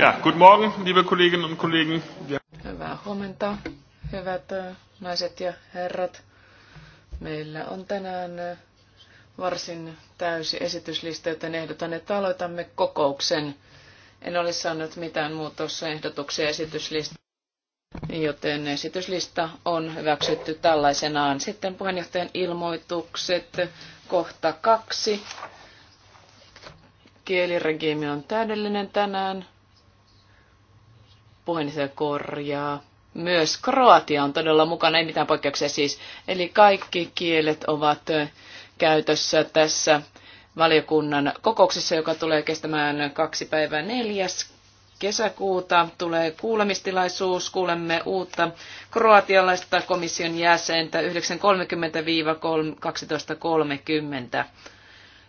Ja, guten Morgen, liebe Kolleginnen und Kollegen. Hyvää huomenta, hyvät äh, naiset ja herrat. Meillä on tänään äh, varsin täysi esityslista, joten ehdotan, että aloitamme kokouksen. En ole saanut mitään ehdotuksia esityslista, joten esityslista on hyväksytty tällaisenaan. Sitten puheenjohtajan ilmoitukset, kohta kaksi kieliregiimi on täydellinen tänään puheenjohtaja korjaa. Myös Kroatia on todella mukana, ei mitään poikkeuksia siis. Eli kaikki kielet ovat käytössä tässä valiokunnan kokouksessa, joka tulee kestämään kaksi päivää neljäs kesäkuuta. Tulee kuulemistilaisuus, kuulemme uutta kroatialaista komission jäsentä 9.30-12.30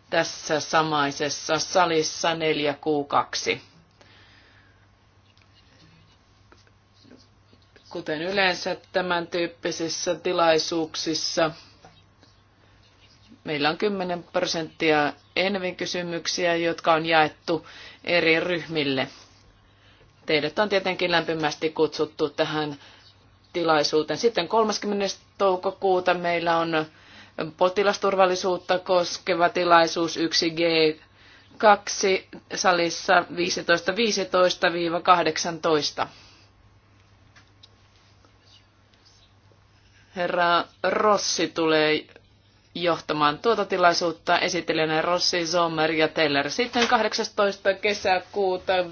tässä samaisessa salissa 4 Q2. kuten yleensä tämän tyyppisissä tilaisuuksissa. Meillä on 10 prosenttia Envin kysymyksiä, jotka on jaettu eri ryhmille. Teidät on tietenkin lämpimästi kutsuttu tähän tilaisuuteen. Sitten 30. toukokuuta meillä on potilasturvallisuutta koskeva tilaisuus 1G2 salissa 15.15-18. Herra Rossi tulee johtamaan tuota tilaisuutta esittelijänä Rossi, Sommer ja Teller. Sitten 18. kesäkuuta 15-17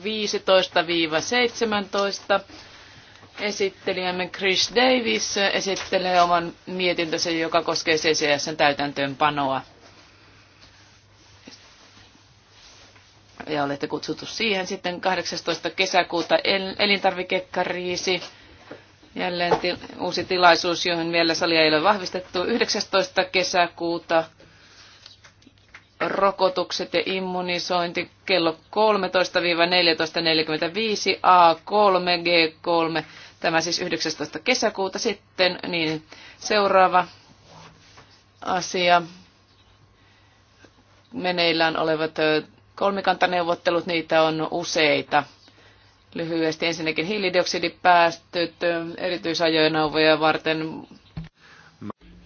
esittelijämme Chris Davis esittelee oman mietintönsä, joka koskee CCSn täytäntöönpanoa. Ja olette kutsuttu siihen sitten 18. kesäkuuta elintarvikekkariisi. Jälleen til, uusi tilaisuus, johon vielä salia ei ole vahvistettu. 19. kesäkuuta rokotukset ja immunisointi kello 13-14.45 A3 G3. Tämä siis 19. kesäkuuta sitten. Niin, seuraava asia. Meneillään olevat kolmikantaneuvottelut, niitä on useita lyhyesti. Ensinnäkin hiilidioksidipäästöt erityisajoneuvoja varten.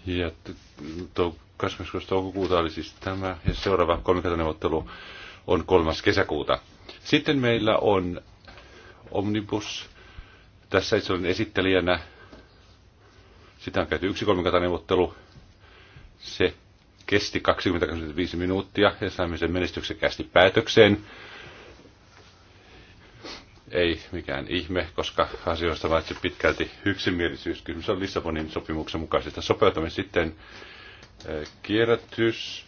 Ja tuo 26. toukokuuta oli siis tämä, ja seuraava kolmikantaneuvottelu on kolmas kesäkuuta. Sitten meillä on Omnibus. Tässä itse olen esittelijänä. Sitä on käyty yksi kolmikantaneuvottelu. Se kesti 20-25 minuuttia ja saimme sen menestyksekkäästi päätökseen ei mikään ihme, koska asioista vaitsi pitkälti yksimielisyys. Kysymys on Lissabonin sopimuksen mukaisesta sopeutamista. Sitten eh, kierrätys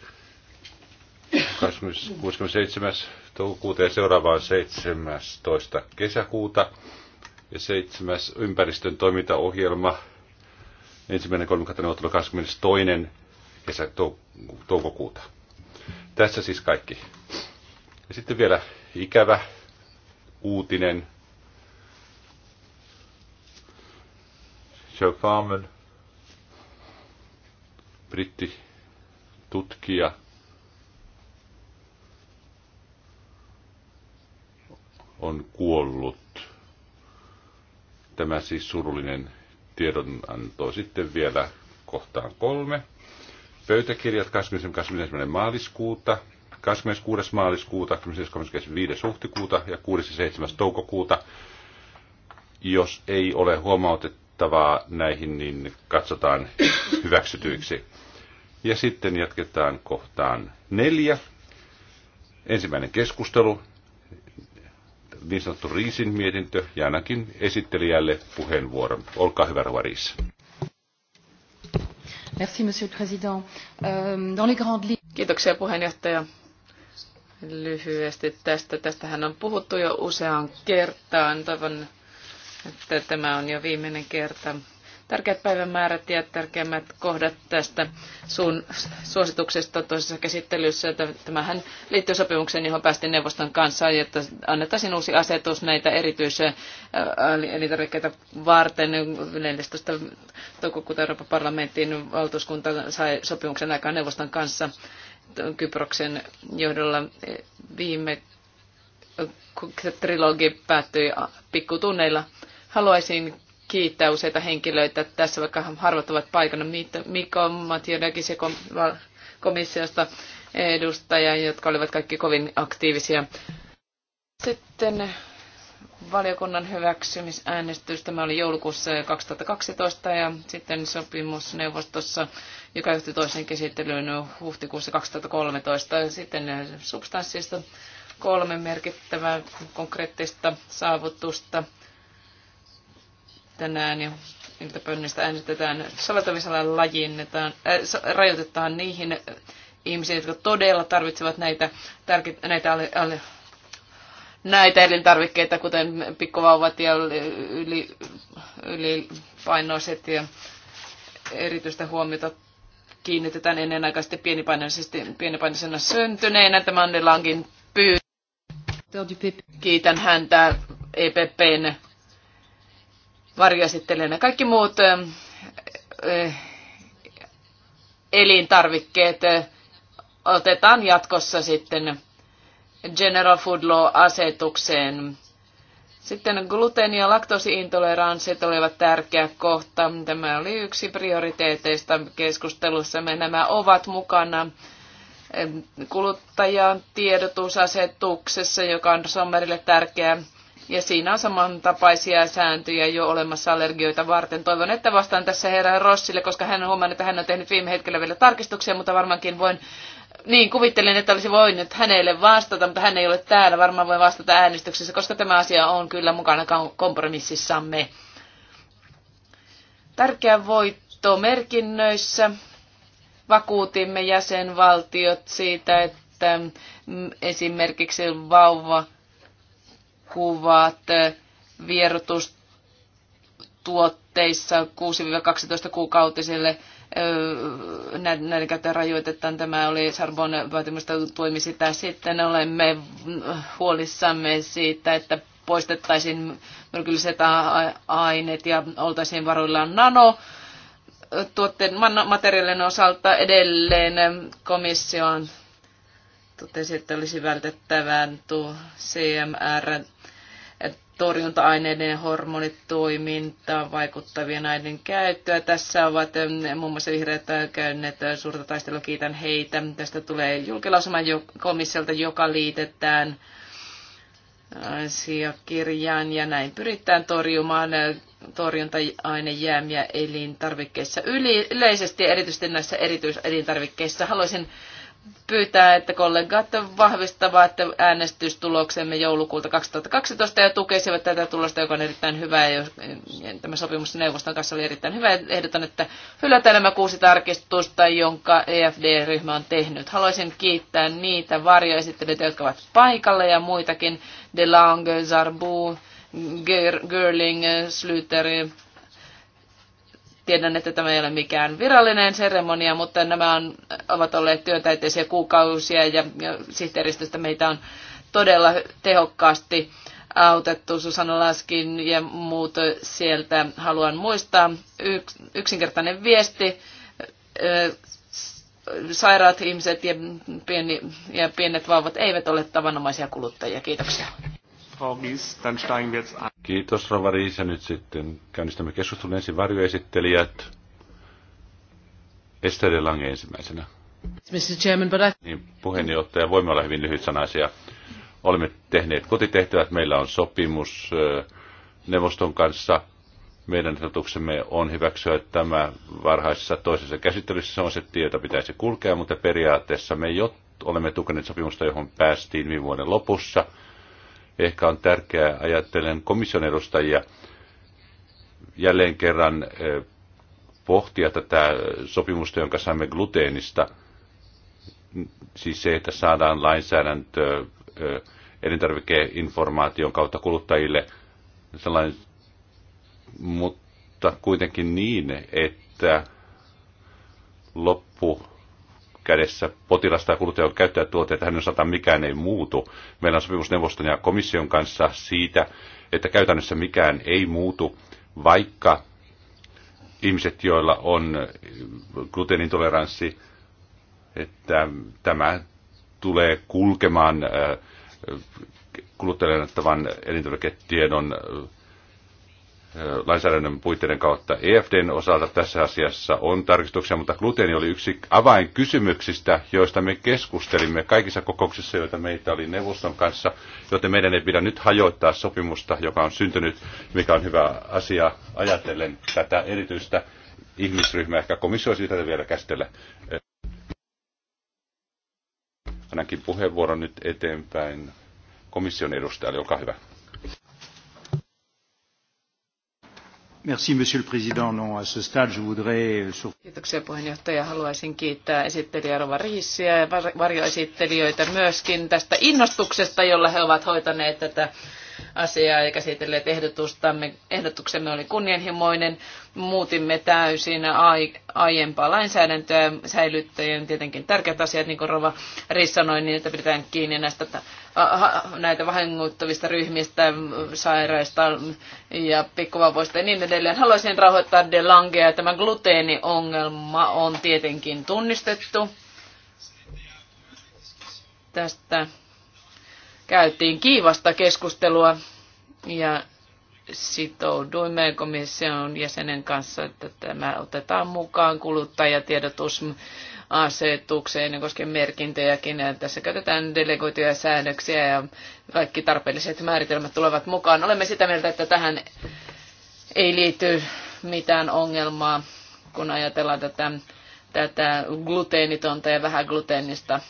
67. toukokuuta ja seuraavaan 17. kesäkuuta. Ja seitsemäs ympäristön toimintaohjelma, ensimmäinen kolmikautta neuvottelu 22. kesä toukokuuta. Tässä siis kaikki. Ja sitten vielä ikävä uutinen. Joe Farman, britti tutkija, on kuollut. Tämä siis surullinen tiedonanto. Sitten vielä kohtaan kolme. Pöytäkirjat 21. maaliskuuta 26. maaliskuuta, 25. huhtikuuta ja 6. ja 7. toukokuuta. Jos ei ole huomautettavaa näihin, niin katsotaan hyväksytyiksi. Ja sitten jatketaan kohtaan neljä. Ensimmäinen keskustelu, niin sanottu Riisin mietintö, ja ainakin esittelijälle puheenvuoron. Olkaa hyvä, Rova Riis. Merci, monsieur le président. Euh, dans les grandes Kiitoksia puheenjohtaja lyhyesti tästä. Tästähän on puhuttu jo useaan kertaan. Toivon, että tämä on jo viimeinen kerta. Tärkeät päivämäärät ja tärkeimmät kohdat tästä sun suosituksesta toisessa käsittelyssä. Tämähän liittyy sopimukseen, johon päästiin neuvoston kanssa, että annettaisiin uusi asetus näitä erityisiä elintarvikkeita varten. 14. toukokuuta Euroopan parlamentin valtuuskunta sai sopimuksen aikaan neuvoston kanssa Kyproksen johdolla viime trilogi päättyi pikkutunneilla. Haluaisin kiittää useita henkilöitä tässä, vaikka harvat ovat paikana Mikko Matiodakis ja komissiosta edustajia, jotka olivat kaikki kovin aktiivisia. Sitten valiokunnan hyväksymisäänestys. Tämä oli joulukuussa 2012 ja sitten sopimusneuvostossa joka johti toiseen käsittelyyn huhtikuussa 2013. Sitten substanssista kolme merkittävää konkreettista saavutusta tänään ja iltapönnistä äänestetään soveltamisalan lajinnetaan, että äh, rajoitetaan niihin ihmisiin, jotka todella tarvitsevat näitä, tärke, näitä näitä elintarvikkeita, kuten pikkuvauvat ja yli, ylipainoiset ja erityistä huomiota kiinnitetään ennenaikaisesti pienipainoisesti, pienipainoisena syntyneenä. Tämä on Lankin pyy. Kiitän häntä EPPn varjoesittelijänä. Kaikki muut eh, eh, elintarvikkeet eh, otetaan jatkossa sitten General Food Law-asetukseen sitten gluteeni- ja laktoosiintoleranssit olivat tärkeä kohta. Tämä oli yksi prioriteeteista keskustelussa. Me nämä ovat mukana kuluttajan tiedotusasetuksessa, joka on Sommerille tärkeä. Ja siinä on samantapaisia sääntöjä jo olemassa allergioita varten. Toivon, että vastaan tässä herra Rossille, koska hän on huomannut, että hän on tehnyt viime hetkellä vielä tarkistuksia, mutta varmaankin voin niin, kuvittelin, että olisi voinut hänelle vastata, mutta hän ei ole täällä. Varmaan voi vastata äänestyksessä, koska tämä asia on kyllä mukana kompromississamme. Tärkeä voitto merkinnöissä. Vakuutimme jäsenvaltiot siitä, että mm, esimerkiksi vauvakuvat eh, vierotustuotteissa 6-12 kuukautiselle näiden rajoitetaan. Tämä oli Sarbon vaatimusta tuimme sitä. Sitten olemme huolissamme siitä, että poistettaisiin myrkylliset aineet ja oltaisiin varoillaan nano tuotteen materiaalien osalta edelleen komissio totesi, että olisi vältettävän tuo CMR torjunta-aineiden ja hormonitoimintaan vaikuttavien aineiden käyttöä. Tässä ovat muun muassa vihreät käyneet suurta taistelua. Kiitän heitä. Tästä tulee julkilausuma komissiolta, joka liitetään asiakirjaan ja näin pyritään torjumaan torjunta-ainejäämiä elintarvikkeissa yleisesti, erityisesti näissä erityiselintarvikkeissa. Haluaisin pyytää, että kollegat vahvistavat äänestystuloksemme joulukuulta 2012 ja tukisivat tätä tulosta, joka on erittäin hyvä. Ja tämä sopimus neuvoston kanssa oli erittäin hyvä. Ehdotan, että hylätään nämä kuusi tarkistusta, jonka EFD-ryhmä on tehnyt. Haluaisin kiittää niitä varjoesittelyitä, jotka ovat paikalla ja muitakin. De Lange, Zarbu, Gerling, Slyter, Tiedän, että tämä ei ole mikään virallinen seremonia, mutta nämä on, ovat olleet työntäyteisiä kuukausia ja, ja sihteeristöstä meitä on todella tehokkaasti autettu. Susanna Laskin ja muut sieltä haluan muistaa. Yks, yksinkertainen viesti. Sairaat ihmiset ja, pieni, ja pienet vauvat eivät ole tavanomaisia kuluttajia. Kiitoksia. Kiitos Rova Riisa. nyt sitten käynnistämme keskustelun ensin varjoesittelijät. Esther Lange ensimmäisenä. Mr. Chairman, but I... niin, puheenjohtaja, voimme olla hyvin lyhytsanaisia. Olemme tehneet kotitehtävät, meillä on sopimus neuvoston kanssa. Meidän ehdotuksemme on hyväksyä että tämä varhaisessa toisessa käsittelyssä. Se on se tie, jota pitäisi kulkea, mutta periaatteessa me jo olemme tukeneet sopimusta, johon päästiin viime vuoden lopussa – ehkä on tärkeää, ajattelen komission edustajia, jälleen kerran eh, pohtia tätä sopimusta, jonka saimme gluteenista, siis se, että saadaan lainsäädäntö eh, elintarvikeinformaation kautta kuluttajille, sellainen, mutta kuitenkin niin, että loppu kädessä potilas tai kuluttaja käyttää tuotteita, hänen osalta mikään ei muutu. Meillä on sopimusneuvoston ja komission kanssa siitä, että käytännössä mikään ei muutu, vaikka ihmiset, joilla on gluteenintoleranssi, että tämä tulee kulkemaan äh, äh, kuluttajan annettavan elintarviketiedon äh, lainsäädännön puitteiden kautta EFDn osalta tässä asiassa on tarkistuksia, mutta gluteeni oli yksi avainkysymyksistä, joista me keskustelimme kaikissa kokouksissa, joita meitä oli neuvoston kanssa, joten meidän ei pidä nyt hajoittaa sopimusta, joka on syntynyt, mikä on hyvä asia ajatellen tätä erityistä ihmisryhmää. Ehkä komissio olisi tätä vielä käsitellä. Annankin puheenvuoron nyt eteenpäin komission edustajalle, olkaa hyvä. Merci, Monsieur le Président. Non, à ce stade, je voudrais... Euh, Kiitoksia puheenjohtaja. Haluaisin kiittää esittelijä Rova Riissiä ja varjoesittelijöitä myöskin tästä innostuksesta, jolla he ovat hoitaneet tätä asiaa ja käsitelleet ehdotustamme. Ehdotuksemme oli kunnianhimoinen. Muutimme täysin aiempaa lainsäädäntöä säilyttäjien tietenkin tärkeät asiat, niin kuin Rova Riis sanoi, niin että pidetään kiinni näistä näitä vahingoittavista ryhmistä, sairaista ja pikkuvauvoista ja niin edelleen. Haluaisin rahoittaa De Langea. Tämä gluteeniongelma on tietenkin tunnistettu. Tästä käytiin kiivasta keskustelua ja sitouduimme komission jäsenen kanssa, että tämä otetaan mukaan kuluttajatiedotus asetukseen, koskien merkintöjäkin. Tässä käytetään delegoituja säännöksiä ja kaikki tarpeelliset määritelmät tulevat mukaan. Olemme sitä mieltä, että tähän ei liity mitään ongelmaa, kun ajatellaan tätä, tätä gluteenitonta ja vähän gluteenista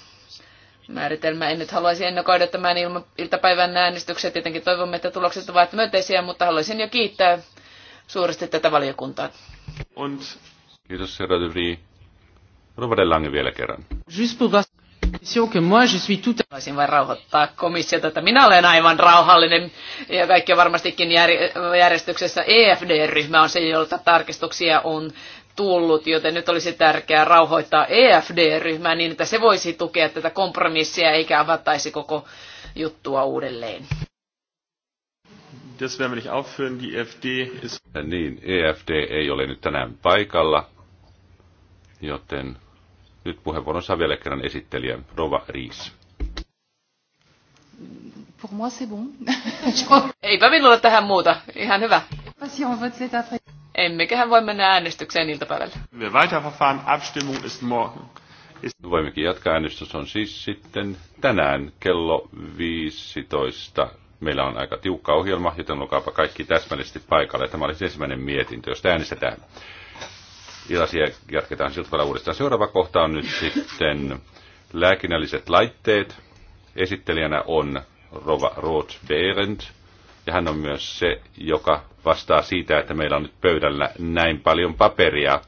määritelmää. En nyt haluaisi ennakoida tämän ilma, iltapäivän äänestyksen. Tietenkin toivomme, että tulokset ovat myönteisiä, mutta haluaisin jo kiittää suuresti tätä valiokuntaa. Und Kiitos, herra Vries. Rovade Lange vielä kerran. Voisin vain rauhoittaa komissiota, että minä olen aivan rauhallinen ja kaikki on varmastikin järjestyksessä. EFD-ryhmä on se, jolta tarkistuksia on tullut, joten nyt olisi tärkeää rauhoittaa EFD-ryhmää niin, että se voisi tukea tätä kompromissia eikä avattaisi koko juttua uudelleen. Das werden wir nicht aufführen, die EFD ist... Niin, EFD ei ole nyt tänään paikalla, joten nyt puheenvuoron saa vielä kerran esittelijä Rova Riis. Pour moi c'est bon. Eipä minulla tähän muuta. Ihan hyvä. Emmeköhän voi mennä äänestykseen iltapäivällä. weiterverfahren. Abstimmung ist morgen. Voimmekin jatkaa. Äänestys on siis sitten tänään kello 15. Meillä on aika tiukka ohjelma, joten olkaapa kaikki täsmällisesti paikalle. Tämä olisi siis ensimmäinen mietintö, josta äänestetään. Ilasia jatketaan siltä uudestaan. Seuraava kohta on nyt sitten lääkinnälliset laitteet. Esittelijänä on Rova Roth Behrendt. Ja hän on myös se, joka vastaa siitä, että meillä on nyt pöydällä näin paljon paperia,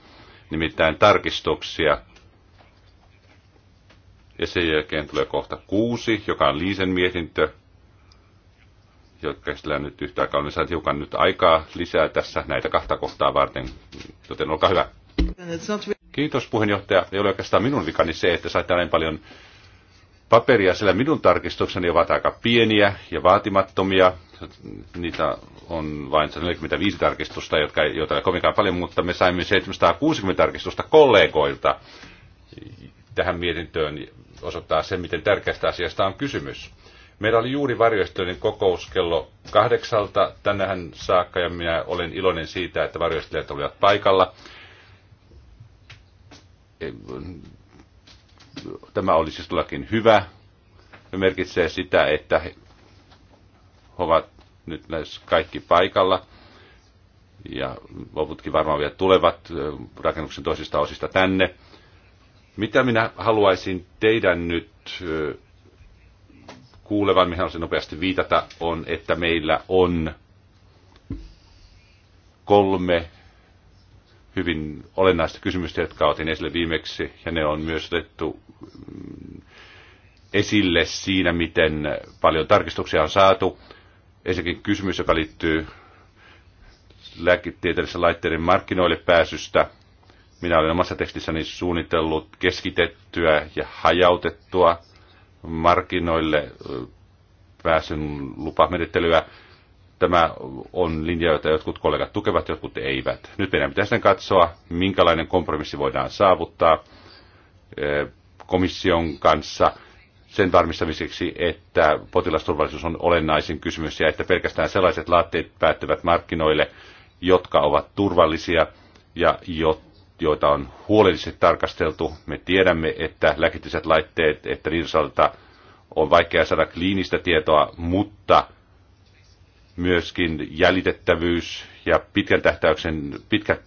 nimittäin tarkistuksia. Ja sen jälkeen tulee kohta kuusi, joka on Liisen mietintö, jotka käsitellään nyt yhtä aikaa. Olen saat hiukan nyt aikaa lisää tässä näitä kahta kohtaa varten, joten olkaa hyvä. Kiitos puheenjohtaja. Ei ole oikeastaan minun vikani se, että saitte näin paljon paperia, sillä minun tarkistukseni ovat aika pieniä ja vaatimattomia. Niitä on vain 145 tarkistusta, jotka, joita ei ole kovinkaan paljon, mutta me saimme 760 tarkistusta kollegoilta tähän mietintöön osoittaa sen, miten tärkeästä asiasta on kysymys. Meillä oli juuri varjoistojen kokous kello kahdeksalta tänään saakka ja minä olen iloinen siitä, että varjoistelijat olivat paikalla. Tämä olisi siis todellakin hyvä. Merkitsee sitä, että he ovat nyt näissä kaikki paikalla. Ja loputkin varmaan vielä tulevat rakennuksen toisista osista tänne. Mitä minä haluaisin teidän nyt kuulevan, mihin haluaisin nopeasti viitata, on, että meillä on kolme hyvin olennaista kysymystä, jotka otin esille viimeksi, ja ne on myös otettu mm, esille siinä, miten paljon tarkistuksia on saatu. Ensinnäkin kysymys, joka liittyy lääketieteellisen laitteiden markkinoille pääsystä. Minä olen omassa tekstissäni suunnitellut keskitettyä ja hajautettua markkinoille pääsyn lupamenettelyä. Tämä on linja, jota jotkut kollegat tukevat, jotkut eivät. Nyt meidän pitäisi katsoa, minkälainen kompromissi voidaan saavuttaa eh, komission kanssa sen varmistamiseksi, että potilasturvallisuus on olennaisin kysymys ja että pelkästään sellaiset laatteet päättyvät markkinoille, jotka ovat turvallisia ja joita on huolellisesti tarkasteltu. Me tiedämme, että lääkityset laitteet, että niiden on vaikea saada kliinistä tietoa, mutta – myöskin jäljitettävyys ja pitkän tähtäyksen pitkät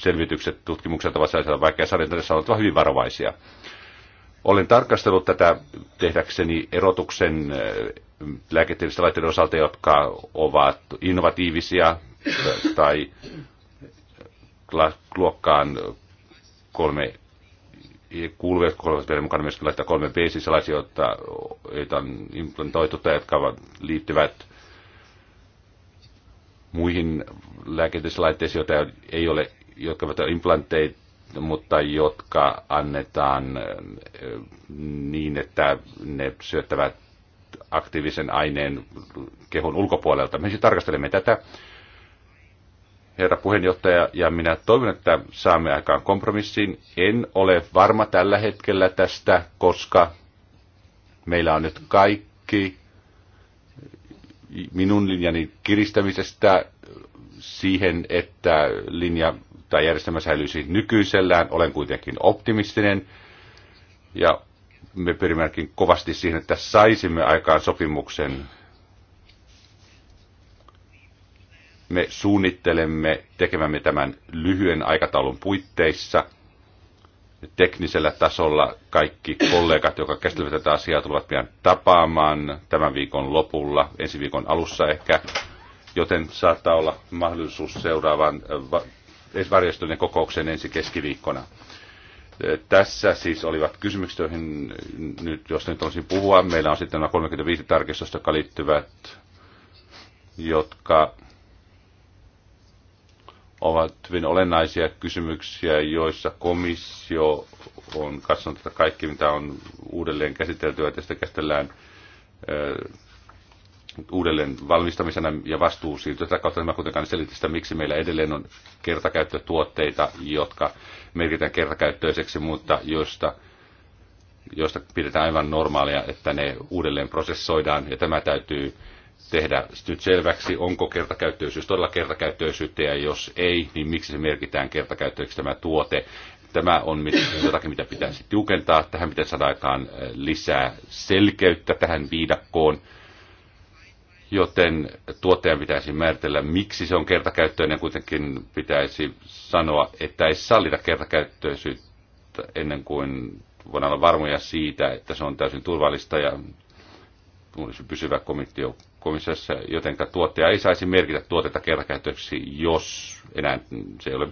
selvitykset, tutkimukset ovat sellaisella vaikea sarjan tässä oltava hyvin varovaisia. Olen tarkastellut tätä tehdäkseni erotuksen lääketieteellisten laitteiden osalta, jotka ovat innovatiivisia tai luokkaan kolme kuuluvat kolmas vielä mukana myöskin laittaa kolme b siis sellaisia, joita on implantoitu tai jotka liittyvät muihin lääketieteellisiin joita ei ole, jotka ovat implantteja, mutta jotka annetaan eh, niin, että ne syöttävät aktiivisen aineen kehon ulkopuolelta. Me siis tarkastelemme tätä, herra puheenjohtaja, ja minä toivon, että saamme aikaan kompromissin. En ole varma tällä hetkellä tästä, koska meillä on nyt kaikki minun linjani kiristämisestä siihen, että linja tai järjestelmä säilyisi nykyisellään, olen kuitenkin optimistinen ja me pyrimmekin kovasti siihen, että saisimme aikaan sopimuksen. Me suunnittelemme tekemämme tämän lyhyen aikataulun puitteissa – teknisellä tasolla kaikki kollegat, jotka käsittelevät tätä asiaa, tulevat pian tapaamaan tämän viikon lopulla, ensi viikon alussa ehkä, joten saattaa olla mahdollisuus seuraavan äh, varjostuneen kokoukseen ensi keskiviikkona. Äh, tässä siis olivat kysymykset, joihin nyt, jos nyt olisin puhua. Meillä on sitten nämä 35 tarkistusta, jotka liittyvät, jotka ovat hyvin olennaisia kysymyksiä, joissa komissio on katsonut, että kaikki mitä on uudelleen käsitelty ja tästä käsitellään eh, uudelleen valmistamisena ja vastuu siirtyy. Tätä kautta mä kuitenkaan selitti sitä, miksi meillä edelleen on kertakäyttötuotteita, jotka merkitään kertakäyttöiseksi, mutta joista, joista pidetään aivan normaalia, että ne uudelleen prosessoidaan. Ja tämä täytyy tehdä nyt selväksi, onko kertakäyttöisyys todella kertakäyttöisyyttä, ja jos ei, niin miksi se merkitään kertakäyttöiseksi tämä tuote. Tämä on jotakin, mitä pitäisi tiukentaa. Tähän pitäisi saada aikaan äh, lisää selkeyttä tähän viidakkoon joten tuottajan pitäisi määritellä, miksi se on kertakäyttöinen, kuitenkin pitäisi sanoa, että ei sallita kertakäyttöisyyttä ennen kuin voidaan olla varmoja siitä, että se on täysin turvallista ja olisi pysyvä komitio komissiossa, joten tuottaja ei saisi merkitä tuotetta kertakäytöksi, jos enää se ei ole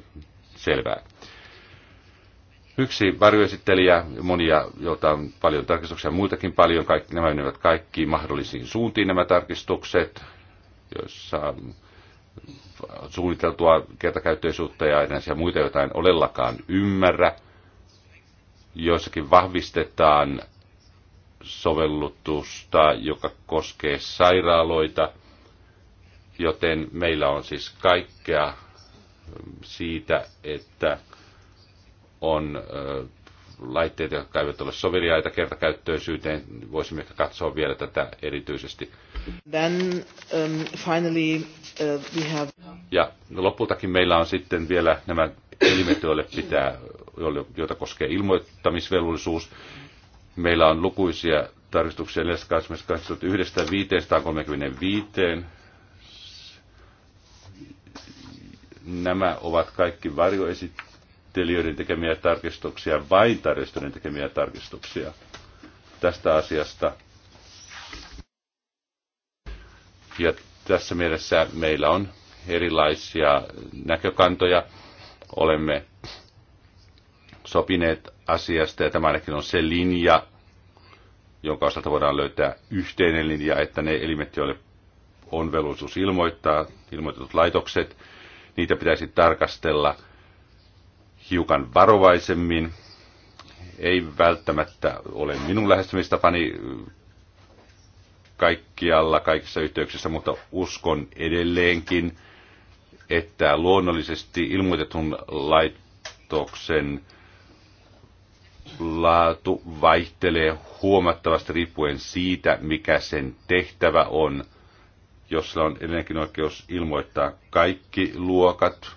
selvää. Yksi varjoesittelijä, monia, joita on paljon tarkistuksia, muitakin paljon, kaikki, nämä menevät kaikkiin mahdollisiin suuntiin nämä tarkistukset, joissa suunniteltua kertakäyttöisyyttä ja enää muita jotain olellakaan ymmärrä. Joissakin vahvistetaan sovellutusta, joka koskee sairaaloita, joten meillä on siis kaikkea siitä, että on laitteita, jotka eivät ole soveliaita kertakäyttöisyyteen. Voisimme ehkä katsoa vielä tätä erityisesti. Then, um, finally, uh, we have... Ja lopultakin meillä on sitten vielä nämä elimet, joille pitää, joita koskee ilmoittamisvelvollisuus. Meillä on lukuisia tarkistuksia 4.21.535. Nämä ovat kaikki varjoesittelijöiden tekemiä tarkistuksia, vain tarkistuneiden tekemiä tarkistuksia tästä asiasta. Ja tässä mielessä meillä on erilaisia näkökantoja. Olemme sopineet asiasta, ja tämä ainakin on se linja, jonka osalta voidaan löytää yhteinen linja, että ne elimet, joille on velvollisuus ilmoittaa, ilmoitetut laitokset, niitä pitäisi tarkastella hiukan varovaisemmin. Ei välttämättä ole minun lähestymistapani kaikkialla, kaikissa yhteyksissä, mutta uskon edelleenkin, että luonnollisesti ilmoitetun laitoksen laatu vaihtelee huomattavasti riippuen siitä, mikä sen tehtävä on, jos on edelleenkin oikeus ilmoittaa kaikki luokat.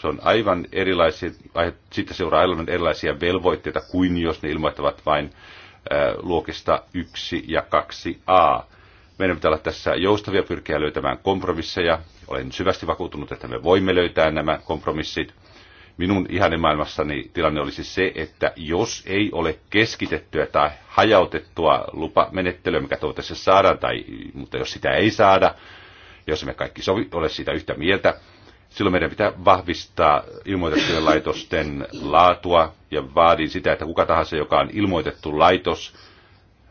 Se on aivan erilaisia, sitten seuraa aivan erilaisia velvoitteita kuin jos ne ilmoittavat vain luokista 1 ja 2a. Meidän pitää olla tässä joustavia, pyrkiä löytämään kompromisseja. Olen syvästi vakuutunut, että me voimme löytää nämä kompromissit Minun ihanemaailmassani tilanne olisi se, että jos ei ole keskitettyä tai hajautettua lupamenettelyä, mikä toivottavasti saadaan, tai, mutta jos sitä ei saada, jos me kaikki sovi, ole siitä yhtä mieltä, silloin meidän pitää vahvistaa ilmoitettujen laitosten laatua ja vaadin sitä, että kuka tahansa, joka on ilmoitettu laitos,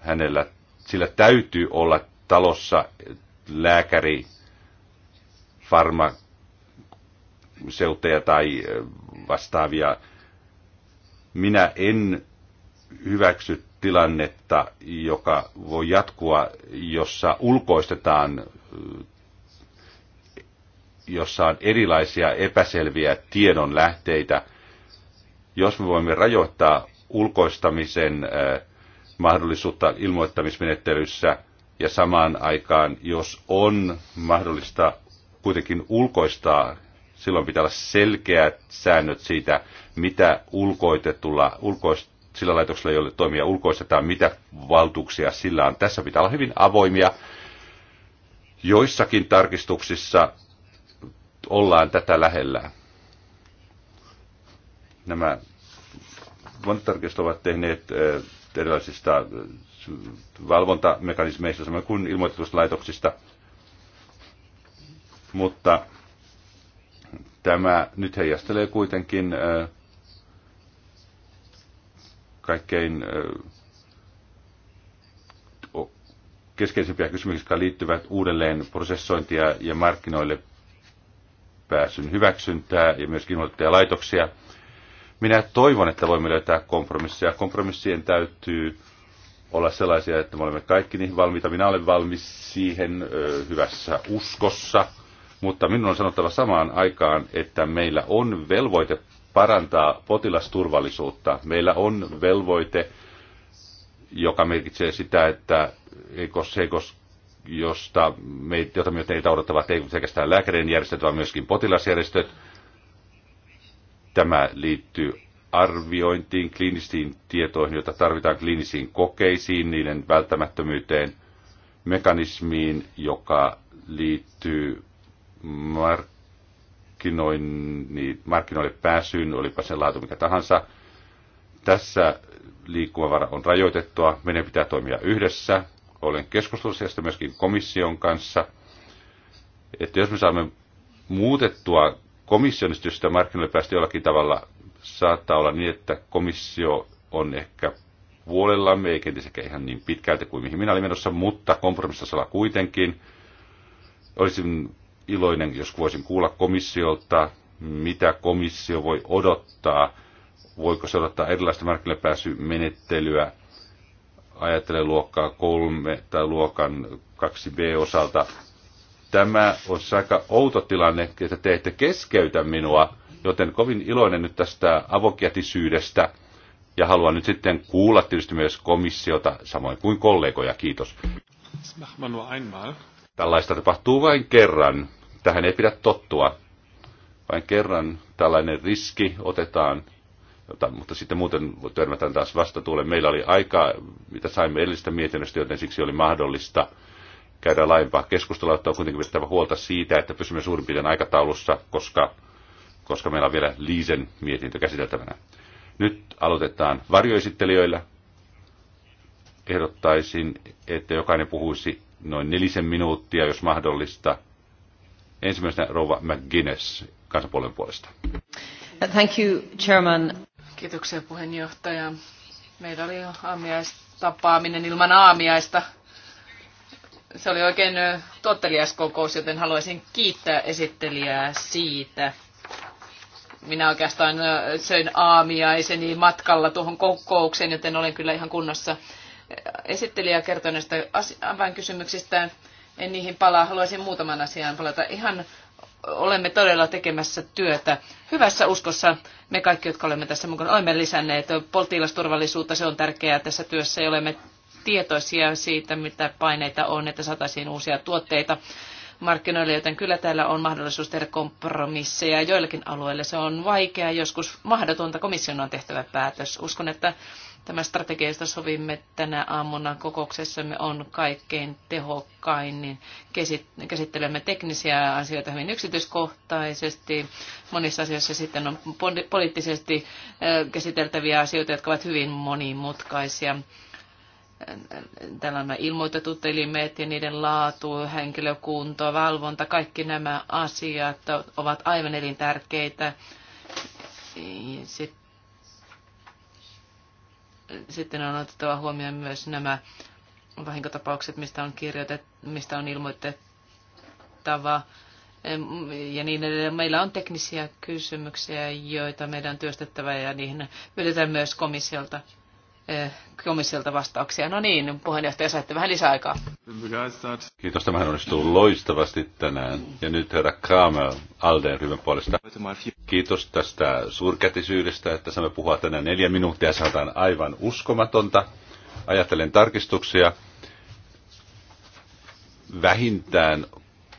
hänellä, sillä täytyy olla talossa lääkäri, farma, seuteja tai vastaavia. Minä en hyväksy tilannetta, joka voi jatkua, jossa ulkoistetaan, jossa on erilaisia epäselviä tiedonlähteitä. Jos me voimme rajoittaa ulkoistamisen mahdollisuutta ilmoittamismenettelyssä ja samaan aikaan, jos on mahdollista kuitenkin ulkoistaa Silloin pitää olla selkeät säännöt siitä, mitä ulkoitetulla, ulkoist, sillä laitoksella, jolle toimia ulkoistetaan, mitä valtuuksia sillä on. Tässä pitää olla hyvin avoimia. Joissakin tarkistuksissa ollaan tätä lähellä. Nämä monet ovat tehneet erilaisista valvontamekanismeista, samoin kuin ilmoitetuista laitoksista. Mutta Tämä nyt heijastelee kuitenkin kaikkein keskeisimpiä kysymyksiä, jotka liittyvät uudelleen prosessointia ja markkinoille pääsyn hyväksyntää ja myöskin laitoksia. Minä toivon, että voimme löytää kompromisseja. Kompromissien täytyy olla sellaisia, että me olemme kaikki niihin valmiita. Minä olen valmis siihen hyvässä uskossa – mutta minun on sanottava samaan aikaan, että meillä on velvoite parantaa potilasturvallisuutta. Meillä on velvoite, joka merkitsee sitä, että eikos, eikos, josta me, jota meitä odottavat ei pelkästään lääkärin järjestöt, vaan myöskin potilasjärjestöt. Tämä liittyy arviointiin, kliinisiin tietoihin, joita tarvitaan kliinisiin kokeisiin, niiden välttämättömyyteen, mekanismiin, joka liittyy markkinoille pääsyyn, olipa sen laatu mikä tahansa. Tässä liikkumavara on rajoitettua, meidän pitää toimia yhdessä. Olen keskustellut myöskin komission kanssa, että jos me saamme muutettua komission esitystä markkinoille päästä jollakin tavalla, saattaa olla niin, että komissio on ehkä puolellamme, ei kenties ehkä ihan niin pitkälti kuin mihin minä olin menossa, mutta kompromissasolla kuitenkin. Olisin iloinen, jos voisin kuulla komissiolta, mitä komissio voi odottaa, voiko se odottaa erilaista markkinapääsymenettelyä, pääsymenettelyä, ajattelen luokkaa kolme tai luokan 2b osalta. Tämä on aika outo tilanne, että te ette keskeytä minua, joten kovin iloinen nyt tästä avokätisyydestä. Ja haluan nyt sitten kuulla tietysti myös komissiota, samoin kuin kollegoja. Kiitos. Das nur einmal. Tällaista tapahtuu vain kerran. Tähän ei pidä tottua. Vain kerran tällainen riski otetaan, jota, mutta sitten muuten törmätään taas vastatuuleen. Meillä oli aikaa, mitä saimme edellisestä mietinnöstä, joten siksi oli mahdollista käydä laajempaa keskustelua, että on kuitenkin pidettävä huolta siitä, että pysymme suurin piirtein aikataulussa, koska, koska meillä on vielä Liisen mietintö käsiteltävänä. Nyt aloitetaan varjoesittelijöillä. Ehdottaisin, että jokainen puhuisi noin nelisen minuuttia, jos mahdollista. Ensimmäisenä Rova McGuinness kansanpuolen puolesta. Thank you, Chairman. Kiitoksia puheenjohtaja. Meillä oli aamiaistapaaminen ilman aamiaista. Se oli oikein tuottelias kokous, joten haluaisin kiittää esittelijää siitä. Minä oikeastaan söin aamiaiseni matkalla tuohon kokoukseen, joten olen kyllä ihan kunnossa esittelijä kertoi näistä avainkysymyksistä. En niihin palaa. Haluaisin muutaman asiaan palata. Ihan olemme todella tekemässä työtä hyvässä uskossa. Me kaikki, jotka olemme tässä mukana, olemme lisänneet polttiilasturvallisuutta. Se on tärkeää tässä työssä ja olemme tietoisia siitä, mitä paineita on, että saataisiin uusia tuotteita markkinoille, joten kyllä täällä on mahdollisuus tehdä kompromisseja. Joillakin alueilla se on vaikeaa, joskus mahdotonta. Komission on tehtävä päätös. Uskon, että Tämä strategia, josta sovimme tänä aamuna kokouksessamme, on kaikkein tehokkain. Niin käsittelemme teknisiä asioita hyvin yksityiskohtaisesti. Monissa asioissa sitten on poliittisesti käsiteltäviä asioita, jotka ovat hyvin monimutkaisia tällainen ilmoitetut elimet ja niiden laatu, henkilökunto, valvonta, kaikki nämä asiat ovat aivan elintärkeitä. Sitten sitten on otettava huomioon myös nämä vahinkotapaukset, mistä on, kirjoitettu, mistä on ilmoitettava ja niin edelleen. Meillä on teknisiä kysymyksiä, joita meidän on työstettävä ja niihin pyydetään myös komissiolta Eh, komissiolta vastauksia. No niin, puheenjohtaja, saitte vähän lisäaikaa. Kiitos, tämä onnistuu loistavasti tänään. Ja nyt herra Kramer Alden ryhmän puolesta. Kiitos tästä suurkätisyydestä, että saamme puhua tänään neljä minuuttia. Saataan aivan uskomatonta. Ajattelen tarkistuksia. Vähintään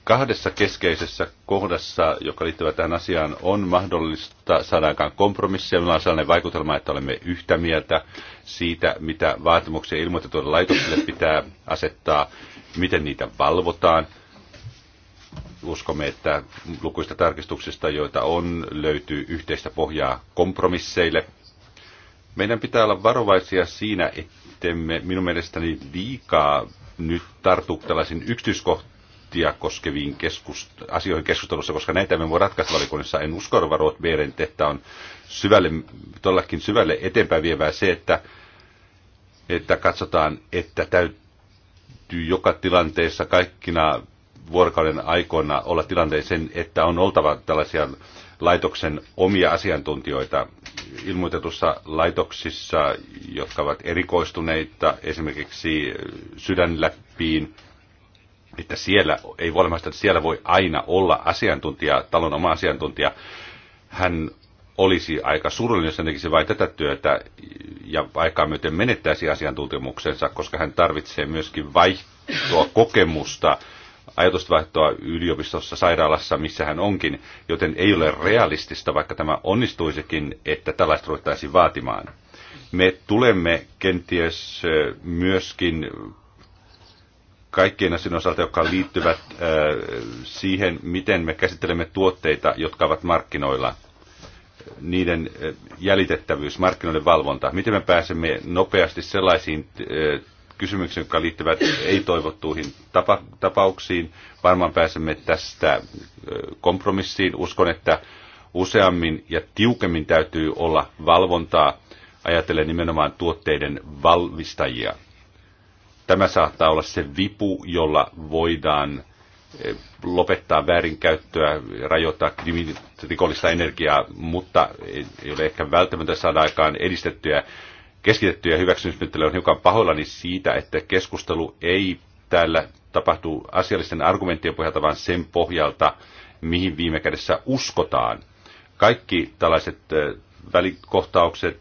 Kahdessa keskeisessä kohdassa, joka liittyvät tähän asiaan, on mahdollista saada aikaan kompromissia. Meillä on sellainen vaikutelma, että olemme yhtä mieltä siitä, mitä vaatimuksia ilmoitetuille laitoksille pitää asettaa, miten niitä valvotaan. Uskomme, että lukuista tarkistuksista, joita on, löytyy yhteistä pohjaa kompromisseille. Meidän pitää olla varovaisia siinä, ettemme minun mielestäni liikaa nyt tartu tällaisiin yksityiskohtiin budjettia koskeviin keskust- asioihin keskustelussa, koska näitä me voi ratkaista valikunnassa. En usko, Rova meidän tehtä on syvälle, todellakin syvälle eteenpäin vievää se, että, että katsotaan, että täytyy joka tilanteessa kaikkina vuorokauden aikoina olla tilanteeseen, että on oltava tällaisia laitoksen omia asiantuntijoita ilmoitetussa laitoksissa, jotka ovat erikoistuneita esimerkiksi sydänläppiin, että siellä ei voi olla, että siellä voi aina olla asiantuntija, talon oma asiantuntija. Hän olisi aika surullinen, jos hän tekisi vain tätä työtä ja aikaa myöten menettäisi asiantuntemuksensa, koska hän tarvitsee myöskin vaihtoa, kokemusta, ajatusvaihtoa yliopistossa, sairaalassa, missä hän onkin, joten ei ole realistista, vaikka tämä onnistuisikin, että tällaista ruvettaisiin vaatimaan. Me tulemme kenties myöskin kaikkien asioiden osalta, jotka liittyvät äh, siihen, miten me käsittelemme tuotteita, jotka ovat markkinoilla, niiden äh, jäljitettävyys, markkinoiden valvonta, miten me pääsemme nopeasti sellaisiin äh, kysymyksiin, jotka liittyvät ei-toivottuihin tapa- tapauksiin. Varmaan pääsemme tästä kompromissiin. Uskon, että useammin ja tiukemmin täytyy olla valvontaa, ajatellen nimenomaan tuotteiden valmistajia. Tämä saattaa olla se vipu, jolla voidaan eh, lopettaa väärinkäyttöä, rajoittaa rikollista energiaa, mutta ei ole ehkä välttämättä saada aikaan edistettyä keskitettyjä hyväksymismenettelyjä. On hiukan pahoillani siitä, että keskustelu ei täällä tapahtu asiallisten argumenttien pohjalta, vaan sen pohjalta, mihin viime kädessä uskotaan. Kaikki tällaiset eh, välikohtaukset,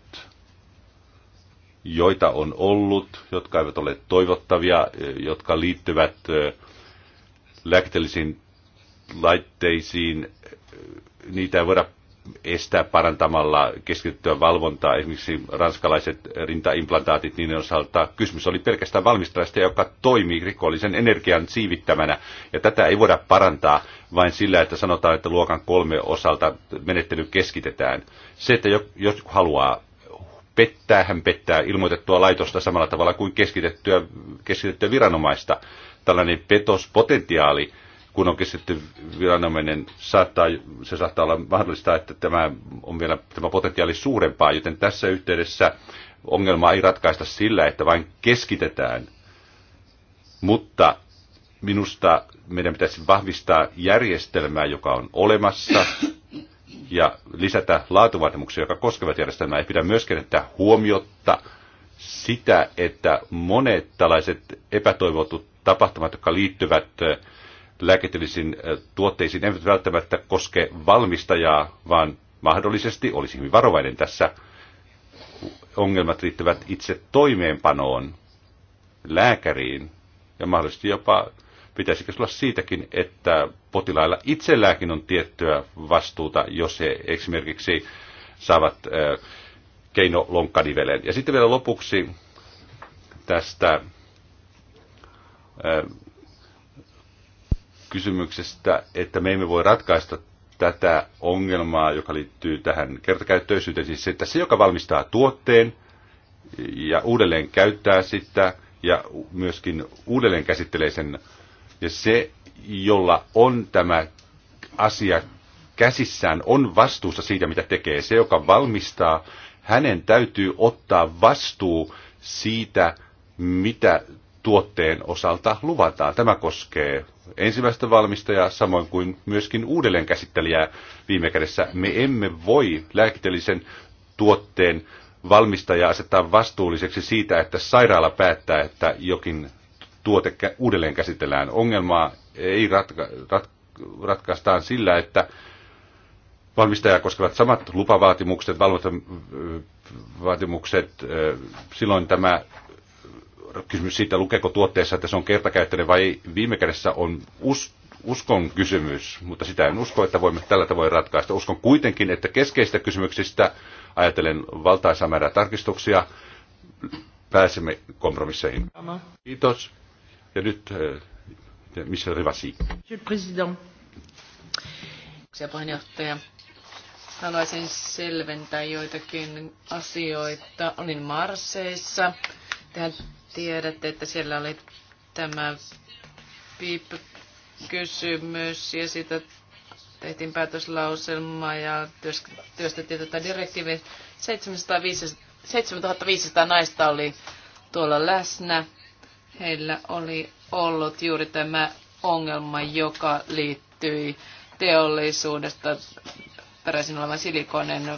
joita on ollut, jotka eivät ole toivottavia, e, jotka liittyvät e, lääketellisiin laitteisiin. E, niitä ei voida estää parantamalla keskittyä valvontaa. Esimerkiksi ranskalaiset rintaimplantaatit niiden osalta. Kysymys oli pelkästään valmistajasta, joka toimii rikollisen energian siivittämänä. Ja tätä ei voida parantaa vain sillä, että sanotaan, että luokan kolme osalta menettely keskitetään. Se, että jos haluaa pettää, hän pettää ilmoitettua laitosta samalla tavalla kuin keskitettyä, keskitettyä viranomaista. Tällainen petospotentiaali, kun on keskitetty viranomainen, saattaa, se saattaa olla mahdollista, että tämä on vielä tämä potentiaali suurempaa, joten tässä yhteydessä ongelma ei ratkaista sillä, että vain keskitetään. Mutta minusta meidän pitäisi vahvistaa järjestelmää, joka on olemassa, ja lisätä laatuvaatimuksia, jotka koskevat järjestelmää. Ei pidä myöskään että huomiotta sitä, että monet tällaiset epätoivotut tapahtumat, jotka liittyvät lääketieteellisiin tuotteisiin, eivät välttämättä koske valmistajaa, vaan mahdollisesti, olisi hyvin varovainen tässä, ongelmat liittyvät itse toimeenpanoon, lääkäriin ja mahdollisesti jopa Pitäisikö olla siitäkin, että potilailla itselläänkin on tiettyä vastuuta, jos he esimerkiksi saavat keinolonkkaniveleen. Ja sitten vielä lopuksi tästä kysymyksestä, että me emme voi ratkaista tätä ongelmaa, joka liittyy tähän kertakäyttöisyyteen, siis että se, joka valmistaa tuotteen ja uudelleen käyttää sitä ja myöskin uudelleen käsittelee sen ja se, jolla on tämä asia käsissään, on vastuussa siitä, mitä tekee. Se, joka valmistaa, hänen täytyy ottaa vastuu siitä, mitä tuotteen osalta luvataan. Tämä koskee ensimmäistä valmistajaa samoin kuin myöskin uudelleenkäsittelijää viime kädessä. Me emme voi lääkitellisen tuotteen valmistajaa asettaa vastuulliseksi siitä, että sairaala päättää, että jokin tuote uudelleen käsitellään. Ongelmaa ei ratka, rat, ratkaistaan sillä, että valmistajaa koskevat samat lupavaatimukset, valvontavaatimukset. Silloin tämä kysymys siitä, lukeeko tuotteessa, että se on kertakäyttöinen vai ei, viime kädessä on us, uskon kysymys, mutta sitä en usko, että voimme tällä tavoin ratkaista. Uskon kuitenkin, että keskeistä kysymyksistä, ajatellen valtaisa määrä tarkistuksia, pääsemme kompromisseihin. Kiitos. Ja nyt äh, Michel Rivasi. Monsieur puheenjohtaja, haluaisin selventää joitakin asioita. Olin Marseissa. Tehän tiedätte, että siellä oli tämä PIP-kysymys ja sitä tehtiin päätöslauselma ja työstettiin tätä direktiiviä. 7500 naista oli tuolla läsnä Heillä oli ollut juuri tämä ongelma, joka liittyi teollisuudesta peräisin olevan silikonen äh,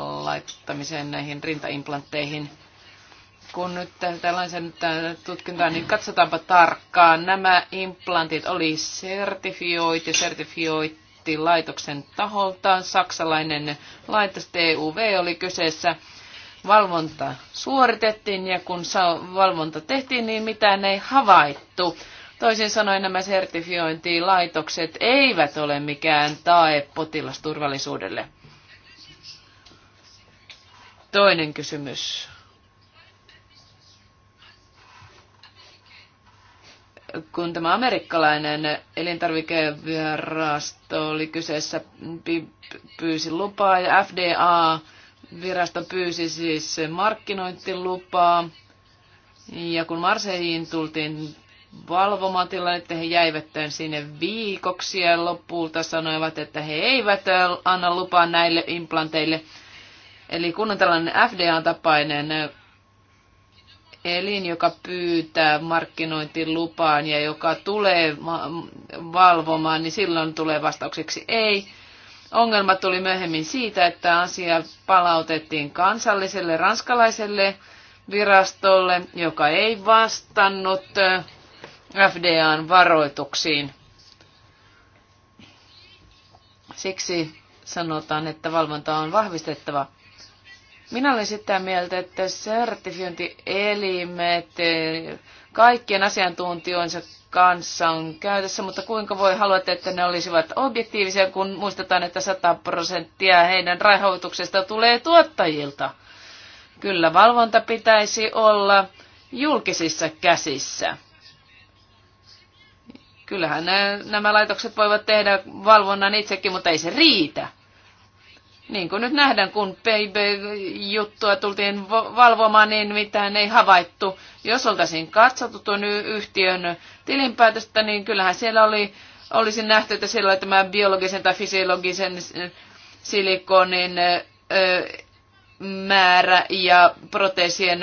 laittamiseen näihin rintaimplantteihin. Kun nyt tätä lainsäädäntöä äh, tutkintaan, niin katsotaanpa tarkkaan. Nämä implantit oli sertifioitu, sertifioitti laitoksen taholtaan. Saksalainen laitos TUV oli kyseessä valvonta suoritettiin ja kun valvonta tehtiin, niin mitään ei havaittu. Toisin sanoen nämä sertifiointilaitokset eivät ole mikään tae potilasturvallisuudelle. Toinen kysymys. Kun tämä amerikkalainen elintarvikevirasto oli kyseessä, pyysi lupaa ja FDA Virasto pyysi siis markkinointilupaa ja kun Marseihin tultiin valvomaan tilannetta, he jäivät sinne viikoksi ja lopulta sanoivat, että he eivät äh, anna lupaa näille implanteille. Eli kun on tällainen FDA-tapainen äh, elin, joka pyytää markkinointilupaan ja joka tulee valvomaan, niin silloin tulee vastaukseksi ei. Ongelma tuli myöhemmin siitä, että asia palautettiin kansalliselle ranskalaiselle virastolle, joka ei vastannut äh, FDAn varoituksiin. Siksi sanotaan, että valvonta on vahvistettava. Minä olen sitä mieltä, että sertifiointielimet kaikkien asiantuntijoinsa kanssa on käytössä, mutta kuinka voi haluta, että ne olisivat objektiivisia, kun muistetaan, että 100 prosenttia heidän rahoituksesta tulee tuottajilta? Kyllä valvonta pitäisi olla julkisissa käsissä. Kyllähän nämä laitokset voivat tehdä valvonnan itsekin, mutta ei se riitä niin kuin nyt nähdään, kun baby juttua tultiin valvomaan, niin mitään ei havaittu. Jos oltaisiin katsottu tuon yhtiön tilinpäätöstä, niin kyllähän siellä oli, olisi nähty, että siellä oli tämä biologisen tai fysiologisen silikonin määrä ja proteesien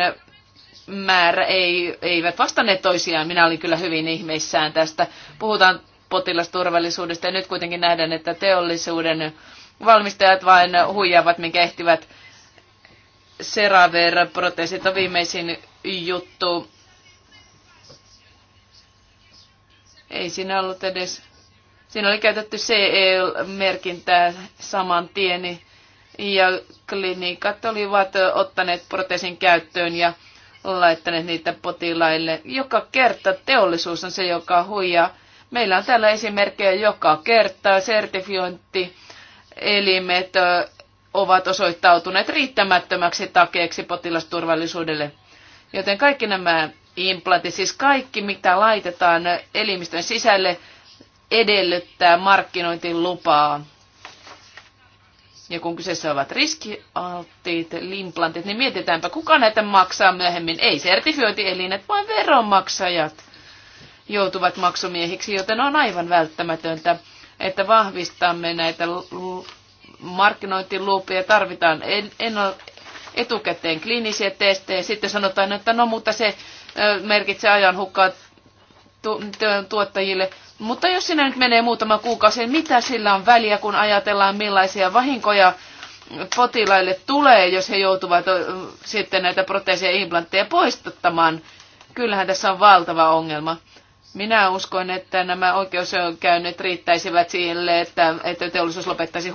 määrä ei, eivät vastanneet toisiaan. Minä olin kyllä hyvin ihmeissään tästä. Puhutaan potilasturvallisuudesta ja nyt kuitenkin nähdään, että teollisuuden valmistajat vain huijaavat, minkä ehtivät. Seraver-proteesit on viimeisin juttu. Ei siinä ollut edes... Siinä oli käytetty CE-merkintää saman tieni ja klinikat olivat ottaneet proteesin käyttöön ja laittaneet niitä potilaille. Joka kerta teollisuus on se, joka huijaa. Meillä on täällä esimerkkejä joka kerta, sertifiointi elimet ovat osoittautuneet riittämättömäksi takeeksi potilasturvallisuudelle. Joten kaikki nämä implantit, siis kaikki mitä laitetaan elimistön sisälle, edellyttää markkinointilupaa. Ja kun kyseessä ovat riskialttiit, implantit, niin mietitäänpä, kuka näitä maksaa myöhemmin. Ei sertifiointielinet, vaan veronmaksajat joutuvat maksumiehiksi, joten on aivan välttämätöntä että vahvistamme näitä markkinointilupia. Tarvitaan etukäteen kliinisiä testejä. Sitten sanotaan, että no mutta se merkitsee ajan hukkaa tuottajille. Mutta jos sinä nyt menee muutama kuukausi, niin mitä sillä on väliä, kun ajatellaan millaisia vahinkoja potilaille tulee, jos he joutuvat sitten näitä proteeseja ja implantteja poistuttamaan. Kyllähän tässä on valtava ongelma. Minä uskon, että nämä oikeuskäynnit riittäisivät sille, että, että teollisuus lopettaisi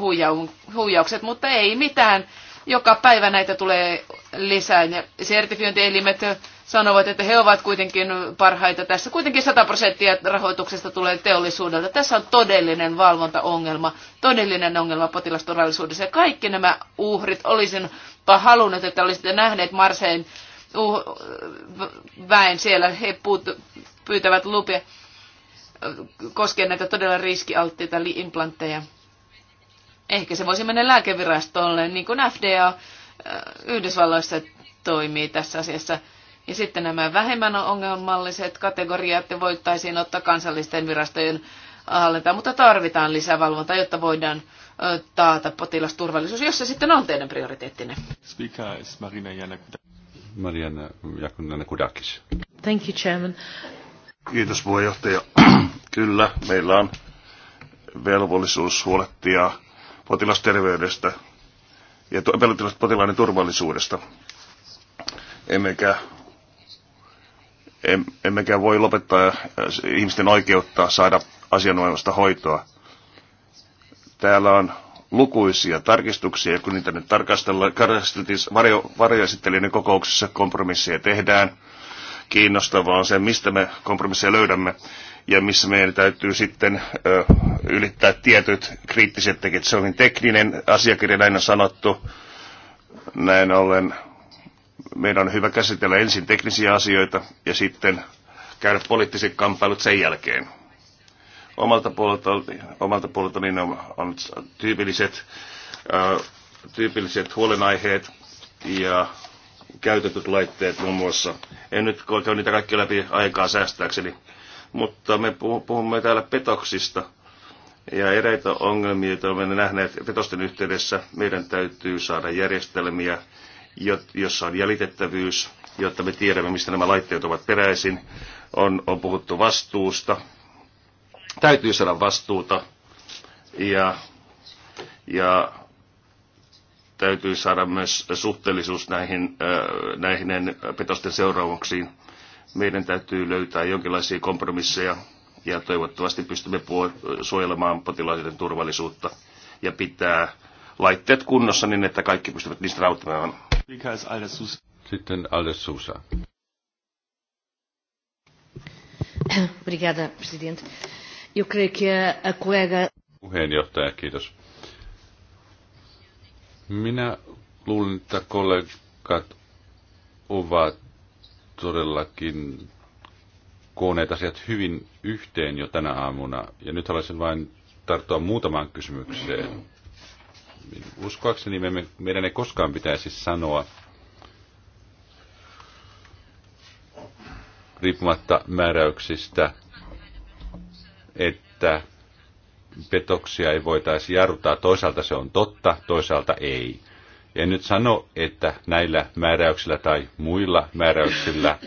huijaukset, mutta ei mitään. Joka päivä näitä tulee lisää. Ja sertifiointielimet sanovat, että he ovat kuitenkin parhaita tässä. Kuitenkin 100 prosenttia rahoituksesta tulee teollisuudelta. Tässä on todellinen valvontaongelma, todellinen ongelma potilasturvallisuudessa. Ja kaikki nämä uhrit olisin halunnut, että olisitte nähneet Marseen väen siellä. He puut, pyytävät lupia koskien näitä todella riskialttiita implantteja. Ehkä se voisi mennä lääkevirastolle, niin kuin FDA äh, Yhdysvalloissa toimii tässä asiassa. Ja sitten nämä vähemmän ongelmalliset kategoriat voittaisiin ottaa kansallisten virastojen hallintaan, mutta tarvitaan lisävalvontaa, jotta voidaan taata potilasturvallisuus, jos se sitten on teidän prioriteettinne. Marianne Jakunen Kudakis. Thank you, Chairman. Kiitos puheenjohtaja. Kyllä, meillä on velvollisuus huolehtia potilasterveydestä ja potilaiden turvallisuudesta. Emmekä, em, emmekä voi lopettaa äh, ihmisten oikeutta saada asianomaista hoitoa. Täällä on lukuisia tarkistuksia, kun niitä nyt tarkastellaan, varjo, varjoesittelijöiden kokouksessa kompromisseja tehdään – Kiinnostavaa on se, mistä me kompromisseja löydämme ja missä meidän täytyy sitten ö, ylittää tietyt kriittiset tekijät. Se on tekninen asiakirja, näin on sanottu. Näin ollen meidän on hyvä käsitellä ensin teknisiä asioita ja sitten käydä poliittiset kamppailut sen jälkeen. Omalta puolelta, omalta puolelta niin on, on tyypilliset, ö, tyypilliset huolenaiheet ja käytetyt laitteet muun muassa. En nyt käy niitä kaikki läpi aikaa säästääkseni, mutta me puhumme täällä petoksista ja eräitä ongelmia, joita olemme nähneet petosten yhteydessä. Meidän täytyy saada järjestelmiä, jossa on jäljitettävyys, jotta me tiedämme, mistä nämä laitteet ovat peräisin. On, on puhuttu vastuusta. Täytyy saada vastuuta. Ja, ja täytyy saada myös suhteellisuus näihin, näihin petosten seuraamuksiin. Meidän täytyy löytää jonkinlaisia kompromisseja ja toivottavasti pystymme suojelemaan potilaiden turvallisuutta ja pitää laitteet kunnossa niin, että kaikki pystyvät niistä rauttamaan. Sitten Aldes Susa. Obrigada, presidente. Eu creio que a colega... Puheenjohtaja, kiitos. Minä luulen, että kollegat ovat todellakin kooneet asiat hyvin yhteen jo tänä aamuna. Ja nyt haluaisin vain tarttua muutamaan kysymykseen. Uskoakseni me, meidän ei koskaan pitäisi sanoa, riippumatta määräyksistä, että petoksia ei voitaisi jarruttaa. Toisaalta se on totta, toisaalta ei. En nyt sano, että näillä määräyksillä tai muilla määräyksillä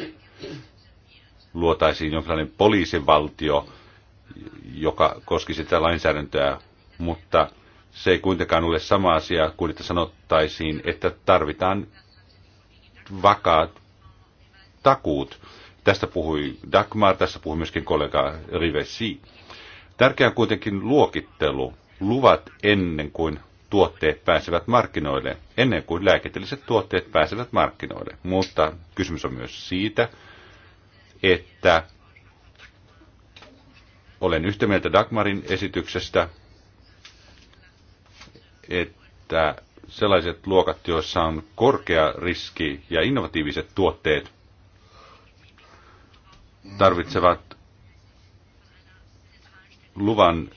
luotaisiin jonkinlainen poliisivaltio, joka koski sitä lainsäädäntöä, mutta se ei kuitenkaan ole sama asia kuin että sanottaisiin, että tarvitaan vakaat takuut. Tästä puhui Dagmar, tässä puhui myöskin kollega Rivesi. Tärkeää on kuitenkin luokittelu, luvat ennen kuin tuotteet pääsevät markkinoille, ennen kuin lääketieteelliset tuotteet pääsevät markkinoille. Mutta kysymys on myös siitä, että olen yhtä mieltä Dagmarin esityksestä, että sellaiset luokat, joissa on korkea riski ja innovatiiviset tuotteet, tarvitsevat luvan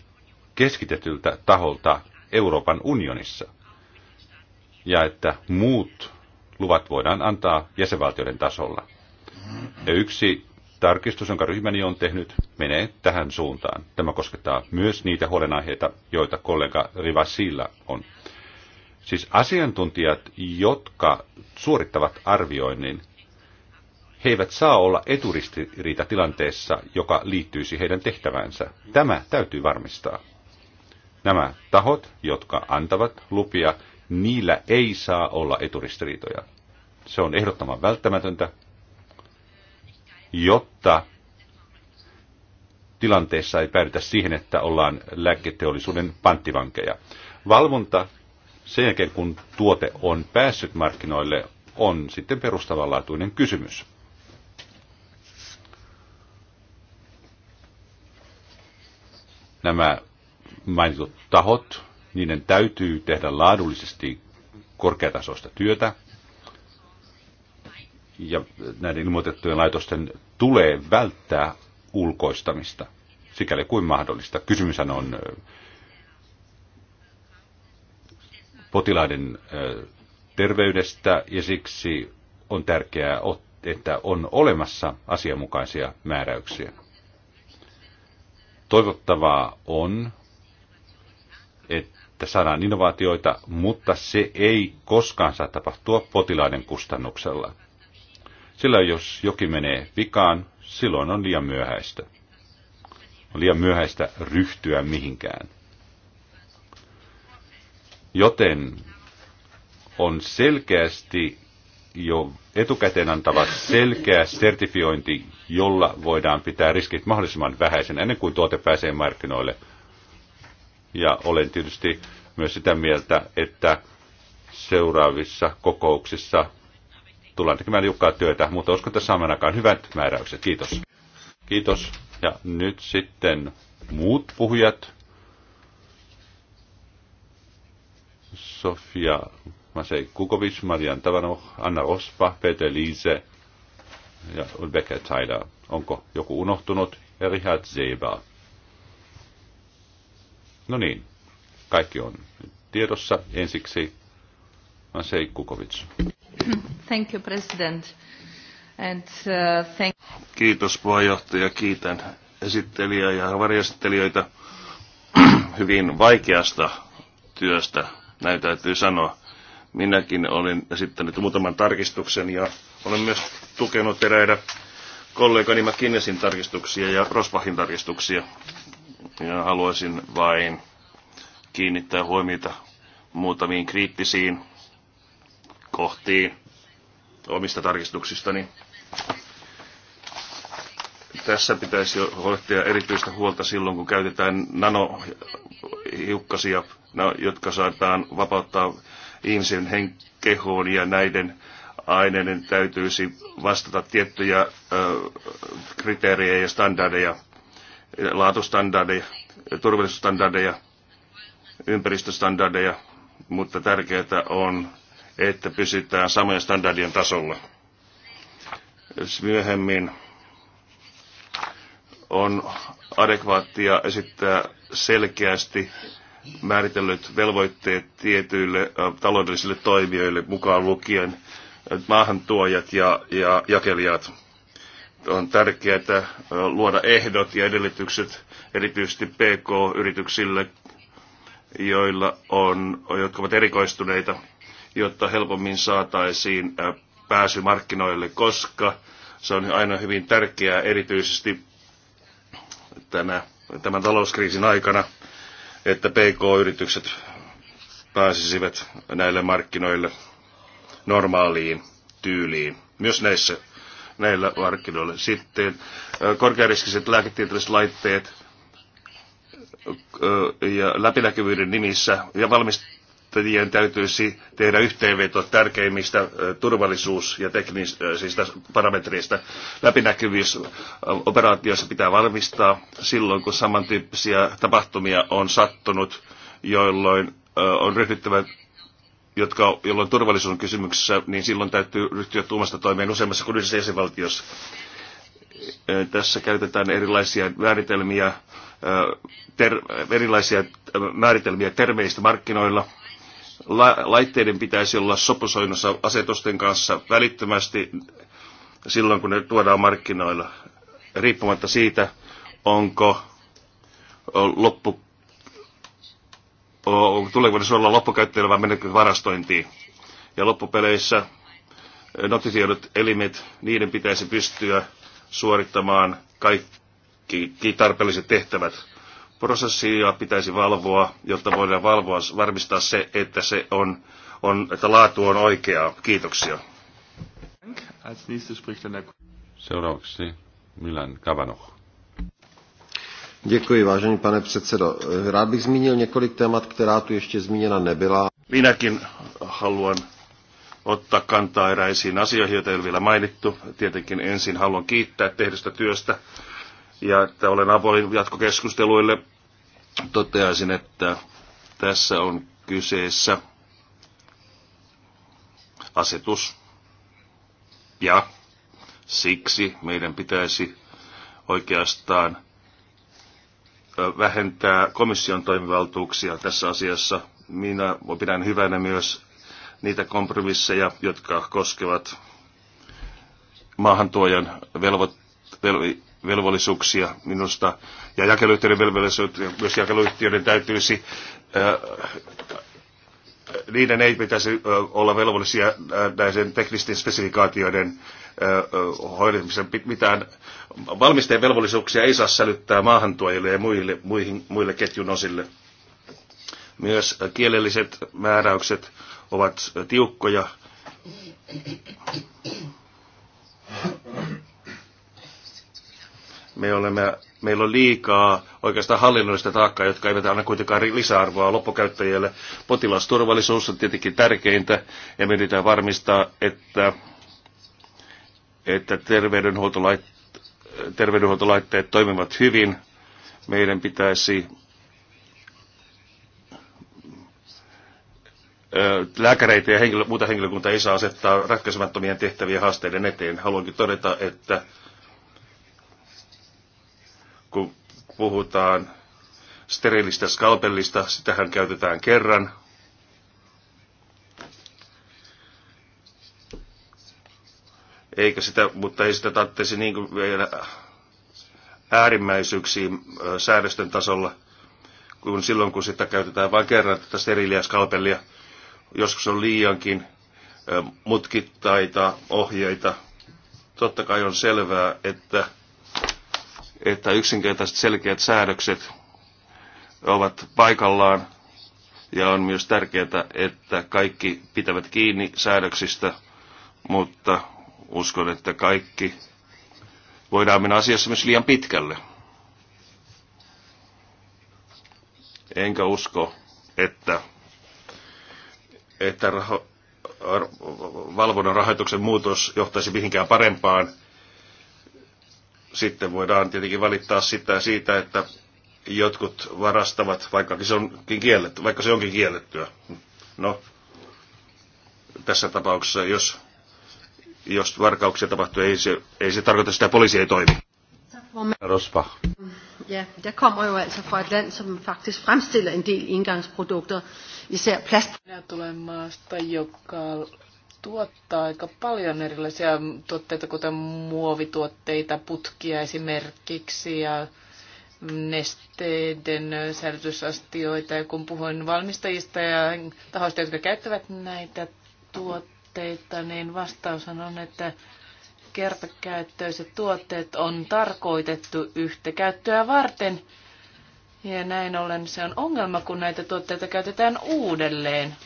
keskitetyltä taholta Euroopan unionissa ja että muut luvat voidaan antaa jäsenvaltioiden tasolla. Ja yksi tarkistus, jonka ryhmäni on tehnyt, menee tähän suuntaan. Tämä koskettaa myös niitä huolenaiheita, joita kollega Rivasilla on. Siis asiantuntijat, jotka suorittavat arvioinnin, he eivät saa olla eturistiriitatilanteessa, joka liittyisi heidän tehtävänsä. Tämä täytyy varmistaa. Nämä tahot, jotka antavat lupia, niillä ei saa olla eturistiriitoja. Se on ehdottoman välttämätöntä, jotta tilanteessa ei päädytä siihen, että ollaan lääketeollisuuden panttivankeja. Valvonta sen jälkeen, kun tuote on päässyt markkinoille, on sitten perustavanlaatuinen kysymys. nämä mainitut tahot, niiden täytyy tehdä laadullisesti korkeatasoista työtä. Ja näiden ilmoitettujen laitosten tulee välttää ulkoistamista, sikäli kuin mahdollista. Kysymys on potilaiden terveydestä ja siksi on tärkeää, että on olemassa asianmukaisia määräyksiä. Toivottavaa on, että saadaan innovaatioita, mutta se ei koskaan saa tapahtua potilaiden kustannuksella. Sillä jos jokin menee vikaan, silloin on liian myöhäistä. On liian myöhäistä ryhtyä mihinkään. Joten on selkeästi jo etukäteen antavat selkeä sertifiointi, jolla voidaan pitää riskit mahdollisimman vähäisen ennen kuin tuote pääsee markkinoille. Ja olen tietysti myös sitä mieltä, että seuraavissa kokouksissa tullaan tekemään liukkaa työtä, mutta uskon, että saamme ainakaan hyvät määräykset. Kiitos. Kiitos. Ja nyt sitten muut puhujat. Sofia Masej Kukovic, Marian Tavano, Anna Rospa, Peter Liise ja Ulbeke Taida. Onko joku unohtunut? Ja Richard Zeba. No niin, kaikki on tiedossa. Ensiksi Masej Kukovic. Thank you, President. And, uh, thank... Kiitos puheenjohtaja, kiitän esittelijä ja varjostelijoita hyvin vaikeasta työstä, näin täytyy sanoa. Minäkin olen esittänyt muutaman tarkistuksen ja olen myös tukenut eräitä kollegani McKinnesin tarkistuksia ja Rosbachin tarkistuksia. Ja haluaisin vain kiinnittää huomiota muutamiin kriittisiin kohtiin omista tarkistuksistani. Tässä pitäisi huolehtia erityistä huolta silloin, kun käytetään nanohiukkasia, jotka saadaan vapauttaa ihmisen hen- kehoon ja näiden aineiden täytyisi vastata tiettyjä ö, kriteerejä ja standardeja, laatustandardeja, turvallisuusstandardeja, ympäristöstandardeja, mutta tärkeää on, että pysytään samojen standardien tasolla. myöhemmin on adekvaattia esittää selkeästi määritellyt velvoitteet tietyille taloudellisille toimijoille, mukaan lukien maahantuojat ja, ja jakelijat. On tärkeää luoda ehdot ja edellytykset erityisesti PK-yrityksille, joilla on, jotka ovat erikoistuneita, jotta helpommin saataisiin pääsy markkinoille, koska se on aina hyvin tärkeää erityisesti tänä, tämän talouskriisin aikana – että PK-yritykset pääsisivät näille markkinoille normaaliin tyyliin, myös näissä, näillä markkinoilla. Sitten korkeariskiset lääketieteelliset laitteet ja läpinäkyvyyden nimissä ja valmist, päättäjien täytyisi tehdä yhteenveto tärkeimmistä turvallisuus- ja teknisistä parametreista. Läpinäkyvyys operaatioissa pitää varmistaa silloin, kun samantyyppisiä tapahtumia on sattunut, jolloin on ryhdyttävä jotka, jolloin turvallisuus on kysymyksessä, niin silloin täytyy ryhtyä tuomasta toimeen useammassa kuin yhdessä jäsenvaltiossa. Tässä käytetään erilaisia määritelmiä ter, erilaisia määritelmiä termeistä markkinoilla la- laitteiden pitäisi olla sopusoinnossa asetusten kanssa välittömästi silloin, kun ne tuodaan markkinoilla, riippumatta siitä, onko loppu, tuleeko ne olla loppukäyttäjällä vai menekö varastointiin. Ja loppupeleissä notifioidut elimet, niiden pitäisi pystyä suorittamaan kaikki tarpeelliset tehtävät prosessia pitäisi valvoa, jotta voidaan valvoa, varmistaa se, että, se on, on, että laatu on oikeaa. Kiitoksia. Seuraavaksi Milan Kavanoch. Děkuji, vážený pane předsedo. Rád bych zmínil několik témat, která tu ještě zmíněna nebyla. Minäkin haluan ottaa kantaa eräisiin asioihin, joita ei ole vielä mainittu. Tietenkin ensin haluan kiittää tehdystä työstä ja että olen avoin jatkokeskusteluille. Toteaisin, että tässä on kyseessä asetus ja siksi meidän pitäisi oikeastaan vähentää komission toimivaltuuksia tässä asiassa. Minä pidän hyvänä myös niitä kompromisseja, jotka koskevat maahantuojan velvoitteita velvollisuuksia minusta ja jakeluyhtiöiden velvollisuuksia. Myös jakeluyhtiöiden täytyisi, äh, niiden ei pitäisi äh, olla velvollisia äh, näiden teknisten spesifikaatioiden hoidamisen. Mitään valmisteen velvollisuuksia ei saa sälyttää maahantuojille ja muille, muihin, muille ketjun osille. Myös kielelliset määräykset ovat tiukkoja. Me olemme, meillä on liikaa oikeastaan hallinnollista taakkaa, jotka eivät anna kuitenkaan lisäarvoa loppukäyttäjille. Potilasturvallisuus on tietenkin tärkeintä ja me yritetään varmistaa, että, että terveydenhuoltolaitteet, terveydenhuoltolaitteet toimivat hyvin. Meidän pitäisi lääkäreitä ja henkilö, muuta henkilökuntaa ei saa asettaa ratkaisemattomien tehtävien haasteiden eteen. Haluankin todeta, että kun puhutaan sterilistä skalpellista, sitähän käytetään kerran. Eikä sitä, mutta ei sitä tarvitsisi niin kuin vielä äärimmäisyyksiin säädösten tasolla, kun silloin kun sitä käytetään vain kerran tätä steriliä skalpellia. Joskus on liiankin mutkittaita ohjeita. Totta kai on selvää, että että yksinkertaiset selkeät säädökset ovat paikallaan ja on myös tärkeää, että kaikki pitävät kiinni säädöksistä, mutta uskon, että kaikki voidaan mennä asiassa myös liian pitkälle. Enkä usko, että, että raho, valvonnan rahoituksen muutos johtaisi mihinkään parempaan sitten voidaan tietenkin valittaa sitä siitä, että jotkut varastavat, vaikka se onkin kielletty, vaikka se onkin kiellettyä. No, tässä tapauksessa, jos, jos varkauksia tapahtuu, ei se, ei se tarkoita sitä, että poliisi ei toimi. Rosbach. Ja, jeg kommer jo altså fra et land, som faktisk fremstiller en del engangsprodukter, især plast. Jeg tulen maasta, joka tuottaa aika paljon erilaisia tuotteita, kuten muovituotteita, putkia esimerkiksi ja nesteiden säilytysastioita. Ja kun puhuin valmistajista ja tahoista, jotka käyttävät näitä tuotteita, niin vastaus on, että kertakäyttöiset tuotteet on tarkoitettu yhtä käyttöä varten. Ja näin ollen se on ongelma, kun näitä tuotteita käytetään uudelleen,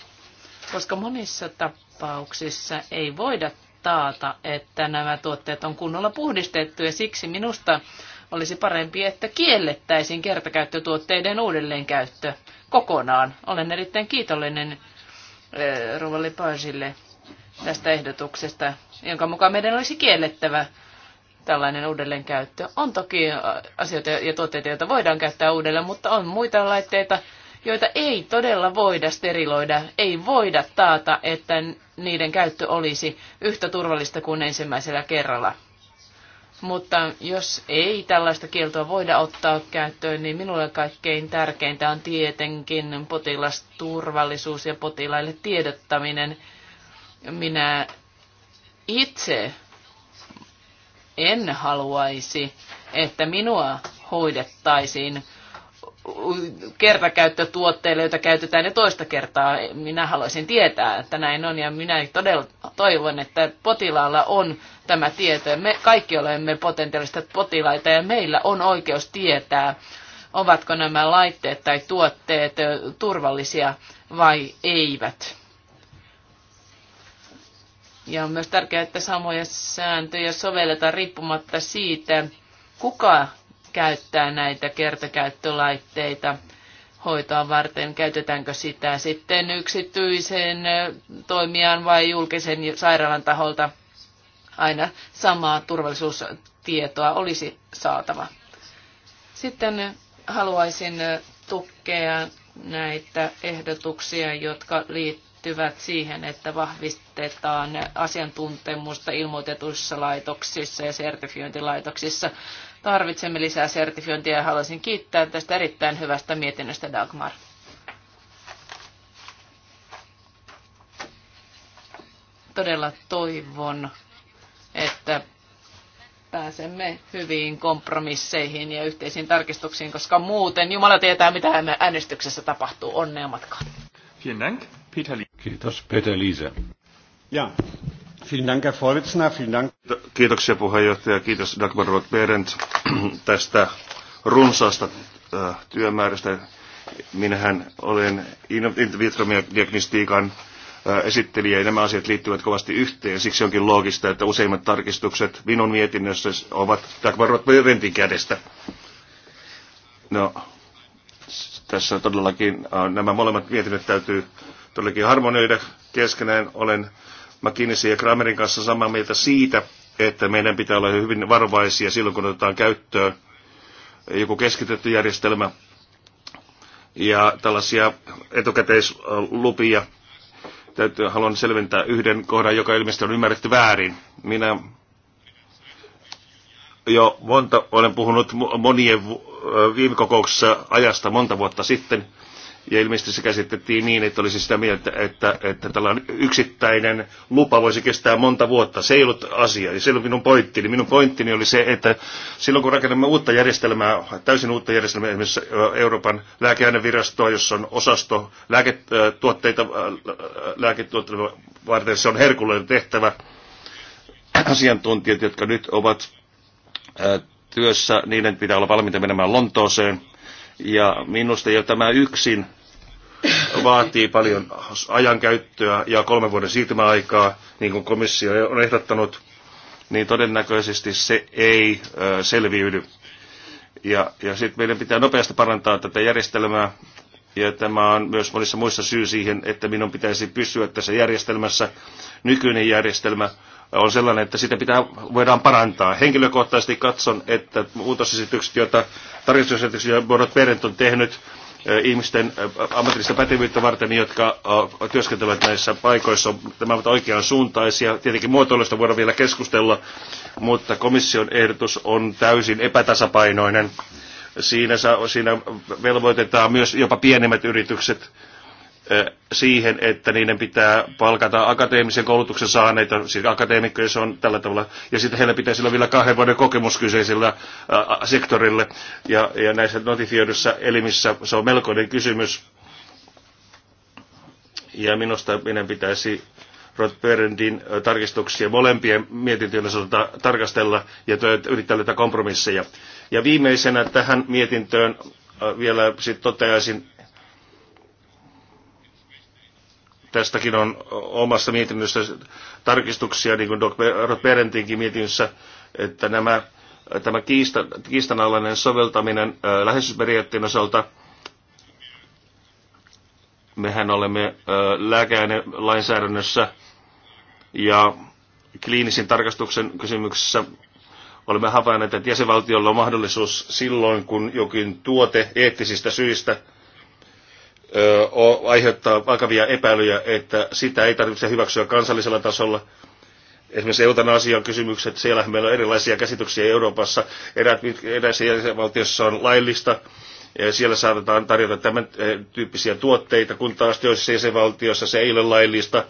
koska monissa tapauksissa tapauksissa ei voida taata, että nämä tuotteet on kunnolla puhdistettu ja siksi minusta olisi parempi, että kiellettäisiin kertakäyttötuotteiden uudelleenkäyttö kokonaan. Olen erittäin kiitollinen Rova Lepagille tästä ehdotuksesta, jonka mukaan meidän olisi kiellettävä tällainen uudelleenkäyttö. On toki asioita ja tuotteita, joita voidaan käyttää uudelleen, mutta on muita laitteita, joita ei todella voida steriloida, ei voida taata, että niiden käyttö olisi yhtä turvallista kuin ensimmäisellä kerralla. Mutta jos ei tällaista kieltoa voida ottaa käyttöön, niin minulle kaikkein tärkeintä on tietenkin potilasturvallisuus ja potilaille tiedottaminen. Minä itse en haluaisi, että minua hoidettaisiin kertakäyttötuotteille, joita käytetään ne toista kertaa. Minä haluaisin tietää, että näin on ja minä todella toivon, että potilaalla on tämä tieto. Me kaikki olemme potentiaaliset potilaita ja meillä on oikeus tietää, ovatko nämä laitteet tai tuotteet turvallisia vai eivät. Ja on myös tärkeää, että samoja sääntöjä sovelletaan riippumatta siitä, kuka käyttää näitä kertakäyttölaitteita hoitoa varten? Käytetäänkö sitä sitten yksityisen toimijan vai julkisen sairaalan taholta? Aina samaa turvallisuustietoa olisi saatava. Sitten haluaisin tukea näitä ehdotuksia, jotka liittyvät siihen, että vahvistetaan asiantuntemusta ilmoitetuissa laitoksissa ja sertifiointilaitoksissa tarvitsemme lisää sertifiointia ja haluaisin kiittää tästä erittäin hyvästä mietinnöstä Dagmar. Todella toivon, että pääsemme hyviin kompromisseihin ja yhteisiin tarkistuksiin, koska muuten Jumala tietää, mitä äänestyksessä tapahtuu. Onnea matkaan. Kiitos, Peter Liese. Ja, Kiitoksia puheenjohtaja, kiitos Dagmar Roth-Berendt tästä runsaasta työmäärästä. Minähän olen in vitro-diagnostiikan esittelijä ja nämä asiat liittyvät kovasti yhteen. Siksi onkin loogista, että useimmat tarkistukset minun mietinnössä ovat Dagmar Roth-Berentin kädestä. No, tässä todellakin nämä molemmat mietinnöt täytyy todellakin harmonioida keskenään. Olen McKinsey ja Kramerin kanssa samaa mieltä siitä, että meidän pitää olla hyvin varovaisia silloin, kun otetaan käyttöön joku keskitetty järjestelmä ja tällaisia etukäteislupia. Täytyy, haluan selventää yhden kohdan, joka ilmeisesti on ymmärretty väärin. Minä jo monta, olen puhunut monien viime kokouksessa ajasta monta vuotta sitten – ja ilmeisesti se käsitettiin niin, että olisi sitä mieltä, että, että tällainen yksittäinen lupa voisi kestää monta vuotta. Se ei ollut asia, ja se oli minun pointtini. Minun pointtini oli se, että silloin kun rakennamme uutta järjestelmää, täysin uutta järjestelmää, esimerkiksi Euroopan lääkeainevirastoa, jossa on osasto lääketuotteita, lääketuotteita varten, se on herkullinen tehtävä. Asiantuntijat, jotka nyt ovat työssä, niiden pitää olla valmiita menemään Lontooseen. Ja minusta jo tämä yksin vaatii paljon ajankäyttöä ja kolmen vuoden siirtymäaikaa, niin kuin komissio on ehdottanut, niin todennäköisesti se ei selviydy. Ja, ja sitten meidän pitää nopeasti parantaa tätä järjestelmää, ja tämä on myös monissa muissa syy siihen, että minun pitäisi pysyä tässä järjestelmässä. Nykyinen järjestelmä on sellainen, että sitä pitää, voidaan parantaa. Henkilökohtaisesti katson, että muutosesitykset, joita tarkistusesitykset ja Borot Perent on tehnyt, Eh, ihmisten eh, ammatillista pätevyyttä varten, jotka eh, työskentelevät näissä paikoissa. tämä ovat oikean suuntaisia. Tietenkin muotoiluista voidaan vielä keskustella, mutta komission ehdotus on täysin epätasapainoinen. Siinä, siinä velvoitetaan myös jopa pienemmät yritykset Eh, siihen, että niiden pitää palkata akateemisen koulutuksen saaneita, siis akateemikkoja se on tällä tavalla, ja sitten heillä pitäisi olla vielä kahden vuoden kokemus kyseisellä eh, sektorille, ja, ja näissä notifioidussa elimissä se on melkoinen kysymys. Ja minusta meidän pitäisi Rothberendin eh, tarkistuksia molempien mietintöjen osalta tarkastella ja yrittää löytää kompromisseja. Ja viimeisenä tähän mietintöön vielä sit toteaisin Tästäkin on omassa mietinnössä tarkistuksia, niin kuin Doc Berentinkin mietinnössä, että nämä, tämä kiista, kiistanalainen soveltaminen läheisyysperiaatteen osalta mehän olemme lääkeaine-lainsäädännössä ja kliinisin tarkastuksen kysymyksessä olemme havainneet, että jäsenvaltiolla on mahdollisuus silloin, kun jokin tuote eettisistä syistä aiheuttaa vakavia epäilyjä, että sitä ei tarvitse hyväksyä kansallisella tasolla. Esimerkiksi eutanasian kysymykset, siellä meillä on erilaisia käsityksiä Euroopassa. eräissä jäsenvaltiossa on laillista, siellä saatetaan tarjota tämän tyyppisiä tuotteita, kun taas joissain jäsenvaltioissa se ei ole laillista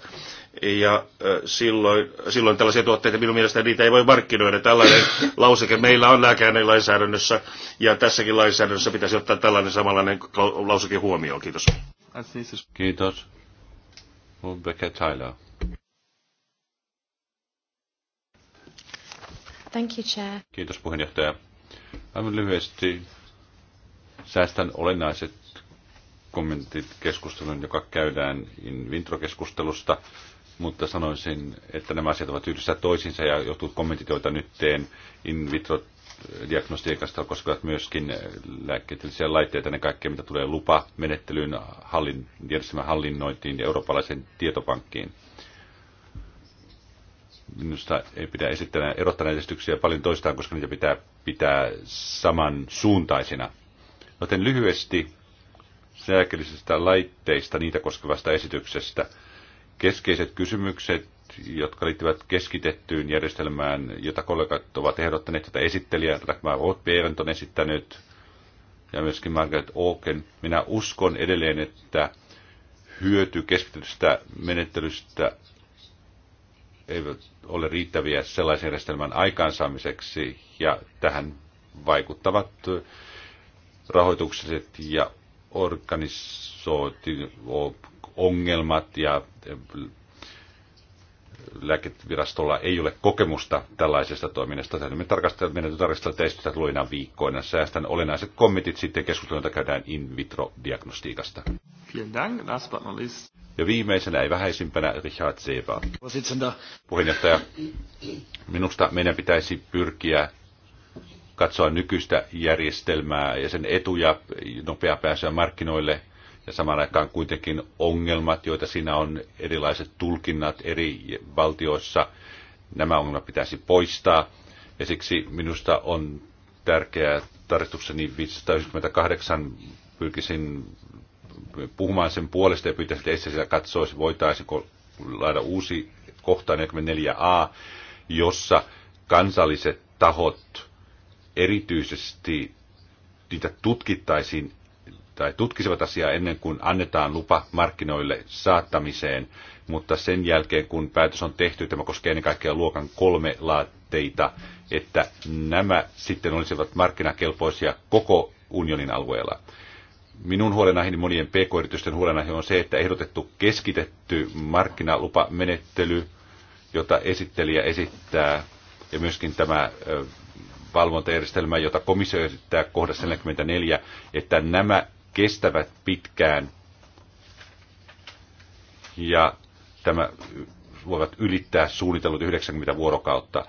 ja silloin, silloin tällaisia tuotteita minun mielestäni niitä ei voi markkinoida. Tällainen lauseke meillä on lääkäinen lainsäädännössä ja tässäkin lainsäädännössä pitäisi ottaa tällainen samanlainen lauseke huomioon. Kiitos. Kiitos. Rebecca Tyler. Thank you, Chair. Kiitos puheenjohtaja. Aivan lyhyesti säästän olennaiset kommentit keskustelun, joka käydään Invintrokeskustelusta. keskustelusta mutta sanoisin, että nämä asiat ovat yhdessä toisinsa ja jotkut kommentit, joita nyt teen in vitro diagnostiikasta koskevat myöskin lääketieteellisiä laitteita, ne kaikkea mitä tulee menettelyyn hallin, järjestelmän hallinnointiin ja eurooppalaisen tietopankkiin. Minusta ei pidä esittää erottaa näitä esityksiä paljon toistaan, koska niitä pitää pitää samansuuntaisina. Joten lyhyesti lääkkeellisistä laitteista, niitä koskevasta esityksestä – keskeiset kysymykset, jotka liittyvät keskitettyyn järjestelmään, jota kollegat ovat ehdottaneet, tätä esittelijää, mä Rothbeerent on esittänyt, ja myöskin Margaret Oaken. Minä uskon edelleen, että hyöty keskitetystä menettelystä ei ole riittäviä sellaisen järjestelmän aikaansaamiseksi, ja tähän vaikuttavat rahoitukset ja organisoitu ongelmat ja e, lääkevirastolla ei ole kokemusta tällaisesta toiminnasta. Me tarkastella, meidän täytyy tarkastella teistä luina viikkoina. Säästän olennaiset kommentit sitten keskustelun, jota käydään in vitro-diagnostiikasta. Ja viimeisenä ei vähäisimpänä Richard Seba. Puheenjohtaja, minusta meidän pitäisi pyrkiä katsoa nykyistä järjestelmää ja sen etuja, nopea pääsyä markkinoille ja samaan aikaan kuitenkin ongelmat, joita siinä on, erilaiset tulkinnat eri valtioissa, nämä ongelmat pitäisi poistaa. Ja siksi minusta on tärkeää tarkoitukseni 598 pyrkisin puhumaan sen puolesta ja pyytäisin, että Essesillä katsoisi, voitaisiinko laada uusi kohta 44a, jossa kansalliset tahot erityisesti niitä tutkittaisiin tai tutkisivat asiaa ennen kuin annetaan lupa markkinoille saattamiseen, mutta sen jälkeen kun päätös on tehty, tämä koskee ennen kaikkea luokan kolme laatteita, että nämä sitten olisivat markkinakelpoisia koko unionin alueella. Minun huolenaiheeni, monien pk-yritysten huolenaihe on se, että ehdotettu keskitetty markkinalupamenettely, jota esittelijä esittää, ja myöskin tämä valvontajärjestelmä, jota komissio esittää kohdassa 44, että nämä kestävät pitkään ja tämä voivat ylittää suunnitellut 90 vuorokautta.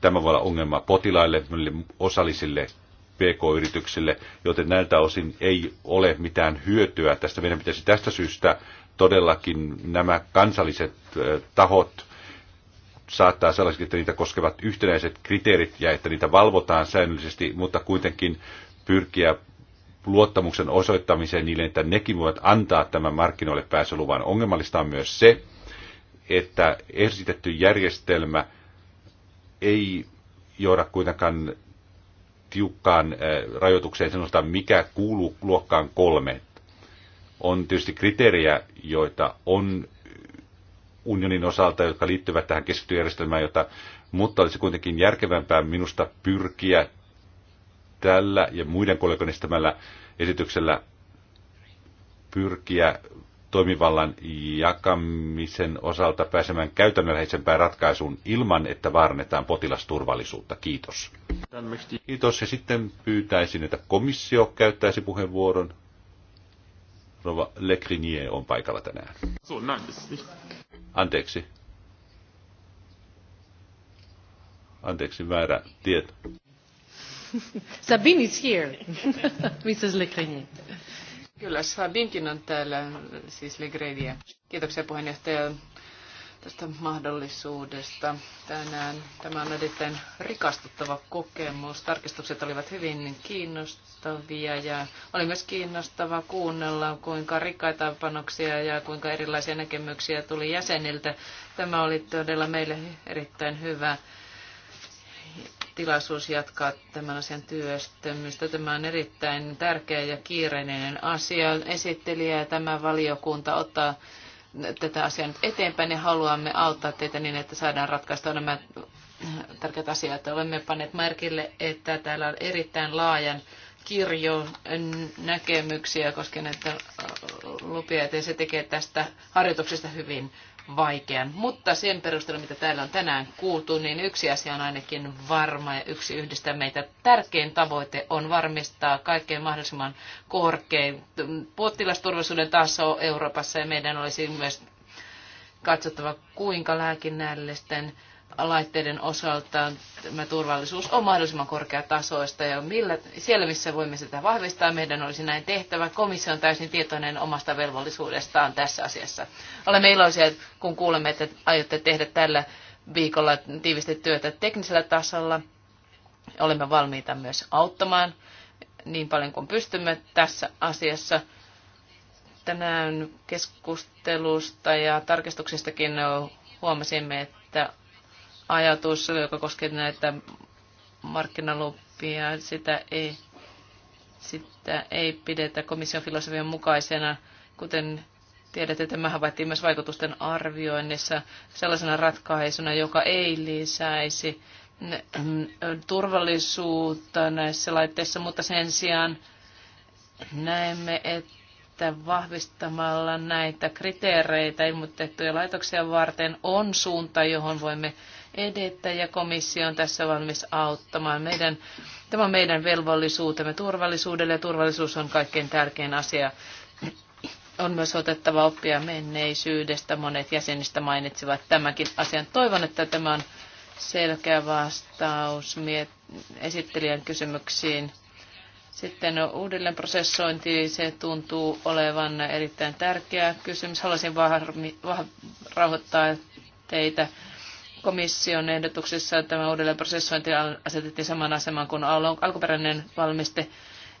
Tämä voi olla ongelma potilaille, osallisille PK-yrityksille, joten näiltä osin ei ole mitään hyötyä tästä. Meidän pitäisi tästä syystä todellakin nämä kansalliset tahot saattaa sellaiset, että niitä koskevat yhtenäiset kriteerit ja että niitä valvotaan säännöllisesti, mutta kuitenkin pyrkiä luottamuksen osoittamiseen niille, että nekin voivat antaa tämän markkinoille pääsyluvan. Ongelmallista on myös se, että esitetty järjestelmä ei johda kuitenkaan tiukkaan äh, rajoitukseen sellaista, mikä kuuluu luokkaan kolme. On tietysti kriteerejä, joita on unionin osalta, jotka liittyvät tähän keskittyjärjestelmään, jota, mutta olisi kuitenkin järkevämpää minusta pyrkiä tällä ja muiden kollegan esittämällä esityksellä pyrkiä toimivallan jakamisen osalta pääsemään käytännönläheisempään ratkaisuun ilman, että vaarannetaan potilasturvallisuutta. Kiitos. Kiitos. Ja sitten pyytäisin, että komissio käyttäisi puheenvuoron. Rova Lecrinier on paikalla tänään. Anteeksi. Anteeksi, väärä tieto. Sabine is here, Mrs. Legrenier. Kyllä, Sabinkin on täällä, siis Legrenier. Kiitoksia puheenjohtaja tästä mahdollisuudesta tänään. Tämä on erittäin rikastuttava kokemus. Tarkistukset olivat hyvin kiinnostavia ja oli myös kiinnostava kuunnella, kuinka rikkaita panoksia ja kuinka erilaisia näkemyksiä tuli jäseniltä. Tämä oli todella meille erittäin hyvä tilaisuus jatkaa tämän asian työstämistä. Tämä on erittäin tärkeä ja kiireinen asia. Esittelijä ja tämä valiokunta ottaa tätä asiaa nyt eteenpäin ja haluamme auttaa teitä niin, että saadaan ratkaista nämä tärkeät asiat. Olemme panneet merkille, että täällä on erittäin laajan kirjo näkemyksiä koskien näitä lupia, että se tekee tästä harjoituksesta hyvin vaikean. Mutta sen perusteella, mitä täällä on tänään kuultu, niin yksi asia on ainakin varma ja yksi yhdistää meitä. Tärkein tavoite on varmistaa kaikkein mahdollisimman korkein potilasturvallisuuden taso Euroopassa ja meidän olisi myös katsottava, kuinka lääkinnällisten laitteiden osalta tämä turvallisuus on mahdollisimman korkeatasoista ja millä, siellä missä voimme sitä vahvistaa, meidän olisi näin tehtävä. Komissio on täysin tietoinen omasta velvollisuudestaan tässä asiassa. Olemme iloisia, kun kuulemme, että aiotte tehdä tällä viikolla tiivistä työtä teknisellä tasolla. Olemme valmiita myös auttamaan niin paljon kuin pystymme tässä asiassa tänään keskustelusta ja tarkistuksistakin huomasimme, että ajatus, joka koskee näitä markkinalupia, sitä ei, sitä ei pidetä komission filosofian mukaisena, kuten tiedätte, tämä havaittiin myös vaikutusten arvioinnissa sellaisena ratkaisuna, joka ei lisäisi äh, turvallisuutta näissä laitteissa, mutta sen sijaan näemme, että vahvistamalla näitä kriteereitä ilmoitettuja laitoksia varten on suunta, johon voimme edetä ja komissio on tässä valmis auttamaan. Meidän, tämä on meidän velvollisuutemme turvallisuudelle ja turvallisuus on kaikkein tärkein asia. On myös otettava oppia menneisyydestä. Monet jäsenistä mainitsivat tämänkin asian. Toivon, että tämä on selkeä vastaus esittelijän kysymyksiin. Sitten uudelleen prosessointi, se tuntuu olevan erittäin tärkeä kysymys. Haluaisin vahvistaa rauhoittaa teitä komission ehdotuksessa tämä uudelleen prosessointi asetettiin samaan asemaan kuin alkuperäinen valmiste.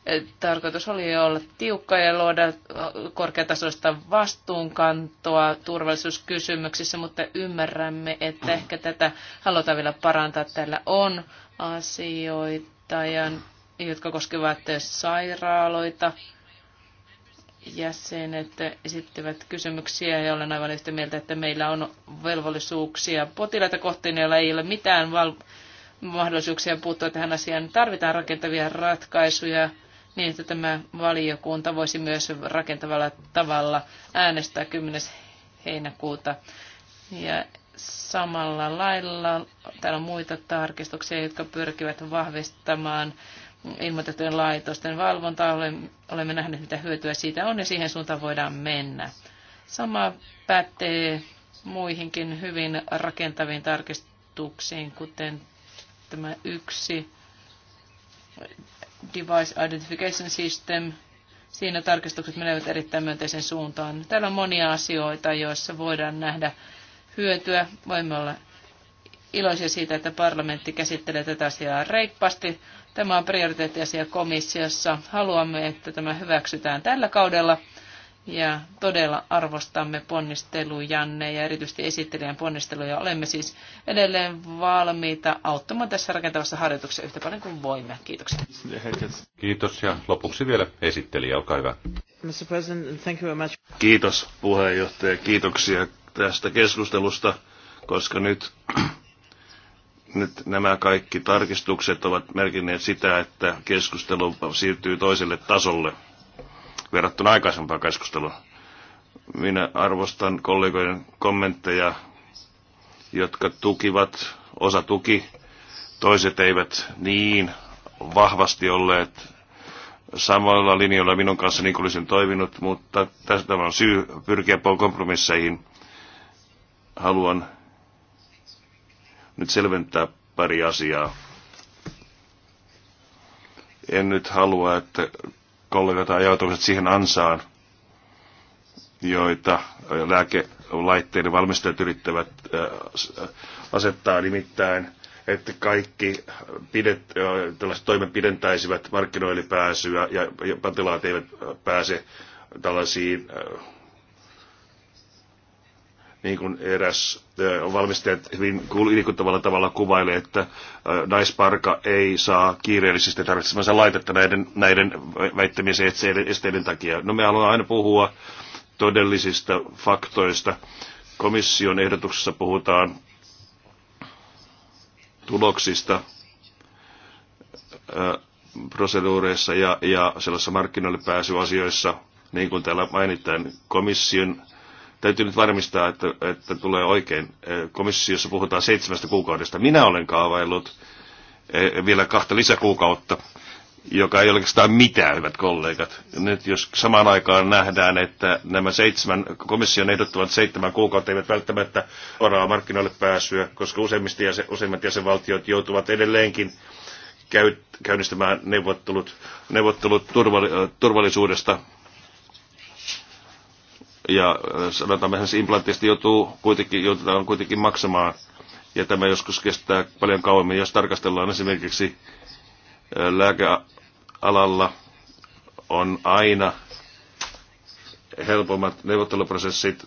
Eh, tarkoitus oli olla tiukka ja luoda korkeatasoista vastuunkantoa turvallisuuskysymyksissä, mutta ymmärrämme, että ehkä tätä halutaan vielä parantaa. Täällä on asioita, jotka koskevat sairaaloita, jäsenet esittivät kysymyksiä ja olen aivan yhtä mieltä, että meillä on velvollisuuksia potilaita kohteen, joilla ei ole mitään val- mahdollisuuksia puuttua tähän asiaan. Tarvitaan rakentavia ratkaisuja niin, että tämä valiokunta voisi myös rakentavalla tavalla äänestää 10. heinäkuuta. Ja samalla lailla täällä on muita tarkistuksia, jotka pyrkivät vahvistamaan ilmoitettujen laitosten valvontaa. Olemme nähneet, mitä hyötyä siitä on ja siihen suuntaan voidaan mennä. Sama pätee muihinkin hyvin rakentaviin tarkistuksiin, kuten tämä yksi Device Identification System. Siinä tarkistukset menevät erittäin myönteisen suuntaan. Täällä on monia asioita, joissa voidaan nähdä hyötyä. Voimme olla iloisia siitä, että parlamentti käsittelee tätä asiaa reippaasti. Tämä on prioriteettiasia komissiossa. Haluamme, että tämä hyväksytään tällä kaudella ja todella arvostamme ponnistelujanne ja erityisesti esittelijän ponnisteluja. Olemme siis edelleen valmiita auttamaan tässä rakentavassa harjoituksessa yhtä paljon kuin voimme. Kiitoksia. Kiitos ja lopuksi vielä esittelijä, olkaa hyvä. thank you Kiitos puheenjohtaja, kiitoksia tästä keskustelusta, koska nyt nyt nämä kaikki tarkistukset ovat merkinneet sitä, että keskustelu siirtyy toiselle tasolle verrattuna aikaisempaan keskusteluun. Minä arvostan kollegoiden kommentteja, jotka tukivat, osa tuki, toiset eivät niin vahvasti olleet samalla linjalla minun kanssa niin kuin olisin toiminut, mutta tästä on syy pyrkiä kompromisseihin. Haluan nyt selventää pari asiaa. En nyt halua, että kollegat ajautuvat siihen ansaan, joita lääkelaitteiden valmistajat yrittävät äh, asettaa nimittäin, että kaikki pidet, äh, tällaiset toimet pidentäisivät markkinoille pääsyä ja potilaat eivät pääse tällaisiin äh, niin kuin eräs eh, valmistajat hyvin liikuttavalla tavalla kuvailee, että eh, naisparka ei saa kiireellisesti tarvitsemansa laitetta näiden, näiden väittämien esteiden takia. No me haluamme aina puhua todellisista faktoista. Komission ehdotuksessa puhutaan tuloksista eh, proseduureissa ja, ja sellaisissa markkinoille pääsyasioissa, niin kuin täällä mainitaan, komission Täytyy nyt varmistaa, että, että tulee oikein. Komissiossa puhutaan seitsemästä kuukaudesta. Minä olen kaavaillut vielä kahta lisäkuukautta, joka ei oikeastaan mitään, hyvät kollegat. Nyt jos samaan aikaan nähdään, että nämä seitsemän, komission ehdottavat seitsemän kuukautta eivät välttämättä oraa markkinoille pääsyä, koska useimmista jäsen, useimmat jäsenvaltiot joutuvat edelleenkin käynnistämään neuvottelut, neuvottelut turvallisuudesta ja äh, sanotaan että implantista joutuu kuitenkin, joudutaan kuitenkin maksamaan. Ja tämä joskus kestää paljon kauemmin, jos tarkastellaan esimerkiksi äh, lääkealalla on aina helpommat neuvotteluprosessit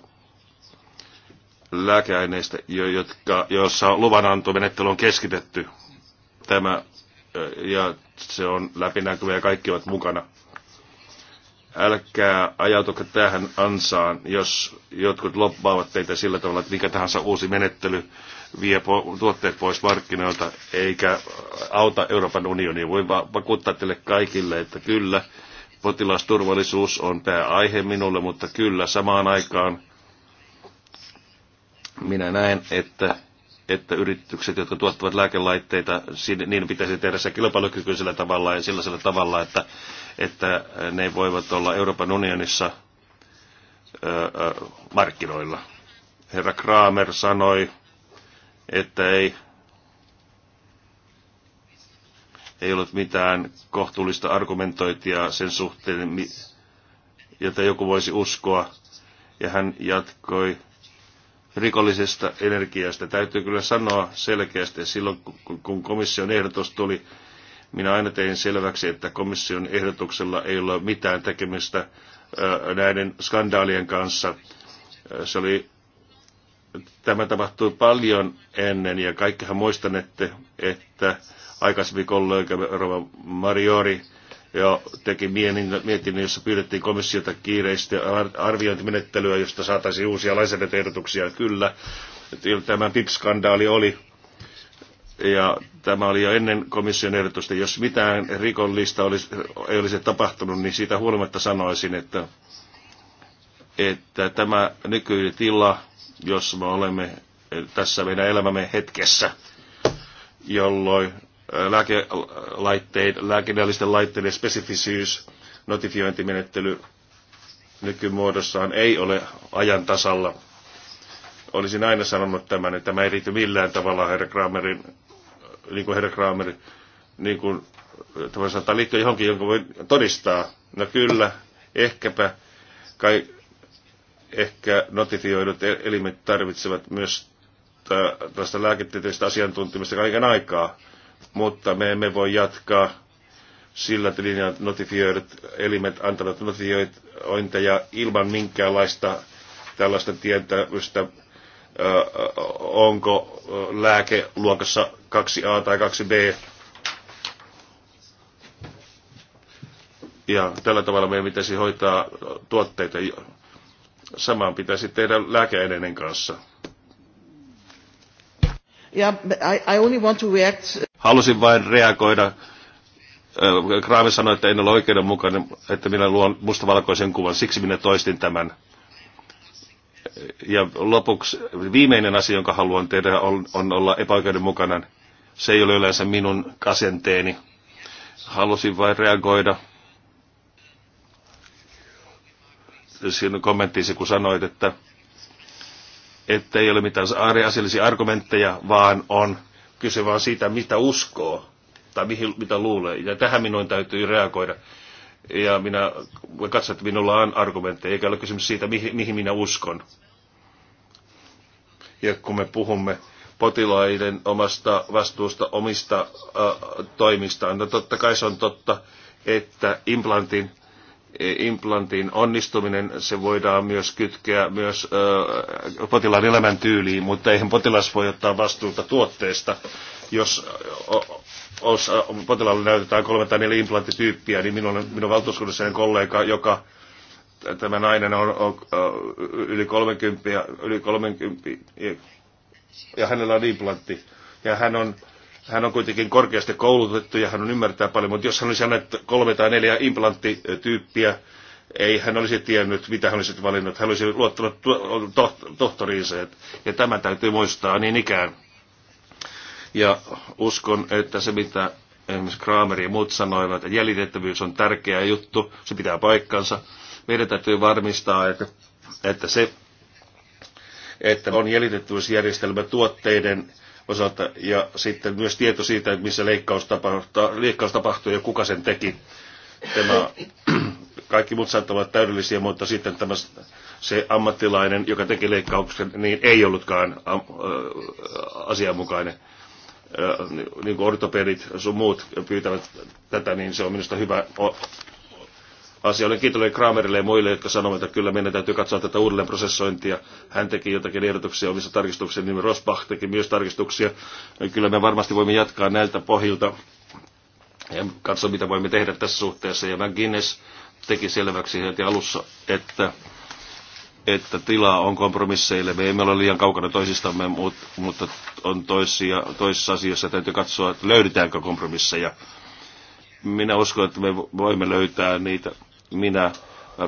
lääkeaineista, jotka, joissa luvanantomenettely on keskitetty. Tämä äh, ja se on läpinäkyvä ja kaikki ovat mukana älkää ajautuko tähän ansaan, jos jotkut loppaavat teitä sillä tavalla, että mikä tahansa uusi menettely vie tuotteet pois markkinoilta, eikä auta Euroopan unionia. Voin vakuuttaa teille kaikille, että kyllä, potilasturvallisuus on pääaihe minulle, mutta kyllä samaan aikaan minä näen, että että yritykset, jotka tuottavat lääkelaitteita, niin pitäisi tehdä se kilpailukykyisellä tavalla ja sellaisella tavalla, että että ne voivat olla Euroopan unionissa markkinoilla. Herra Kramer sanoi, että ei, ei ollut mitään kohtuullista argumentointia sen suhteen, jota joku voisi uskoa. Ja hän jatkoi rikollisesta energiasta. Täytyy kyllä sanoa selkeästi, että silloin kun komission ehdotus tuli, minä aina tein selväksi, että komission ehdotuksella ei ole mitään tekemistä näiden skandaalien kanssa. Se oli, tämä tapahtui paljon ennen ja kaikkihan muistanette, että aikaisempi kollega Rova Mariori jo teki mietinnön, jossa pyydettiin komissiota kiireistä arviointimenettelyä, josta saataisiin uusia lainsäädäntöehdotuksia. Kyllä, tämä PIP-skandaali oli. Ja Tämä oli jo ennen komission ehdotusta. Jos mitään rikollista olisi, ei olisi tapahtunut, niin siitä huolimatta sanoisin, että, että tämä nykyinen tila, jossa me olemme tässä meidän elämämme hetkessä, jolloin lääkelaitteiden, lääkinnällisten laitteiden spesifisyys, notifiointimenettely nykymuodossaan ei ole ajan tasalla. Olisin aina sanonut tämän, että tämä ei riity millään tavalla herra Kramerin niin kuin herra Kramer, niin kuin tämä liittyy johonkin, jonka voi todistaa. No kyllä, ehkäpä kai ehkä notifioidut e- elimet tarvitsevat myös tällaista lääketieteellistä asiantuntemusta kaiken aikaa, mutta me emme voi jatkaa sillä että että notifioidut elimet antavat notifiointeja ilman minkäänlaista tällaista tietämystä onko lääke luokassa 2A tai 2B. Ja tällä tavalla meidän pitäisi hoitaa tuotteita. Samaan pitäisi tehdä lääkeaineiden kanssa. Yeah, I, I only want to react. Halusin vain reagoida. Kraami sanoi, että en ole oikeudenmukainen, että minä luon mustavalkoisen kuvan. Siksi minä toistin tämän ja lopuksi viimeinen asia, jonka haluan tehdä, on, on olla epäoikeudenmukainen. Se ei ole yleensä minun asenteeni. Halusin vain reagoida sinun kommenttiisi, kun sanoit, että, että ei ole mitään asiallisia argumentteja, vaan on kyse vain siitä, mitä uskoo tai mihin, mitä luulee. Ja tähän minun täytyy reagoida. Ja minä katsoa, että minulla on argumentteja, eikä ole kysymys siitä, mihin, mihin minä uskon ja kun me puhumme potilaiden omasta vastuusta omista äh, toimistaan. No totta kai se on totta, että implantin, e, implantin onnistuminen, se voidaan myös kytkeä myös äh, potilaan elämäntyyliin, mutta eihän potilas voi ottaa vastuuta tuotteesta, jos äh, os, potilaalle näytetään kolme tai neljä implanttityyppiä, niin minun, minun valtuuskunnassani kollega, joka tämä nainen on, on yli 30, yli 30 ja hänellä on implantti. Ja hän on, hän on kuitenkin korkeasti koulutettu ja hän on ymmärtää paljon, mutta jos hän olisi annettu kolme tai neljä implanttityyppiä, ei hän olisi tiennyt, mitä hän olisi valinnut. Hän olisi luottanut tohtoriinsa, ja tämä täytyy muistaa niin ikään. Ja uskon, että se mitä esimerkiksi Kramer ja muut sanoivat, että jäljitettävyys on tärkeä juttu, se pitää paikkansa. Meidän täytyy varmistaa, että, että se, että on jäljitettävyysjärjestelmä tuotteiden osalta ja sitten myös tieto siitä, että missä leikkaus tapahtuu, leikkaus tapahtuu ja kuka sen teki. Tämä, kaikki muut saattavat olla täydellisiä, mutta sitten tämä, se ammattilainen, joka teki leikkauksen, niin ei ollutkaan am, ä, asianmukainen. Ä, niin kuin ortopedit sun muut pyytävät tätä, niin se on minusta hyvä asia. Olen kiitollinen Kramerille ja muille, jotka sanovat, että kyllä meidän täytyy katsoa tätä uudelleen prosessointia. Hän teki jotakin ehdotuksia omissa tarkistuksissa, niin Rosbach teki myös tarkistuksia. Kyllä me varmasti voimme jatkaa näiltä pohjilta ja katsoa, mitä voimme tehdä tässä suhteessa. Ja McGuinness teki selväksi heti alussa, että että tilaa on kompromisseille. Me emme ole liian kaukana toisistamme, mutta on toisia, toisissa asioissa täytyy katsoa, että löydetäänkö kompromisseja. Minä uskon, että me voimme löytää niitä minä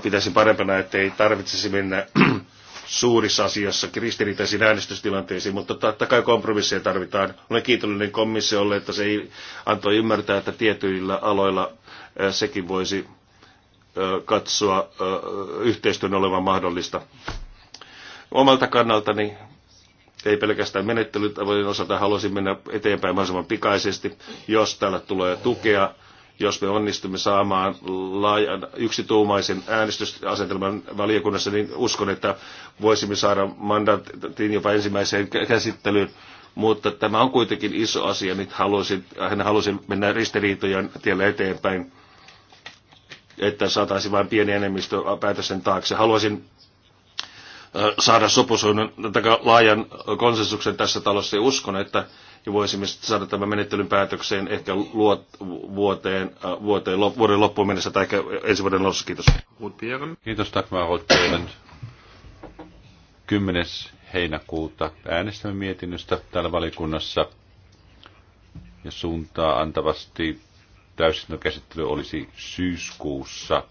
pitäisin parempana, että ei tarvitsisi mennä suurissa asioissa ristiriitaisiin äänestystilanteisiin, mutta totta kai kompromisseja tarvitaan. Olen kiitollinen komissiolle, että se ei antoi ymmärtää, että tietyillä aloilla sekin voisi katsoa yhteistyön olevan mahdollista. Omalta kannaltani ei pelkästään menettelytavojen osalta haluaisin mennä eteenpäin mahdollisimman pikaisesti, jos täällä tulee tukea jos me onnistumme saamaan laajan yksituumaisen äänestysasetelman valiokunnassa, niin uskon, että voisimme saada mandaatin jopa ensimmäiseen käsittelyyn. Mutta tämä on kuitenkin iso asia, nyt haluaisin, hän halusi mennä ristiriitojen tiellä eteenpäin, että saataisiin vain pieni enemmistö sen taakse. Haluaisin saada sopusuunnan laajan konsensuksen tässä talossa ja uskon, että ja voisimme saada tämän menettelyn päätökseen ehkä luot, vuoteen, äh, vuoteen, vuoden loppuun mennessä tai ehkä ensi vuoden lopussa Kiitos. Kiitos Dagmar Rotberen. 10. heinäkuuta äänestämme mietinnöstä täällä valikunnassa ja suuntaa antavasti täysistuntokäsittely olisi syyskuussa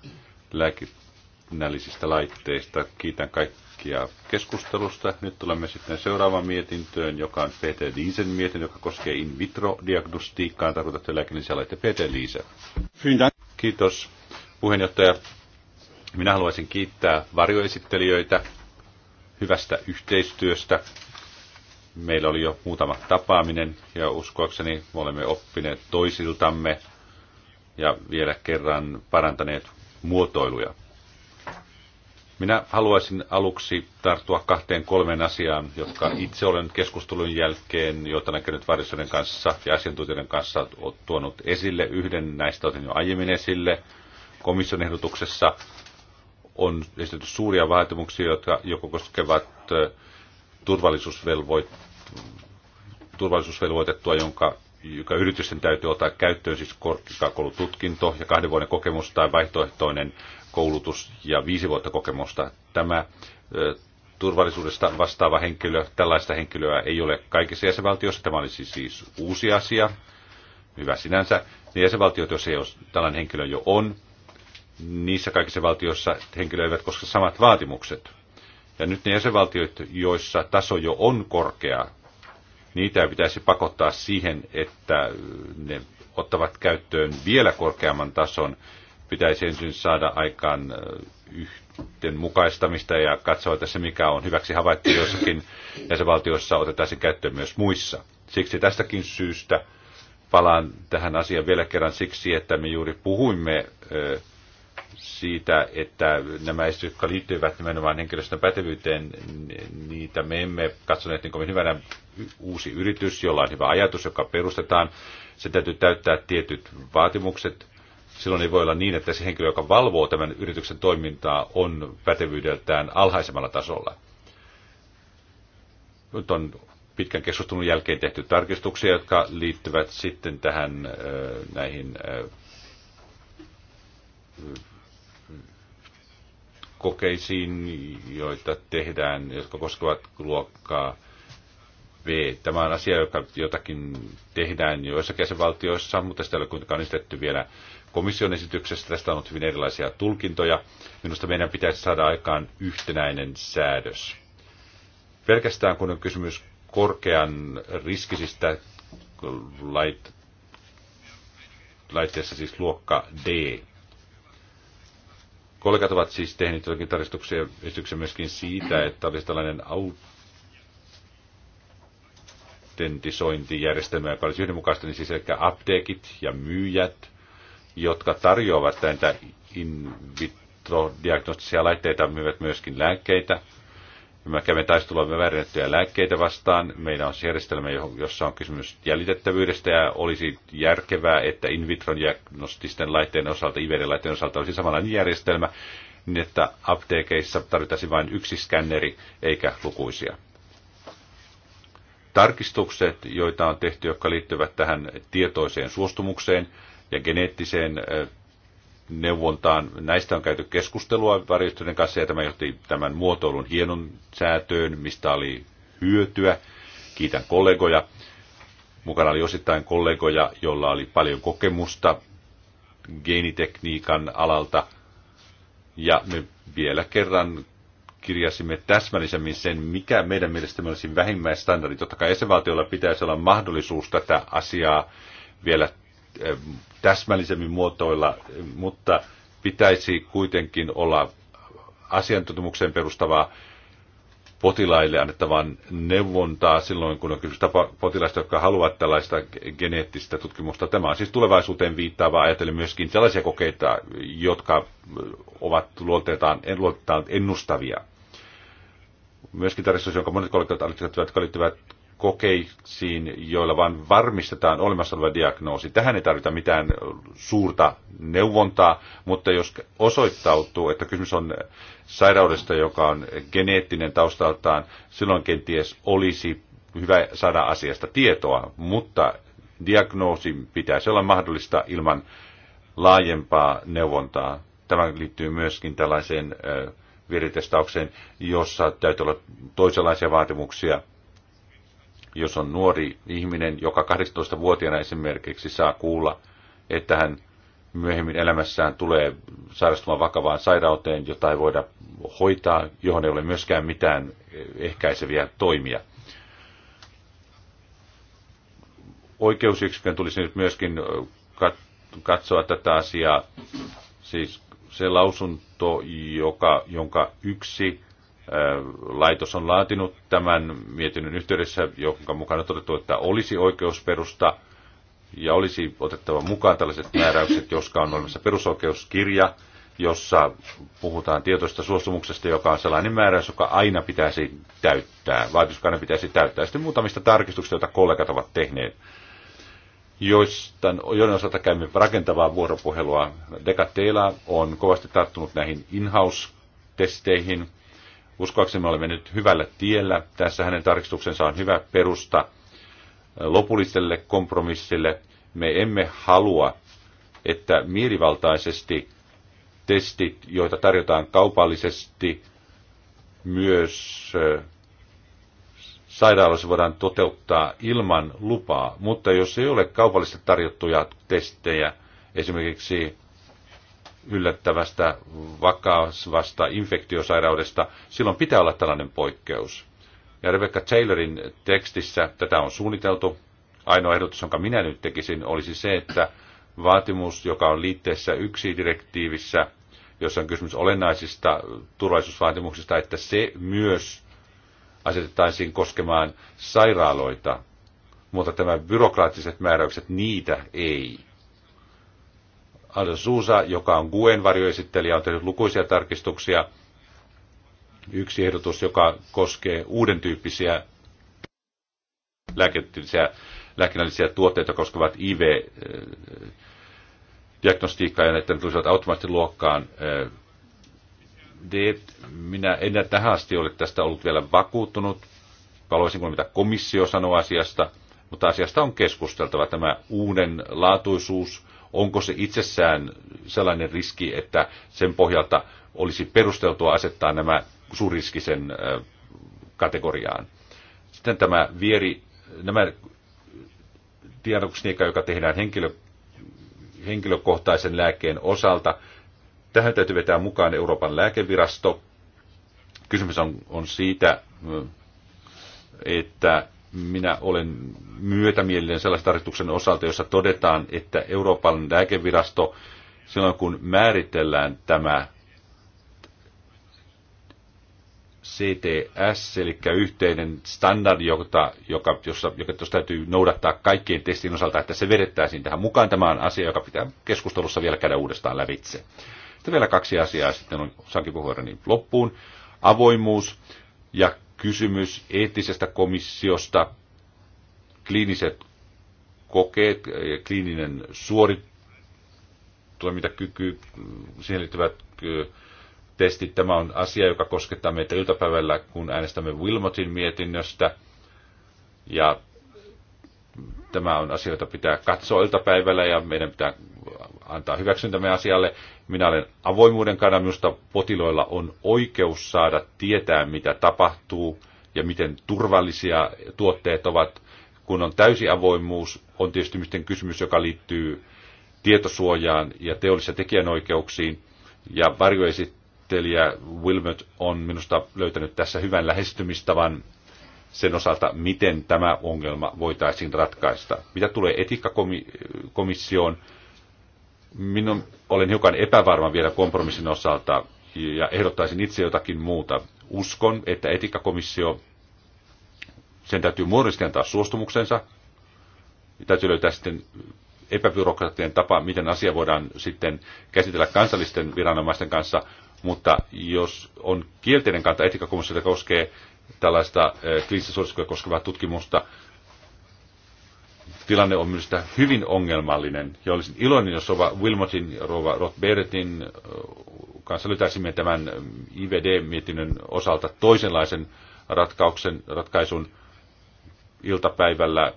lääkinnällisistä laitteista. Kiitän kaikkia kaikkia keskustelusta. Nyt tulemme sitten seuraavaan mietintöön, joka on Peter Liisen mietintö, joka koskee in vitro diagnostiikkaa Tarkoitatte lääkinnissä laitteita. Peter Liise. Kiitos puheenjohtaja. Minä haluaisin kiittää varjoesittelijöitä hyvästä yhteistyöstä. Meillä oli jo muutama tapaaminen ja uskoakseni me olemme oppineet toisiltamme ja vielä kerran parantaneet muotoiluja. Minä haluaisin aluksi tarttua kahteen kolmeen asiaan, jotka itse olen keskustelun jälkeen, joita näkynyt varjoisuuden kanssa ja asiantuntijoiden kanssa tuonut esille. Yhden näistä otin jo aiemmin esille. Komission ehdotuksessa on esitetty suuria vaatimuksia, jotka joko koskevat turvallisuusvelvoit, turvallisuusvelvoitettua, jonka joka yritysten täytyy ottaa käyttöön, siis korkeakoulututkinto ja kahden vuoden kokemus tai vaihtoehtoinen koulutus ja viisi vuotta kokemusta. Tämä turvallisuudesta vastaava henkilö, tällaista henkilöä ei ole kaikissa jäsenvaltioissa. Tämä olisi siis uusi asia, hyvä sinänsä. Ne jäsenvaltiot, jos ei ole, tällainen henkilö jo on, niissä kaikissa valtioissa henkilö eivät koske samat vaatimukset. Ja nyt ne jäsenvaltiot, joissa taso jo on korkea, niitä pitäisi pakottaa siihen, että ne ottavat käyttöön vielä korkeamman tason, pitäisi ensin saada aikaan yhtenmukaistamista ja katsoa tässä, mikä on hyväksi havaittu jossakin jäsenvaltiossa, otetaan se käyttöön myös muissa. Siksi tästäkin syystä palaan tähän asiaan vielä kerran siksi, että me juuri puhuimme siitä, että nämä esitykset, jotka liittyvät nimenomaan henkilöstön pätevyyteen, niitä me emme katsoneet niin kovin hyvänä uusi yritys, jolla on hyvä ajatus, joka perustetaan. Se täytyy täyttää tietyt vaatimukset, silloin ei voi olla niin, että se henkilö, joka valvoo tämän yrityksen toimintaa, on pätevyydeltään alhaisemmalla tasolla. Nyt on pitkän keskustelun jälkeen tehty tarkistuksia, jotka liittyvät sitten tähän näihin kokeisiin, joita tehdään, jotka koskevat luokkaa V. Tämä on asia, joka jotakin tehdään joissakin jäsenvaltioissa, mutta sitä ei ole kuitenkaan vielä komission esityksestä. Tästä on ollut hyvin erilaisia tulkintoja. Minusta meidän pitäisi saada aikaan yhtenäinen säädös. Pelkästään kun on kysymys korkean riskisistä lait, laitteessa siis luokka D. Kollegat ovat siis tehneet jotakin tarkistuksia esityksen myöskin siitä, että olisi tällainen autentisointijärjestelmä, joka olisi yhdenmukaista, niin siis eli apteekit ja myyjät jotka tarjoavat näitä in vitro diagnostisia laitteita, myyvät myöskin lääkkeitä. Me kävimme taistelua väärennettyjä lääkkeitä vastaan. Meillä on siis järjestelmä, jossa on kysymys jäljitettävyydestä ja olisi järkevää, että in vitro diagnostisten laitteiden osalta, ivd laitteen osalta olisi samanlainen järjestelmä, niin että apteekeissa tarvittaisiin vain yksi skänneri eikä lukuisia. Tarkistukset, joita on tehty, jotka liittyvät tähän tietoiseen suostumukseen, ja geneettiseen neuvontaan. Näistä on käyty keskustelua varjoistuneiden kanssa ja tämä johti tämän muotoilun hienon säätöön, mistä oli hyötyä. Kiitän kollegoja. Mukana oli osittain kollegoja, joilla oli paljon kokemusta geenitekniikan alalta. Ja me vielä kerran kirjasimme täsmällisemmin sen, mikä meidän mielestämme olisi vähimmäisstandardi. Totta kai esivaltiolla pitäisi olla mahdollisuus tätä asiaa vielä Eh, täsmällisemmin muotoilla, mutta pitäisi kuitenkin olla asiantuntemukseen perustavaa potilaille annettavan neuvontaa silloin, kun on kysymys potilaista, jotka haluavat tällaista geneettistä tutkimusta. Tämä on siis tulevaisuuteen viittaava ajatellen myöskin sellaisia kokeita, jotka ovat luolteeltaan, ennustavia. Myöskin tarkistus, jonka monet kollegat allekirjoittivat, jotka liittyvät kokeisiin, joilla vain varmistetaan olemassa oleva diagnoosi. Tähän ei tarvita mitään suurta neuvontaa, mutta jos osoittautuu, että kysymys on sairaudesta, joka on geneettinen taustaltaan, silloin kenties olisi hyvä saada asiasta tietoa, mutta diagnoosi pitäisi olla mahdollista ilman laajempaa neuvontaa. Tämä liittyy myöskin tällaiseen viritestaukseen, jossa täytyy olla toisenlaisia vaatimuksia jos on nuori ihminen, joka 12 vuotiaana esimerkiksi saa kuulla, että hän myöhemmin elämässään tulee sairastumaan vakavaan sairauteen, jota ei voida hoitaa, johon ei ole myöskään mitään ehkäiseviä toimia. Oikeusyksikön tulisi nyt myöskin katsoa tätä asiaa, siis se lausunto, joka, jonka yksi laitos on laatinut tämän mietinnön yhteydessä, jonka mukaan on todettu, että olisi oikeusperusta ja olisi otettava mukaan tällaiset määräykset, joska on olemassa perusoikeuskirja, jossa puhutaan tietoista suostumuksesta, joka on sellainen määräys, joka aina pitäisi täyttää, vaatimus aina pitäisi täyttää. Sitten muutamista tarkistuksista, joita kollegat ovat tehneet, joista, joiden osalta käymme rakentavaa vuoropuhelua. Dekateela on kovasti tarttunut näihin in-house-testeihin, Uskoakseni olemme nyt hyvällä tiellä. Tässä hänen tarkistuksensa on hyvä perusta lopulliselle kompromissille. Me emme halua, että mielivaltaisesti testit, joita tarjotaan kaupallisesti, myös sairaaloissa voidaan toteuttaa ilman lupaa, mutta jos ei ole kaupallisesti tarjottuja testejä, esimerkiksi yllättävästä vakavasta infektiosairaudesta, silloin pitää olla tällainen poikkeus. Ja Rebecca Taylorin tekstissä tätä on suunniteltu. Ainoa ehdotus, jonka minä nyt tekisin, olisi se, että vaatimus, joka on liitteessä yksi direktiivissä, jossa on kysymys olennaisista turvallisuusvaatimuksista, että se myös asetettaisiin koskemaan sairaaloita, mutta tämä byrokraattiset määräykset, niitä ei al Suusa, joka on Guen varjoesittelijä, on tehnyt lukuisia tarkistuksia. Yksi ehdotus, joka koskee uuden tyyppisiä lääketieteellisiä lääkinnällisiä tuotteita koskevat IV-diagnostiikkaa eh, ja näiden tulisivat automaattisesti luokkaan eh, Minä en tähän asti ole tästä ollut vielä vakuuttunut. Haluaisin kuulla, mitä komissio sanoo asiasta, mutta asiasta on keskusteltava. Tämä uuden laatuisuus Onko se itsessään sellainen riski, että sen pohjalta olisi perusteltua asettaa nämä suuriskisen kategoriaan? Sitten tämä vieri, nämä diagnostiikka, joka tehdään henkilö, henkilökohtaisen lääkkeen osalta, tähän täytyy vetää mukaan Euroopan lääkevirasto. Kysymys on, on siitä, että minä olen myötämielinen sellaisen tarkoituksen osalta, jossa todetaan, että Euroopan lääkevirasto silloin kun määritellään tämä CTS, eli yhteinen standardi, jota, joka, jossa, joka täytyy noudattaa kaikkien testin osalta, että se vedettäisiin tähän mukaan. Tämä on asia, joka pitää keskustelussa vielä käydä uudestaan lävitse. Sitten vielä kaksi asiaa, sitten on sankin puheenvuoroni loppuun. Avoimuus ja kysymys eettisestä komissiosta, kliiniset kokeet, kliininen suoritoimintakyky, siihen liittyvät testit. Tämä on asia, joka koskettaa meitä iltapäivällä, kun äänestämme Wilmotin mietinnöstä. Ja tämä on asia, jota pitää katsoa iltapäivällä ja meidän pitää antaa hyväksyntämme asialle. Minä olen avoimuuden kannalta. Minusta potiloilla on oikeus saada tietää, mitä tapahtuu ja miten turvallisia tuotteet ovat. Kun on täysi avoimuus, on tietysti miten kysymys, joka liittyy tietosuojaan ja teollisia ja tekijänoikeuksiin. Ja varjoesittelijä Wilmot on minusta löytänyt tässä hyvän lähestymistavan sen osalta, miten tämä ongelma voitaisiin ratkaista. Mitä tulee etikkakomissioon, Minun olen hiukan epävarma vielä kompromissin osalta ja ehdottaisin itse jotakin muuta. Uskon, että etikkakomissio, sen täytyy muodollisesti antaa suostumuksensa. Täytyy löytää sitten epäbyrokraattinen tapa, miten asia voidaan sitten käsitellä kansallisten viranomaisten kanssa, mutta jos on kielteinen kanta joka koskee tällaista eh, kriisisuosittuja koskevaa tutkimusta, tilanne on minusta hyvin ongelmallinen. Ja olisin iloinen, jos Rova Wilmotin ja Rova Rothbertin kanssa löytäisimme tämän IVD-mietinnön osalta toisenlaisen ratkauksen, ratkaisun iltapäivällä.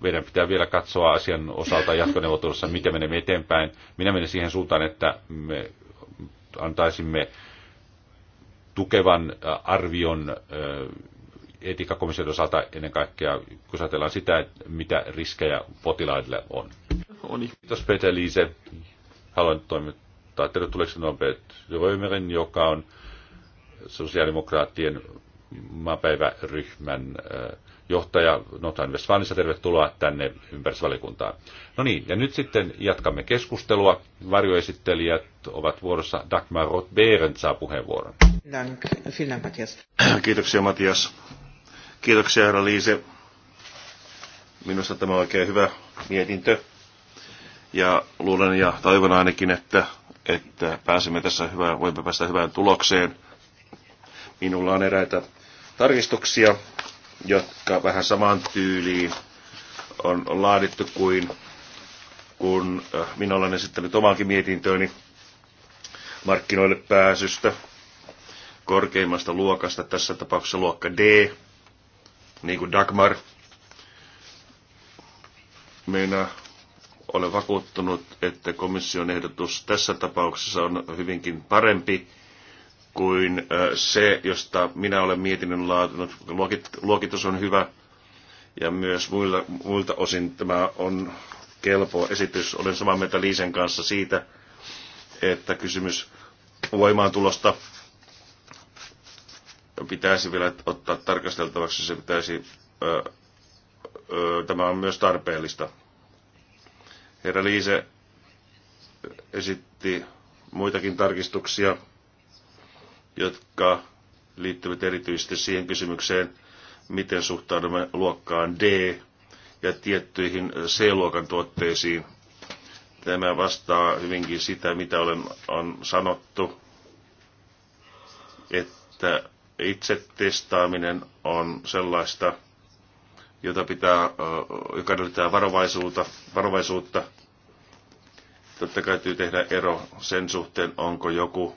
Meidän pitää vielä katsoa asian osalta jatkoneuvottelussa, miten menemme eteenpäin. Minä menen siihen suuntaan, että me antaisimme tukevan arvion etiikkakomission osalta ennen kaikkea, kun ajatellaan sitä, mitä riskejä potilaille on. Oni. Kiitos Peter Liise. Haluan toimittaa tervetulleeksi Norbert Römerin, joka on sosiaalidemokraattien maapäiväryhmän äh, johtaja Notan Westfalenissa. Tervetuloa tänne ympäristövaliokuntaan. No niin, ja nyt sitten jatkamme keskustelua. Varjoesittelijät ovat vuorossa. Dagmar roth behrendt saa puheenvuoron. Dank. Vielen Kiitoksia Matias. Kiitoksia, herra Liise. Minusta tämä on oikein hyvä mietintö. Ja luulen ja toivon ainakin, että, että pääsemme tässä hyvään, voimme päästä hyvään tulokseen. Minulla on eräitä tarkistuksia, jotka vähän samaan tyyliin on laadittu kuin kun äh, minä olen esittänyt omaakin mietintööni markkinoille pääsystä korkeimmasta luokasta, tässä tapauksessa luokka D, niin kuin Dagmar. Minä olen vakuuttunut, että komission ehdotus tässä tapauksessa on hyvinkin parempi kuin se, josta minä olen mietinnön laatunut. Luokitus on hyvä ja myös muilta, muilta osin tämä on kelpo esitys. Olen samaa mieltä Liisen kanssa siitä, että kysymys voimaantulosta pitäisi vielä ottaa tarkasteltavaksi, se pitäisi, ö, ö, tämä on myös tarpeellista. Herra Liise esitti muitakin tarkistuksia, jotka liittyvät erityisesti siihen kysymykseen, miten suhtaudumme luokkaan D ja tiettyihin C-luokan tuotteisiin. Tämä vastaa hyvinkin sitä, mitä olen, on sanottu, että itse testaaminen on sellaista, jota pitää, joka edellyttää varovaisuutta, varovaisuutta. Totta kai täytyy tehdä ero sen suhteen, onko joku,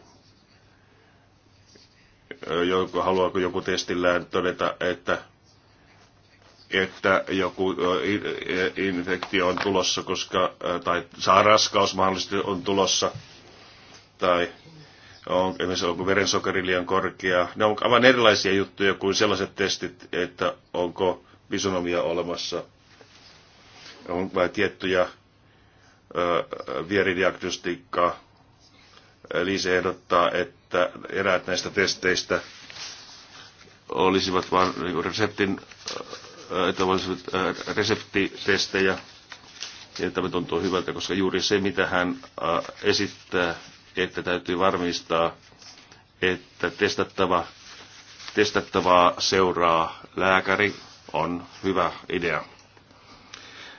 joku haluaako joku testillään todeta, että että joku infektio on tulossa, koska, tai saa raskaus mahdollisesti on tulossa, tai on, esimerkiksi onko verensokeri liian korkea. Ne on aivan erilaisia juttuja kuin sellaiset testit, että onko visonomia olemassa, on vai tiettyjä vieridiagnostiikkaa. Liise ehdottaa, että eräät näistä testeistä olisivat vain niin reseptin, että olisivat reseptitestejä. Ja tämä tuntuu hyvältä, koska juuri se, mitä hän esittää, että täytyy varmistaa, että testattava, testattavaa seuraa lääkäri on hyvä idea.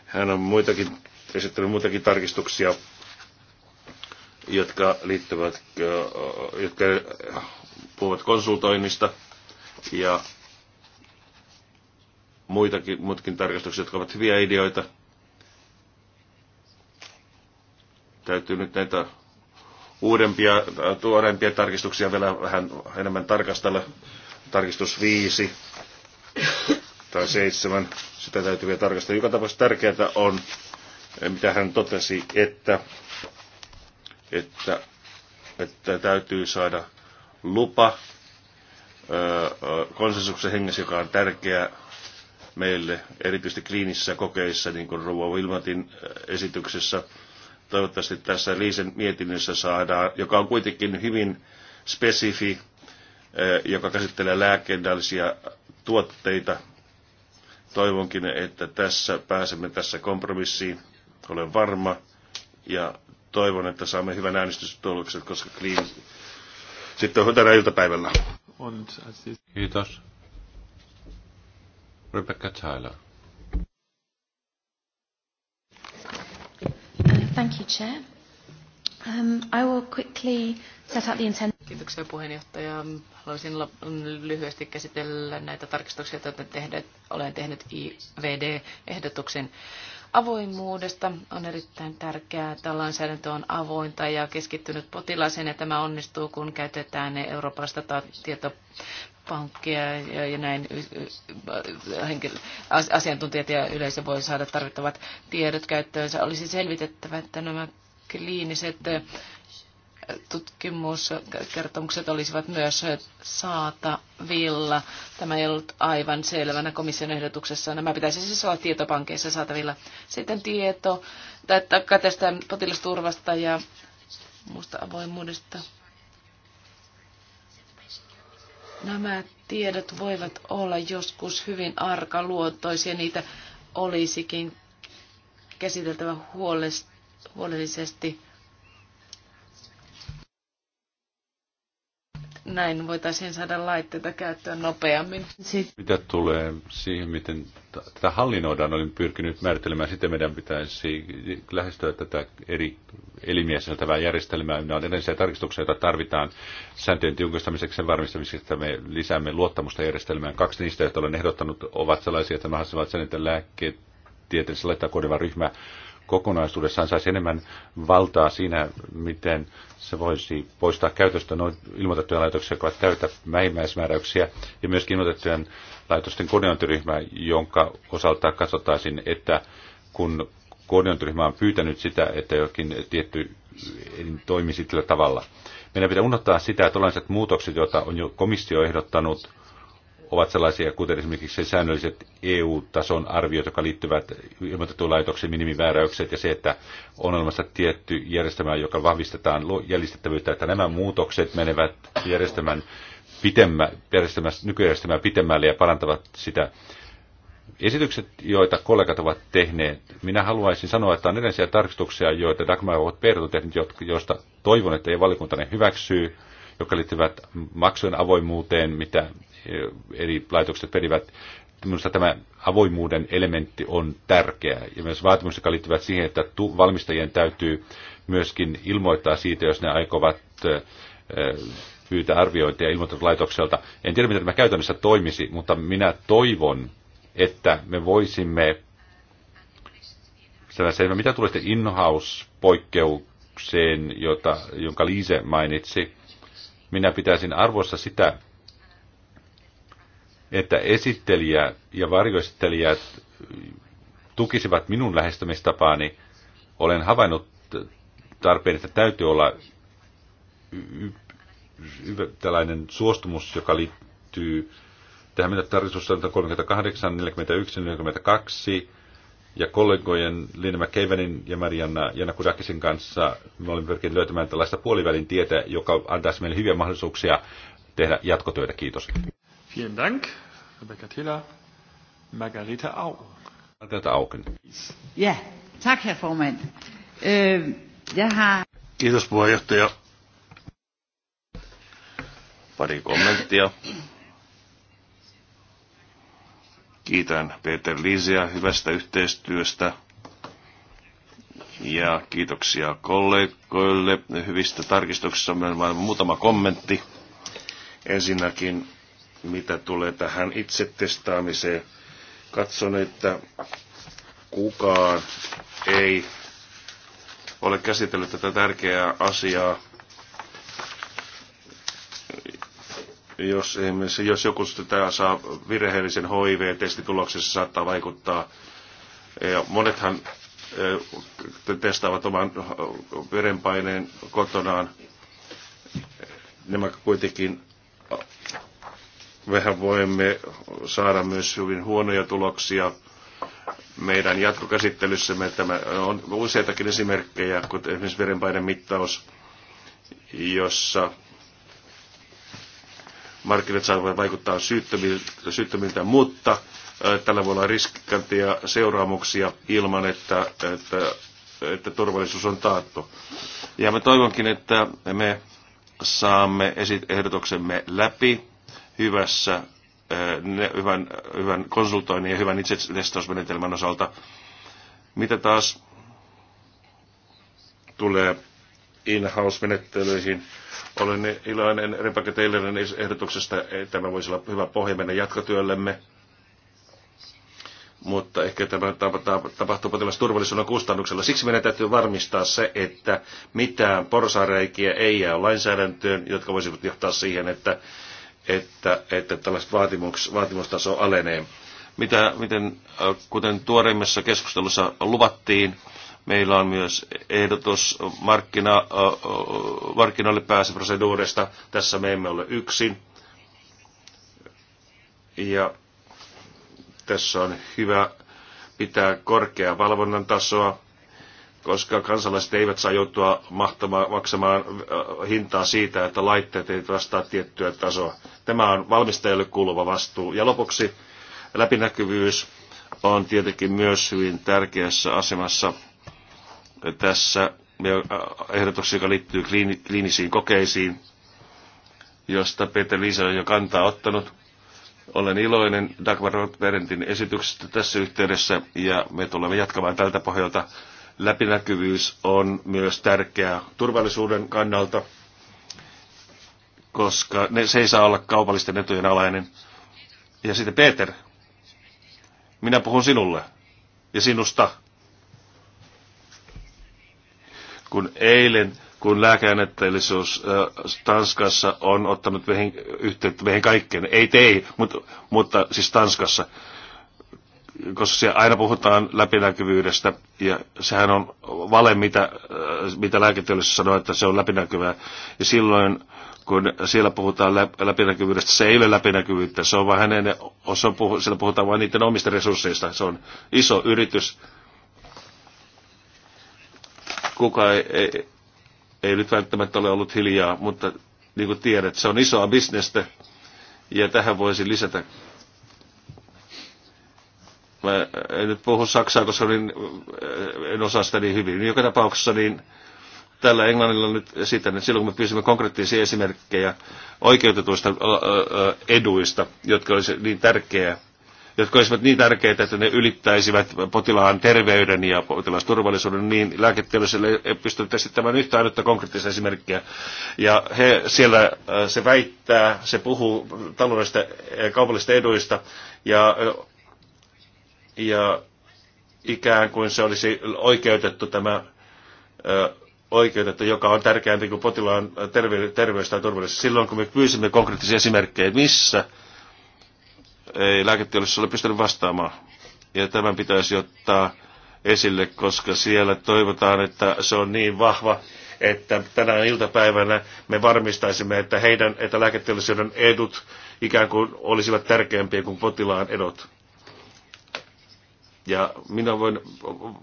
Hän on muitakin, esittänyt muitakin tarkistuksia, jotka liittyvät, jotka puhuvat konsultoinnista ja muitakin, muitakin tarkastuksia, jotka ovat hyviä ideoita. Täytyy nyt näitä uudempia, äh, tuorempia tarkistuksia vielä vähän enemmän tarkastella. Tarkistus 5 tai 7, sitä täytyy vielä tarkastella. Joka tapauksessa tärkeää on, eh, mitä hän totesi, että, että, että täytyy saada lupa konsensuksen hengessä, joka on tärkeä meille, erityisesti kliinisissä kokeissa, niin kuin Rouva Wilmatin esityksessä, toivottavasti tässä Liisen mietinnössä saadaan, joka on kuitenkin hyvin spesifi, eh, joka käsittelee lääkennällisiä tuotteita. Toivonkin, että tässä pääsemme tässä kompromissiin. Olen varma ja toivon, että saamme hyvän äänestystuloksen, koska kliin... sitten on tänä iltapäivällä. Kiitos. Rebecca Tyler. Thank you, Chair. Um, I will quickly set out the intent. Kiitoksia puheenjohtaja. Haluaisin lyhyesti käsitellä näitä tarkistuksia, joita olen tehnyt IVD-ehdotuksen. Uh, avoimuudesta. On erittäin tärkeää, että lainsäädäntö on avointa ja keskittynyt potilaaseen, ja tämä onnistuu, kun käytetään ne Euroopasta tietopankkia ja näin asiantuntijat ja yleisö voi saada tarvittavat tiedot käyttöönsä. Olisi selvitettävä, että nämä kliiniset tutkimuskertomukset olisivat myös saatavilla. Tämä ei ollut aivan selvänä komission ehdotuksessa. Nämä pitäisi siis olla tietopankeissa saatavilla. Sitten tieto tai tästä potilasturvasta ja muusta avoimuudesta. Nämä tiedot voivat olla joskus hyvin arkaluontoisia. Niitä olisikin käsiteltävä huolellisesti näin voitaisiin saada laitteita käyttöön nopeammin. Mitä tulee siihen, miten tätä hallinnoidaan, olin pyrkinyt määrittelemään, sitten meidän pitäisi lähestyä tätä eri elimiä sieltävää järjestelmää. Nämä on edellisiä tarkistuksia, joita tarvitaan sääntöjen tiukistamiseksi sen varmistamiseksi, että me lisäämme luottamusta järjestelmään. Kaksi niistä, joita olen ehdottanut, ovat sellaisia, että mahdollisimman sen, että lääkkeet laittaa ryhmä kokonaisuudessaan saisi enemmän valtaa siinä, miten se voisi poistaa käytöstä noin ilmoitettujen laitoksia, jotka ovat täytä vähimmäismääräyksiä, ja myöskin ilmoitettujen laitosten koordinointiryhmä, jonka osalta katsotaan, että kun koordinointiryhmä on pyytänyt sitä, että jokin tietty toimisi tällä tavalla. Meidän pitää unohtaa sitä, että olennaiset muutokset, joita on jo komissio ehdottanut, ovat sellaisia, kuten esimerkiksi säännölliset EU-tason arviot, jotka liittyvät ilmoitetun laitoksen minimivääräykset ja se, että on olemassa tietty järjestelmä, joka vahvistetaan jäljistettävyyttä, että nämä muutokset menevät järjestelmän pitemmä, järjestelmä, nykyjärjestelmää pitemmälle ja parantavat sitä. Esitykset, joita kollegat ovat tehneet, minä haluaisin sanoa, että on erilaisia tarkistuksia, joita Dagmar ovat on tehnyt, joista toivon, että ei valikunta ne hyväksyy, jotka liittyvät maksujen avoimuuteen, mitä Eh, eri laitokset perivät. Minusta tämä avoimuuden elementti on tärkeä ja myös vaatimukset, jotka liittyvät siihen, että valmistajien täytyy myöskin ilmoittaa siitä, jos ne aikovat eh, pyytää arviointia ilmoituslaitokselta. En tiedä, miten tämä käytännössä toimisi, mutta minä toivon, että me voisimme sellaisen, mitä tulee sitten in-house-poikkeukseen, jota, jonka Liise mainitsi, minä pitäisin arvossa sitä, että esittelijä ja varjoesittelijät tukisivat minun lähestymistapaani. Olen havainnut tarpeen, että täytyy olla tällainen suostumus, joka liittyy tähän mitä tarkistus 38, 41, 42 ja kollegojen Linna McKevenin ja Marianna Kudakisin kanssa me olemme pyrkineet löytämään tällaista puolivälin tietä, joka antaisi meille hyviä mahdollisuuksia tehdä jatkotyötä. Kiitos. Vielen Dank, Rebecca Augen. Ja, tak herr formand. Øh, jeg har... Kiitos puheenjohtaja. Pari kommenttia. Kiitän Peter Liisiä hyvästä yhteistyöstä ja kiitoksia kollegoille hyvistä tarkistuksista. Meillä on vain muutama kommentti. Ensinnäkin mitä tulee tähän itse testaamiseen. Katson, että kukaan ei ole käsitellyt tätä tärkeää asiaa. Jos, jos joku sitä saa virheellisen HIV-testituloksessa, saattaa vaikuttaa. Ja monethan testaavat oman verenpaineen kotonaan. Nämä kuitenkin mehän voimme saada myös hyvin huonoja tuloksia meidän jatkokäsittelyssämme. Tämä on useitakin esimerkkejä, kuten esimerkiksi verenpainemittaus, jossa markkinat saavat vaikuttaa syyttömiltä, syyttömiltä mutta tällä voi olla riskikantia seuraamuksia ilman, että, että, että turvallisuus on taattu. Ja mä toivonkin, että me saamme ehdotuksemme läpi hyvässä, eh, hyvän, hyvän konsultoinnin ja hyvän itsetestausmenetelmän osalta. Mitä taas tulee in-house-menettelyihin, olen iloinen Rebecca Taylorin ehdotuksesta, että tämä voisi olla hyvä pohja meidän jatkotyöllemme mutta ehkä tämä tapahtuu potilasturvallisuuden kustannuksella. Siksi meidän täytyy varmistaa se, että mitään porsareikiä ei jää lainsäädäntöön, jotka voisivat johtaa siihen, että että, että tällaiset vaatimus, vaatimustaso alenee. Mitä, miten, äh, kuten tuoreimmassa keskustelussa luvattiin, meillä on myös ehdotus markkina, äh, markkinoille pääsyproseduurista. Tässä me emme ole yksin. Ja tässä on hyvä pitää korkeaa valvonnan tasoa, koska kansalaiset eivät saa joutua mahtamaan, maksamaan äh, hintaa siitä, että laitteet eivät vastaa tiettyä tasoa. Tämä on valmistajalle kuuluva vastuu. Ja lopuksi läpinäkyvyys on tietenkin myös hyvin tärkeässä asemassa tässä ehdotuksessa, joka liittyy kliinisiin kokeisiin, josta Peter Liisa on jo kantaa ottanut. Olen iloinen Dagmar Rothbergentin esityksestä tässä yhteydessä ja me tulemme jatkamaan tältä pohjalta. Läpinäkyvyys on myös tärkeää turvallisuuden kannalta koska ne, se ei saa olla kaupallisten etujen alainen. Ja sitten Peter, minä puhun sinulle ja sinusta. Kun eilen, kun äh, Tanskassa on ottanut meihin, yhteyttä meihin kaikkeen, ei tei, mutta, mutta siis Tanskassa, koska siellä aina puhutaan läpinäkyvyydestä, ja sehän on vale, mitä, mitä lääketeollisuus sanoo, että se on läpinäkyvää. Ja silloin kun siellä puhutaan läpinäkyvyydestä, se ei ole läpinäkyvyyttä, se on vain hänen, se on puhu, siellä puhutaan vain niiden omista resursseista, se on iso yritys. Kuka ei, ei, ei nyt välttämättä ole ollut hiljaa, mutta niin kuin tiedät, se on isoa bisnestä ja tähän voisi lisätä. Mä en nyt puhu saksaa, koska niin, en osaa sitä niin hyvin. Joka tapauksessa niin tällä englannilla nyt sitä, että silloin kun me pyysimme konkreettisia esimerkkejä oikeutetuista eduista, jotka olisivat niin tärkeää, jotka olisivat niin tärkeitä, että ne ylittäisivät potilaan terveyden ja potilasturvallisuuden, niin lääketieteelliselle ei pystynyt esittämään yhtä ainutta konkreettista esimerkkiä. Ja he, siellä se väittää, se puhuu taloudellisista kaupallisista eduista ja, ja ikään kuin se olisi oikeutettu tämä oikeutettu, joka on tärkeämpi kuin potilaan terve, terveys tai turvallisuus. Silloin kun me pyysimme konkreettisia esimerkkejä, missä ei lääketeollisuus ole pystynyt vastaamaan. Ja tämän pitäisi ottaa esille, koska siellä toivotaan, että se on niin vahva, että tänään iltapäivänä me varmistaisimme, että heidän, että lääketeollisuuden edut ikään kuin olisivat tärkeämpiä kuin potilaan edut. Ja minä voin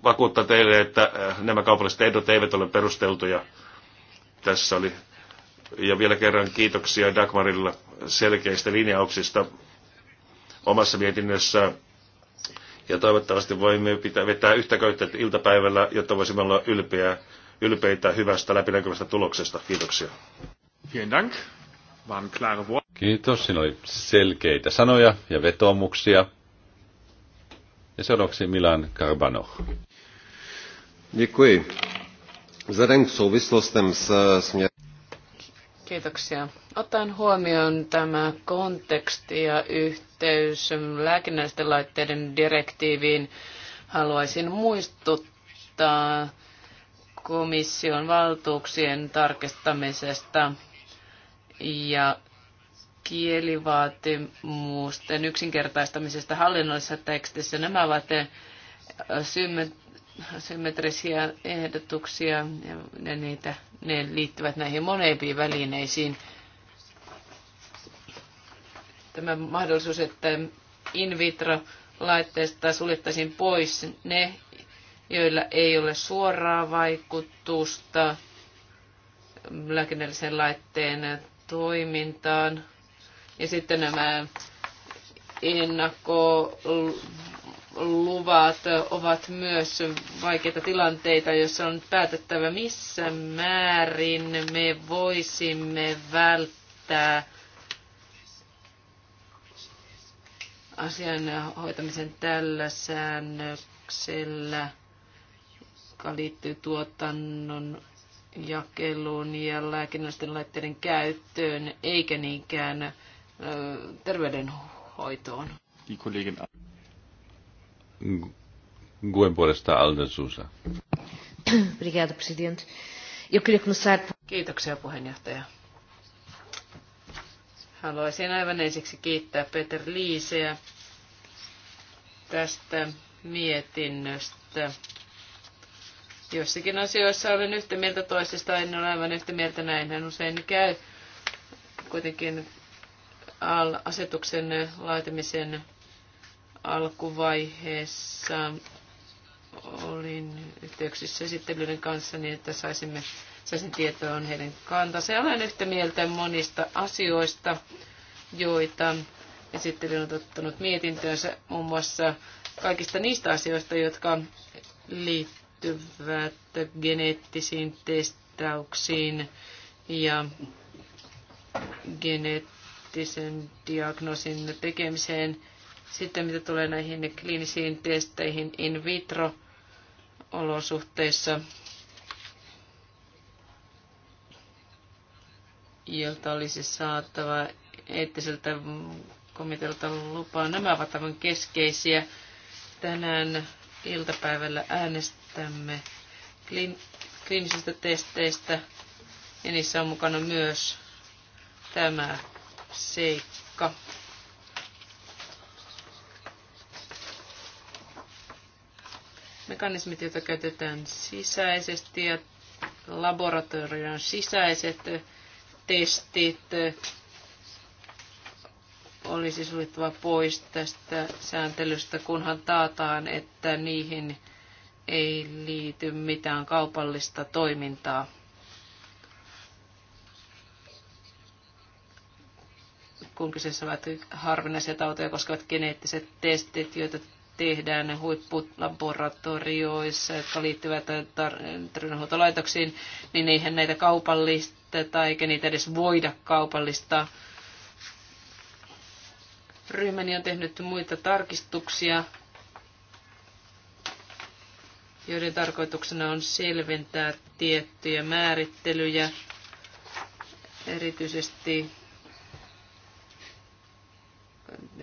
vakuuttaa teille, että äh, nämä kaupalliset ehdot eivät ole perusteltuja. Tässä oli. Ja vielä kerran kiitoksia Dagmarilla selkeistä linjauksista omassa mietinnössä. Ja toivottavasti voimme pitää, vetää yhtä köyttä iltapäivällä, jotta voisimme olla ylpeä, ylpeitä hyvästä läpinäkyvästä tuloksesta. Kiitoksia. Kiitos, siinä oli selkeitä sanoja ja vetoomuksia. Ja seuraavaksi Milan Karbanov. Děkuji. Vzhledem k souvislostem s směr... Kiitoksia. Otan huomioon tämä konteksti ja yhteys lääkinnällisten laitteiden direktiiviin. Haluaisin muistuttaa komission valtuuksien tarkistamisesta ja kielivaatimusten yksinkertaistamisesta hallinnollisessa tekstissä. Nämä ovat eh, symmetrisiä ehdotuksia ja niitä, ne liittyvät näihin molempiin välineisiin. Tämä mahdollisuus, että in vitro laitteesta suljettaisiin pois ne, joilla ei ole suoraa vaikutusta lääkinnällisen laitteen toimintaan. Ja sitten nämä ennakkoluvat ovat myös vaikeita tilanteita, joissa on päätettävä, missä määrin me voisimme välttää asian hoitamisen tällä säännöksellä, joka liittyy tuotannon jakeluun ja lääkinnällisten laitteiden käyttöön, eikä niinkään terveydenhoitoon. Guen puolesta Alden Susa. Obrigada, presidente. Eu queria começar... Kiitoksia, puheenjohtaja. Haluaisin aivan ensiksi kiittää Peter Liiseä tästä mietinnöstä. Jossakin asioissa olen yhtä mieltä toisista, en ole aivan yhtä mieltä, näin, hän usein käy. Kuitenkin asetuksen laatimisen alkuvaiheessa olin yhteyksissä esittelyiden kanssa niin, että saisimme, saisin tietoa on heidän kantansa. Ja olen yhtä mieltä monista asioista, joita esittely on ottanut mietintöönsä muun muassa kaikista niistä asioista, jotka liittyvät geneettisiin testauksiin ja geneettisiin diagnostisen diagnoosin tekemiseen. Sitten mitä tulee näihin kliinisiin testeihin in vitro olosuhteissa, jolta olisi saatava eettiseltä komitealta lupaa. Nämä ovat aivan keskeisiä. Tänään iltapäivällä äänestämme klin- kliinisistä testeistä ja niissä on mukana myös tämä seikka. Mekanismit, joita käytetään sisäisesti ja laboratorion sisäiset testit olisi suljettava pois tästä sääntelystä, kunhan taataan, että niihin ei liity mitään kaupallista toimintaa. kun kyseessä ovat harvinaisia tauteja koskevat geneettiset testit, joita tehdään huippulaboratorioissa, jotka liittyvät terveydenhuoltolaitoksiin, niin eihän näitä kaupallisteta eikä niitä edes voida kaupallistaa. Ryhmäni on tehnyt muita tarkistuksia, joiden tarkoituksena on selventää tiettyjä määrittelyjä, erityisesti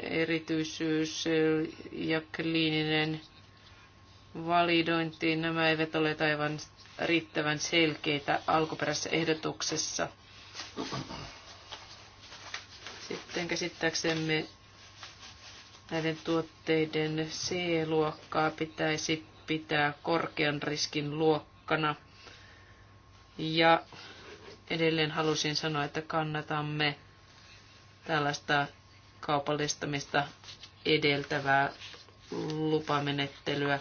erityisyys ja kliininen validointi, nämä eivät ole aivan riittävän selkeitä alkuperäisessä ehdotuksessa. Sitten käsittääksemme näiden tuotteiden C-luokkaa pitäisi pitää korkean riskin luokkana. Ja edelleen halusin sanoa, että kannatamme tällaista kaupallistamista edeltävää lupamenettelyä.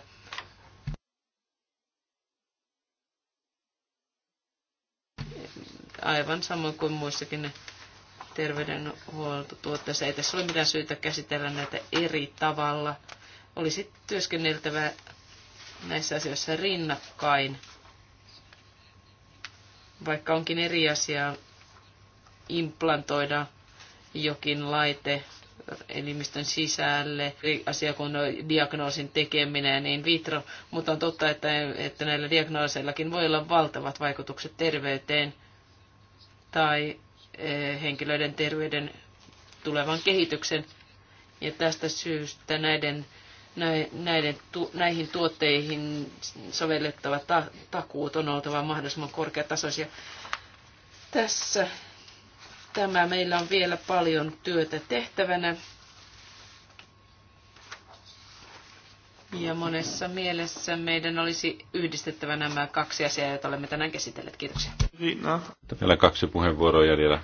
Aivan samoin kuin muissakin terveydenhuoltotuotteissa. Ei tässä ole mitään syytä käsitellä näitä eri tavalla. Olisi työskenneltävä näissä asioissa rinnakkain, vaikka onkin eri asia implantoida jokin laite elimistön sisälle, asia kuin diagnoosin tekeminen niin vitro, mutta on totta, että, että näillä diagnooseillakin voi olla valtavat vaikutukset terveyteen tai eh, henkilöiden terveyden tulevan kehityksen. Ja tästä syystä näiden, näiden, näihin tuotteihin sovellettavat takuut on oltava mahdollisimman korkeatasoisia. Tässä tämä meillä on vielä paljon työtä tehtävänä. Ja monessa mielessä meidän olisi yhdistettävä nämä kaksi asiaa, joita olemme tänään käsitelleet. Kiitoksia. Riina. Meillä on kaksi puheenvuoroa jäljellä.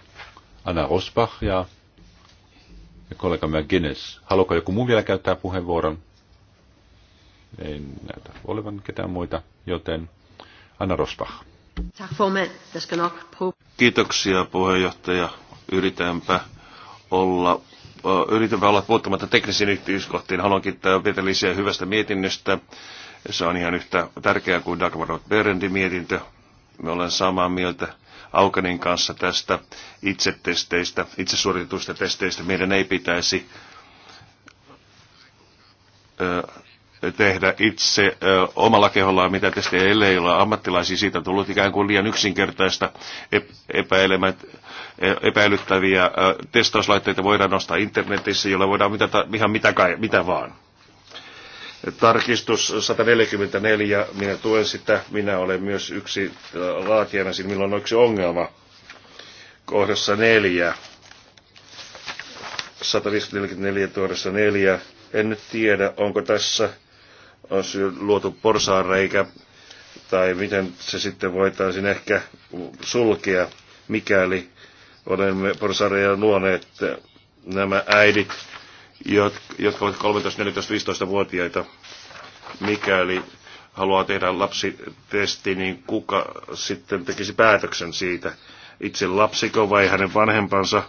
Anna Rosbach ja, ja kollegamme Guinness. Haluaako joku muu vielä käyttää puheenvuoron? Ei näytä olevan ketään muita, joten Anna Rosbach. Kiitoksia puheenjohtaja. Yritänpä olla yritämme olla puuttumatta teknisiin yksityiskohtiin. Haluan kiittää Peter Liseä hyvästä mietinnöstä. Se on ihan yhtä tärkeää kuin Dagmar Berendin mietintö. Me olen samaa mieltä Aukanin kanssa tästä itsetesteistä, itsesuoritetuista testeistä. Meidän ei pitäisi tehdä itse ö, omalla kehollaan, mitä tästä ellei ole ammattilaisia. Siitä on tullut ikään kuin liian yksinkertaista epäilemät, e, epäilyttäviä testauslaitteita voidaan nostaa internetissä, jolla voidaan mitata ihan mitä, kai, mitä vaan. Tarkistus 144, minä tuen sitä, minä olen myös yksi laatijana, siinä milloin on yksi ongelma. Kohdassa 4, 154 tuodessa 4, en nyt tiedä, onko tässä on luotu porsaanreikä, tai miten se sitten voitaisiin ehkä sulkea, mikäli olemme porsaareja luoneet nämä äidit, jotka ovat 13, 14, 15-vuotiaita, mikäli haluaa tehdä lapsitesti, niin kuka sitten tekisi päätöksen siitä? Itse lapsiko vai hänen vanhempansa?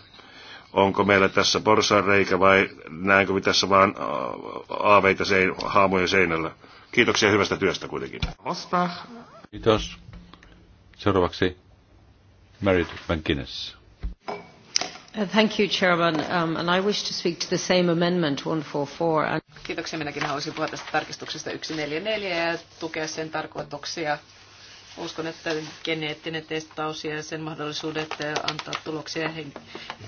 onko meillä tässä reikä vai näenkö me tässä vaan aaveita sein, haamoja seinällä. Kiitoksia hyvästä työstä kuitenkin. Osbach. Kiitos. Seuraavaksi Merit McGuinness. Uh, thank you, Chairman. Um, and I wish to speak to the same amendment 144. And... Kiitoksia. Minäkin haluaisin puhua tästä tarkistuksesta 144 ja tukea sen tarkoituksia Uskon, että geneettinen testaus ja sen mahdollisuudet eh, antaa tuloksia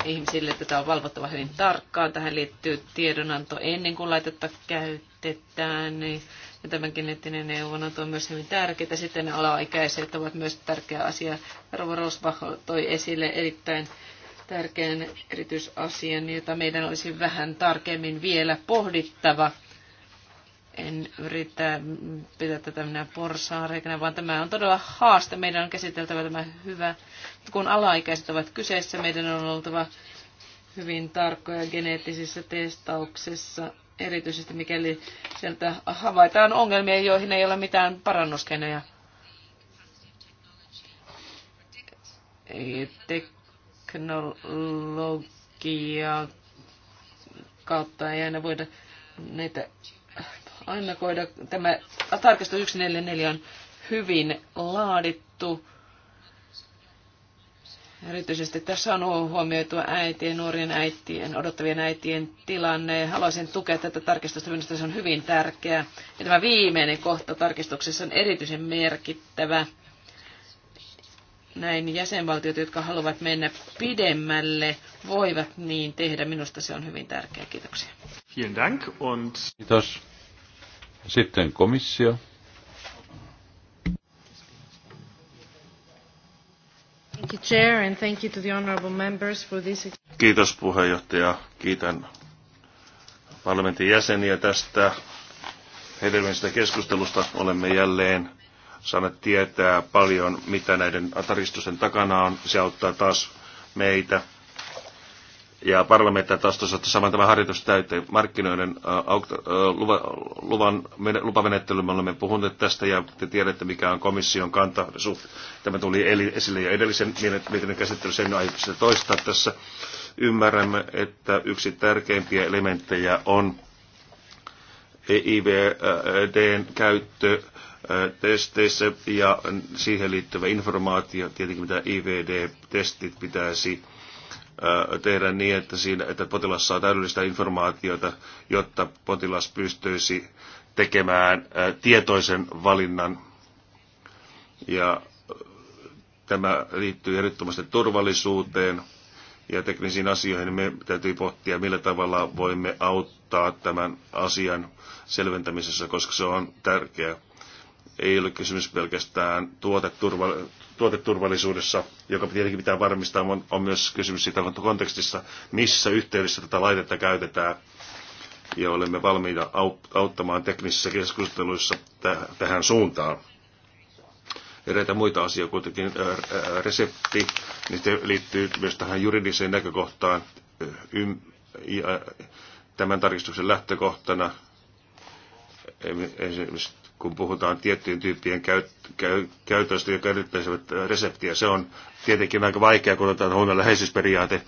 ihmisille, että tämä on valvottava hyvin tarkkaan. Tähän liittyy tiedonanto ennen kuin laitetta käytetään. Niin ja tämä geneettinen neuvonanto on myös hyvin tärkeää. Sitten alaikäiset ovat myös tärkeä asia. Rova Rosva toi esille erittäin tärkeän erityisasian, jota meidän olisi vähän tarkemmin vielä pohdittava en yritä pitää tätä minä porsaareikana, vaan tämä on todella haaste. Meidän on käsiteltävä tämä hyvä, kun alaikäiset ovat kyseessä, meidän on oltava hyvin tarkkoja geneettisissä testauksissa, erityisesti mikäli sieltä havaitaan ongelmia, joihin ei ole mitään parannuskeinoja. Teknologia kautta ei aina voida näitä ennakoida. Tämä tarkastus 144 on hyvin laadittu. Erityisesti tässä on huomioitu äitien, nuorien äitien, odottavien äitien tilanne. Haluaisin tukea tätä tarkistusta, minusta se on hyvin tärkeää. Ja tämä viimeinen kohta tarkistuksessa on erityisen merkittävä. Näin jäsenvaltiot, jotka haluavat mennä pidemmälle, voivat niin tehdä. Minusta se on hyvin tärkeää. Kiitoksia. Vielen Dank und... Kiitos. Sitten komissio. Kiitos puheenjohtaja. Kiitän parlamentin jäseniä tästä hedelmällisestä keskustelusta. Olemme jälleen saaneet tietää paljon, mitä näiden ataristusten takana on. Se auttaa taas meitä ja parlamentin taas tosiaan saman tämän harjoitus täyteen markkinoiden luvan, luvan, lupamenettely. Me olemme puhuneet tästä ja te tiedätte, mikä on komission kanta. Tämä tuli esille jo edellisen mietinnön käsittely sen aiheessa toistaa tässä. Ymmärrämme, että yksi tärkeimpiä elementtejä on EIVDn käyttö testeissä ja siihen liittyvä informaatio, tietenkin mitä IVD-testit pitäisi tehdä niin, että, siinä, että potilas saa täydellistä informaatiota, jotta potilas pystyisi tekemään tietoisen valinnan. Ja tämä liittyy erittäin turvallisuuteen ja teknisiin asioihin. Me täytyy pohtia, millä tavalla voimme auttaa tämän asian selventämisessä, koska se on tärkeä. Ei ole kysymys pelkästään tuoteturvallisuudessa, joka tietenkin pitää varmistaa, on, on myös kysymys siitä on kontekstissa, missä yhteydessä tätä laitetta käytetään. Ja olemme valmiita auttamaan teknisissä keskusteluissa täh- tähän suuntaan. Eräitä muita asioita kuitenkin, ää, resepti, niin se liittyy myös tähän juridiseen näkökohtaan. ja, tämän tarkistuksen lähtökohtana esimerkiksi kun puhutaan tiettyjen tyyppien käyt, käy, käytöstä, jotka edellyttäisivät reseptiä. Se on tietenkin aika vaikea, kun otetaan huomioon läheisyysperiaate,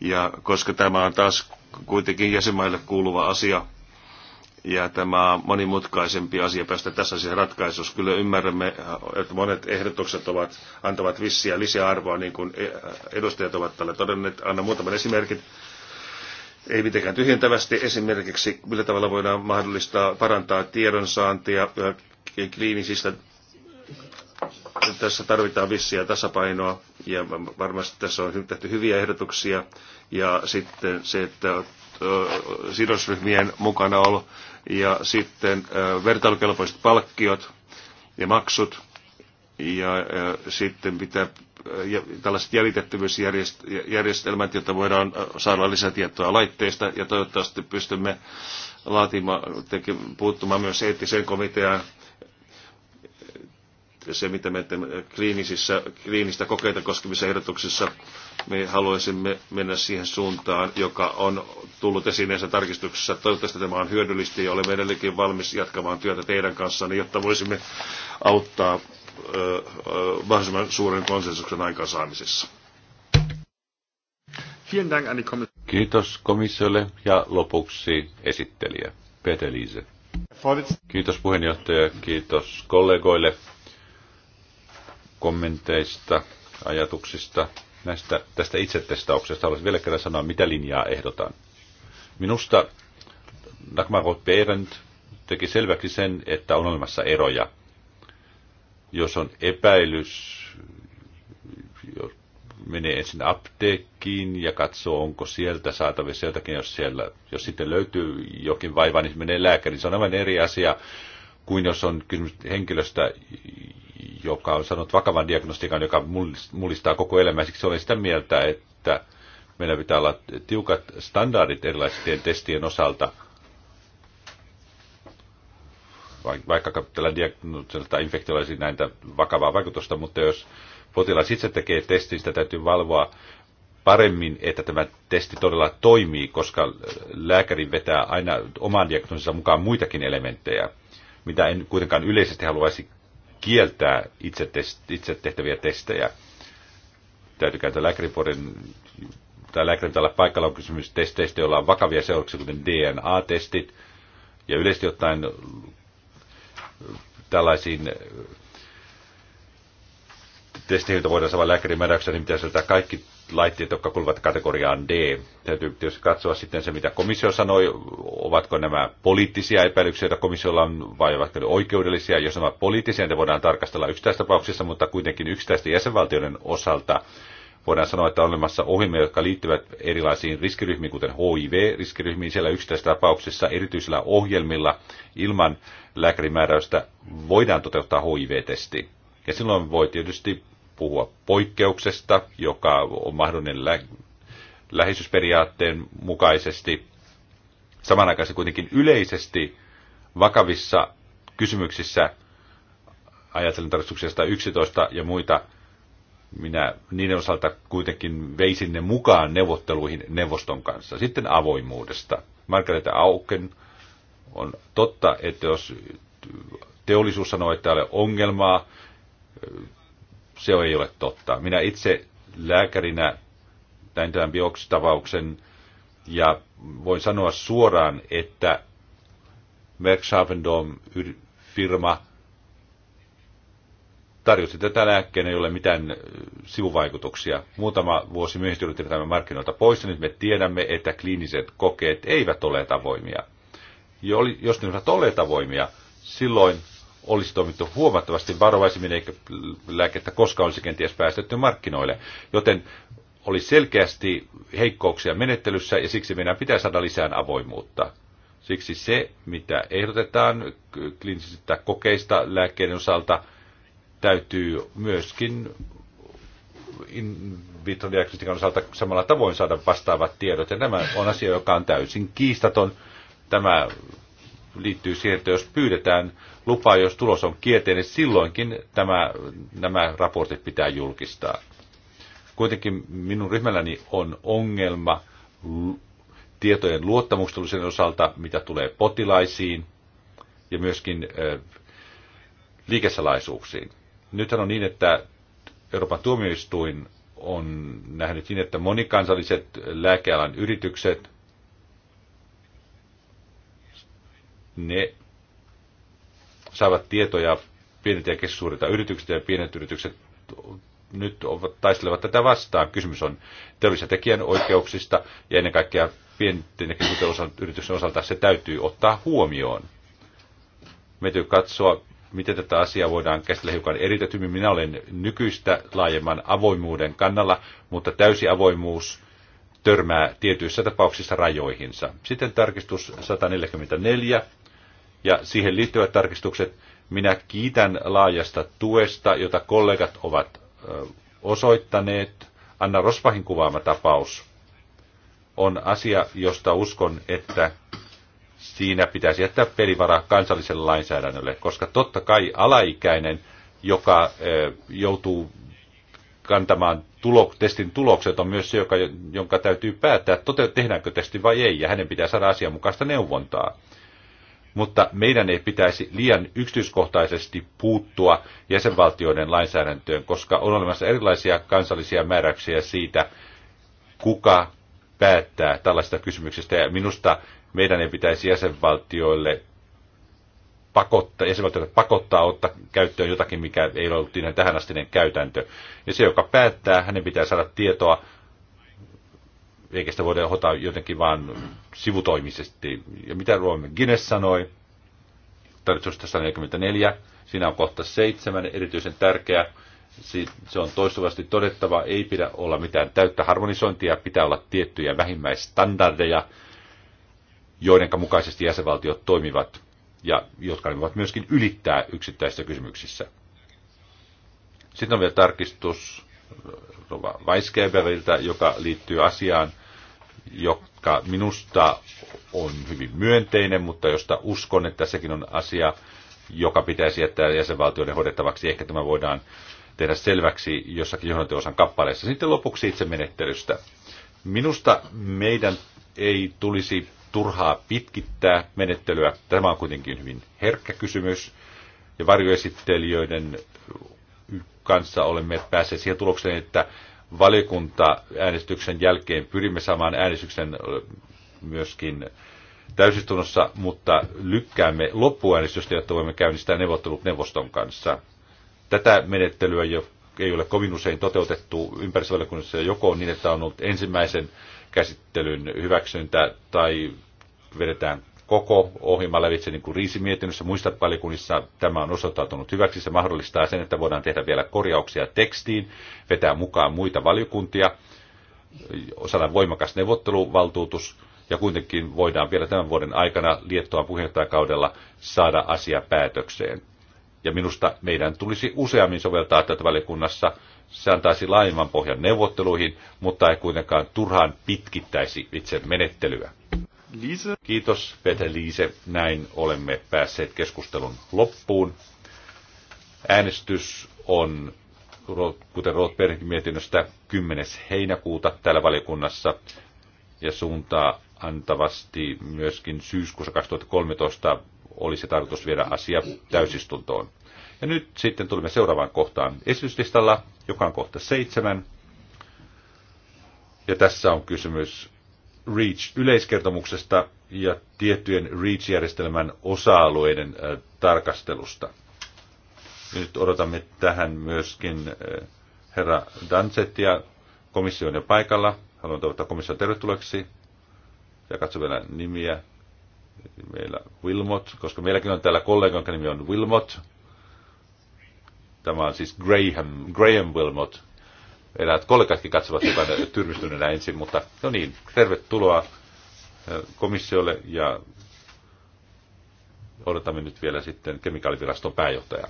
ja koska tämä on taas kuitenkin jäsenmaille kuuluva asia, ja tämä monimutkaisempi asia päästä tässä asiassa ratkaisussa. Kyllä ymmärrämme, että monet ehdotukset ovat, antavat vissiä lisäarvoa, niin kuin e-, edustajat ovat tällä todenneet. Anna muutaman esimerkin ei mitenkään tyhjentävästi. Esimerkiksi millä tavalla voidaan mahdollistaa parantaa tiedonsaantia kliinisistä. Tässä tarvitaan vissiä tasapainoa ja varmasti tässä on tehty hyviä ehdotuksia. Ja sitten se, että sidosryhmien mukana olo ja sitten vertailukelpoiset palkkiot ja maksut ja sitten pitää tällaiset jäljitettävyysjärjestelmät, jotta voidaan äh, saada lisätietoa laitteista ja toivottavasti pystymme laatimaan, teke, puuttumaan myös eettiseen komiteaan se, mitä me teemme kliinisissä, kliinistä kokeita koskevissa ehdotuksissa, me haluaisimme mennä siihen suuntaan, joka on tullut esiin näissä tarkistuksissa. Toivottavasti tämä on hyödyllistä ja olemme edelleenkin valmis jatkamaan työtä teidän kanssanne, jotta voisimme auttaa mahdollisimman suuren konsensuksen aikaansaamisessa. Kiitos komissiolle ja lopuksi esittelijä Peter Liese. Kiitos puheenjohtaja, kiitos kollegoille kommenteista, ajatuksista. Näistä, tästä itsetestauksesta haluaisin vielä kerran sanoa, mitä linjaa ehdotan. Minusta Dagmar Roth-Behrendt teki selväksi sen, että on olemassa eroja jos on epäilys, jos menee ensin apteekkiin ja katsoo, onko sieltä saatavissa jotakin, jos, siellä, jos sitten löytyy jokin vaiva, niin menee lääkäriin. Se on aivan eri asia kuin jos on kysymys henkilöstä, joka on saanut vakavan diagnostiikan, joka mullistaa koko elämää. Siksi olen sitä mieltä, että meillä pitää olla tiukat standardit erilaisten testien osalta – vaikka tällä diagnoosilla infektiolla olisi siis näitä vakavaa vaikutusta, mutta jos potilas itse tekee testin, sitä täytyy valvoa paremmin, että tämä testi todella toimii, koska lääkäri vetää aina oman diagnoosinsa mukaan muitakin elementtejä, mitä en kuitenkaan yleisesti haluaisi kieltää itse, test, itse tehtäviä testejä. Täytyy käyttää lääkäriporin, tai lääkärin tällä paikalla on kysymys testeistä, joilla on vakavia seurauksia, kuten DNA-testit. Ja yleisesti ottaen tällaisiin äh, testeihin, joita voidaan saada lääkärin määräyksessä, niin pitäisi löytää kaikki laitteet, jotka kuuluvat kategoriaan D. Täytyy tietysti katsoa sitten se, mitä komissio sanoi, ovatko nämä poliittisia epäilyksiä, joita komissiolla on, vai ovatko ne oikeudellisia. Jos nämä poliittisia, ne voidaan tarkastella yksittäistapauksissa, mutta kuitenkin yksittäisten jäsenvaltioiden osalta voidaan sanoa, että on olemassa ohjelmia, jotka liittyvät erilaisiin riskiryhmiin, kuten HIV-riskiryhmiin. Siellä yksittäisissä tapauksissa erityisillä ohjelmilla ilman lääkärimääräystä voidaan toteuttaa HIV-testi. Ja silloin voi tietysti puhua poikkeuksesta, joka on mahdollinen lä- läheisyysperiaatteen mukaisesti. Samanaikaisesti kuitenkin yleisesti vakavissa kysymyksissä ajatellen tarkistuksia 111 ja muita minä niiden osalta kuitenkin veisin ne mukaan neuvotteluihin neuvoston kanssa. Sitten avoimuudesta. Margareta Auken on totta, että jos teollisuus sanoo, että ei ole ongelmaa, se ei ole totta. Minä itse lääkärinä näin tämän biopsitavauksen ja voin sanoa suoraan, että Merck Schaffendom firma – tarjosi tätä lääkkeenä, ole mitään äh, sivuvaikutuksia. Muutama vuosi myöhemmin yritettiin tämän markkinoilta pois, ja nyt me tiedämme, että kliiniset kokeet eivät ole tavoimia. Jos ne ovat olleet tavoimia, silloin olisi toimittu huomattavasti varovaisemmin, eikä lääkettä koskaan olisi kenties päästetty markkinoille. Joten oli selkeästi heikkouksia menettelyssä, ja siksi meidän pitää saada lisää avoimuutta. Siksi se, mitä ehdotetaan kliinisistä kokeista lääkkeiden osalta – täytyy myöskin in vitro osalta samalla tavoin saada vastaavat tiedot. Ja tämä on asia, joka on täysin kiistaton. Tämä liittyy siihen, että jos pyydetään lupaa, jos tulos on kielteinen, niin silloinkin tämä, nämä raportit pitää julkistaa. Kuitenkin minun ryhmälläni on ongelma tietojen luottamuksellisen osalta, mitä tulee potilaisiin ja myöskin liikesalaisuuksiin. Nythän on niin, että Euroopan tuomioistuin on nähnyt niin, että monikansalliset lääkealan yritykset, ne saavat tietoja pienet ja keskisuurilta yrityksiltä ja pienet yritykset nyt ovat, taistelevat tätä vastaan. Kysymys on teollisen tekijän oikeuksista ja ennen kaikkea pienten ja keskisuurten osalta, yrityksen osalta se täytyy ottaa huomioon. Me täytyy katsoa, miten tätä asiaa voidaan käsitellä hiukan eritetymmin. Minä olen nykyistä laajemman avoimuuden kannalla, mutta täysi avoimuus törmää tietyissä tapauksissa rajoihinsa. Sitten tarkistus 144 ja siihen liittyvät tarkistukset. Minä kiitän laajasta tuesta, jota kollegat ovat osoittaneet. Anna Rosvahin kuvaama tapaus on asia, josta uskon, että siinä pitäisi jättää pelivara kansalliselle lainsäädännölle, koska totta kai alaikäinen, joka joutuu kantamaan tulok, testin tulokset, on myös se, joka, jonka täytyy päättää, tote, tehdäänkö testi vai ei, ja hänen pitää saada asianmukaista neuvontaa. Mutta meidän ei pitäisi liian yksityiskohtaisesti puuttua jäsenvaltioiden lainsäädäntöön, koska on olemassa erilaisia kansallisia määräyksiä siitä, kuka päättää tällaista kysymyksestä. Ja minusta meidän ei pitäisi jäsenvaltioille pakottaa, jäsenvaltioille pakottaa ottaa käyttöön jotakin, mikä ei ole ollut ihan tähänastinen käytäntö. Ja se, joka päättää, hänen pitää saada tietoa, eikä sitä voida hoitaa jotenkin vaan sivutoimisesti. Ja mitä Ruomen Guinness sanoi, tarvitsusta 144, siinä on kohta seitsemän erityisen tärkeä. Se on toistuvasti todettava, ei pidä olla mitään täyttä harmonisointia, pitää olla tiettyjä vähimmäisstandardeja, joiden mukaisesti jäsenvaltiot toimivat ja jotka voivat myöskin ylittää yksittäisissä kysymyksissä. Sitten on vielä tarkistus äh, Rova Weisgeberiltä, joka liittyy asiaan, joka minusta on hyvin myönteinen, mutta josta uskon, että sekin on asia, joka pitäisi jättää jäsenvaltioiden hoidettavaksi. Ehkä tämä voidaan tehdä selväksi jossakin johdanteosan kappaleessa. Sitten lopuksi itse menettelystä. Minusta meidän ei tulisi turhaa pitkittää menettelyä. Tämä on kuitenkin hyvin herkkä kysymys. Ja varjoesittelijöiden kanssa olemme päässeet siihen tulokseen, että valiokunta äänestyksen jälkeen pyrimme saamaan äänestyksen myöskin täysistunnossa, mutta lykkäämme loppuäänestystä, jotta voimme käynnistää neuvottelut neuvoston kanssa. Tätä menettelyä ei ole kovin usein toteutettu ympäristövaliokunnassa joko niin, että on ollut ensimmäisen käsittelyn hyväksyntä tai vedetään koko ohjelma lävitse niin kuin riisimietinnössä Muista valiokunnissa tämä on osoittautunut hyväksi. Se mahdollistaa sen, että voidaan tehdä vielä korjauksia tekstiin, vetää mukaan muita valiokuntia, saada voimakas neuvotteluvaltuutus ja kuitenkin voidaan vielä tämän vuoden aikana Liettua puheenjohtajakaudella saada asia päätökseen. Ja minusta meidän tulisi useammin soveltaa tätä valiokunnassa se antaisi laajemman pohjan neuvotteluihin, mutta ei kuitenkaan turhaan pitkittäisi itse menettelyä. Liise. Kiitos Peter Liise. Näin olemme päässeet keskustelun loppuun. Äänestys on, kuten Rothbergin mietinnöstä, 10. heinäkuuta täällä valiokunnassa ja suuntaa antavasti myöskin syyskuussa 2013 olisi tarkoitus viedä asia täysistuntoon. Ja nyt sitten tulemme seuraavaan kohtaan esityslistalla, joka on kohta seitsemän. Ja tässä on kysymys REACH-yleiskertomuksesta ja tiettyjen REACH-järjestelmän osa-alueiden tarkastelusta. Ja nyt odotamme tähän myöskin herra Dansettia komission jo paikalla. Haluan toivottaa komission tervetulleeksi ja katso vielä nimiä. Meillä Wilmot, koska meilläkin on täällä kollega, jonka nimi on Wilmot. Tämä on siis Graham, Graham Wilmot. Eräät kollegatkin katsovat hiukan tyrmistyneenä ensin, mutta no niin, tervetuloa eh, komissiolle ja odotamme nyt vielä sitten kemikaaliviraston pääjohtajaa.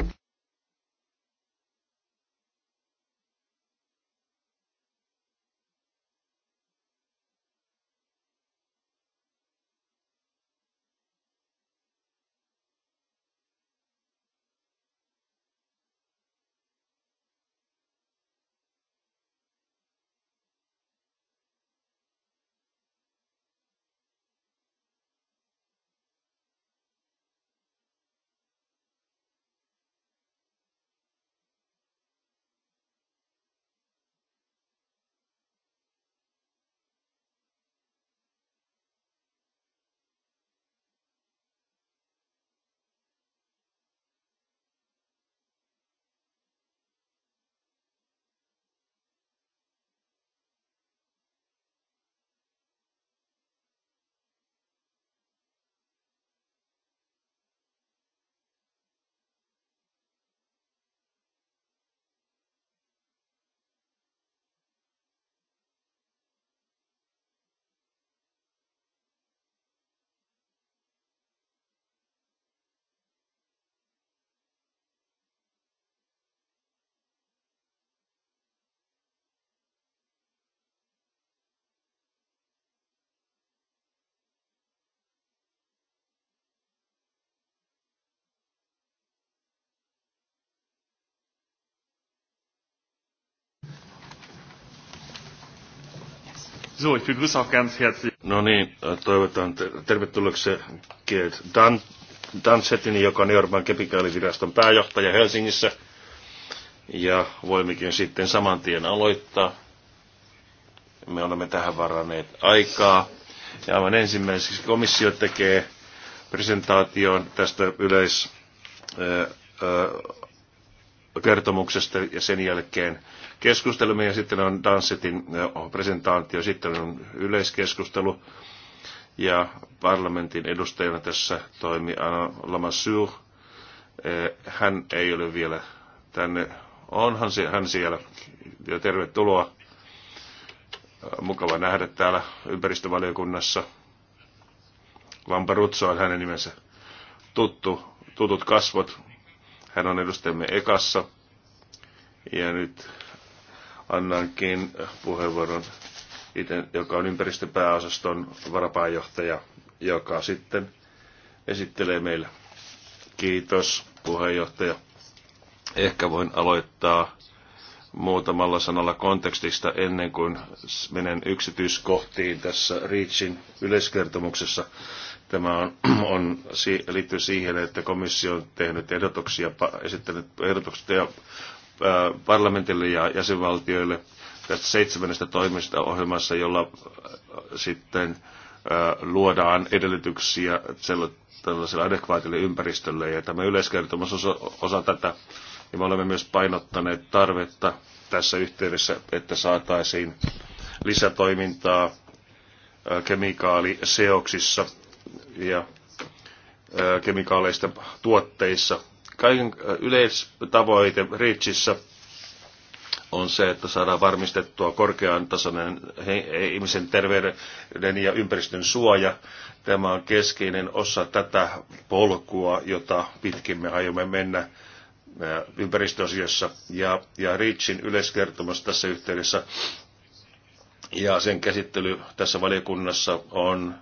So, ich begrüße auch ganz herzlich. No niin, toivotan tervetulleeksi Geert Dan, Dansetin, joka on Euroopan kepikaaliviraston pääjohtaja Helsingissä. Ja voimmekin sitten saman tien aloittaa. Me olemme tähän varanneet aikaa. Ja aivan ensimmäiseksi komissio tekee presentaation tästä yleiskertomuksesta ja sen jälkeen keskustelumme ja sitten on Dansetin eh, presentaatio, sitten on yleiskeskustelu ja parlamentin edustajana tässä toimi Anna Lamassur. Eh, hän ei ole vielä tänne, onhan se, hän siellä ja tervetuloa. Eh, mukava nähdä täällä ympäristövaliokunnassa. Rutso on hänen nimensä tuttu, tutut kasvot. Hän on edustajamme Ekassa. Ja nyt annankin puheenvuoron itse, joka on ympäristöpääosaston varapääjohtaja, joka sitten esittelee meille. Kiitos puheenjohtaja. Ehkä voin aloittaa muutamalla sanalla kontekstista ennen kuin menen yksityiskohtiin tässä Reachin yleiskertomuksessa. Tämä on, on liittyy siihen, että komissio on tehnyt ehdotuksia, esittänyt ehdotuksia ja parlamentille ja jäsenvaltioille tästä seitsemännestä toimista ohjelmassa, jolla sitten luodaan edellytyksiä tällaiselle adekvaatille ympäristölle. Ja tämä yleiskertomus on osa tätä. Ja niin me olemme myös painottaneet tarvetta tässä yhteydessä, että saataisiin lisätoimintaa kemikaaliseoksissa ja kemikaaleista tuotteissa kaiken yleistavoite Richissä on se, että saadaan varmistettua korkean tasoinen ihmisen terveyden ja ympäristön suoja. Tämä on keskeinen osa tätä polkua, jota pitkin me aiomme mennä ympäristöasiassa. ja, ja Richin yleiskertomus tässä yhteydessä ja sen käsittely tässä valiokunnassa on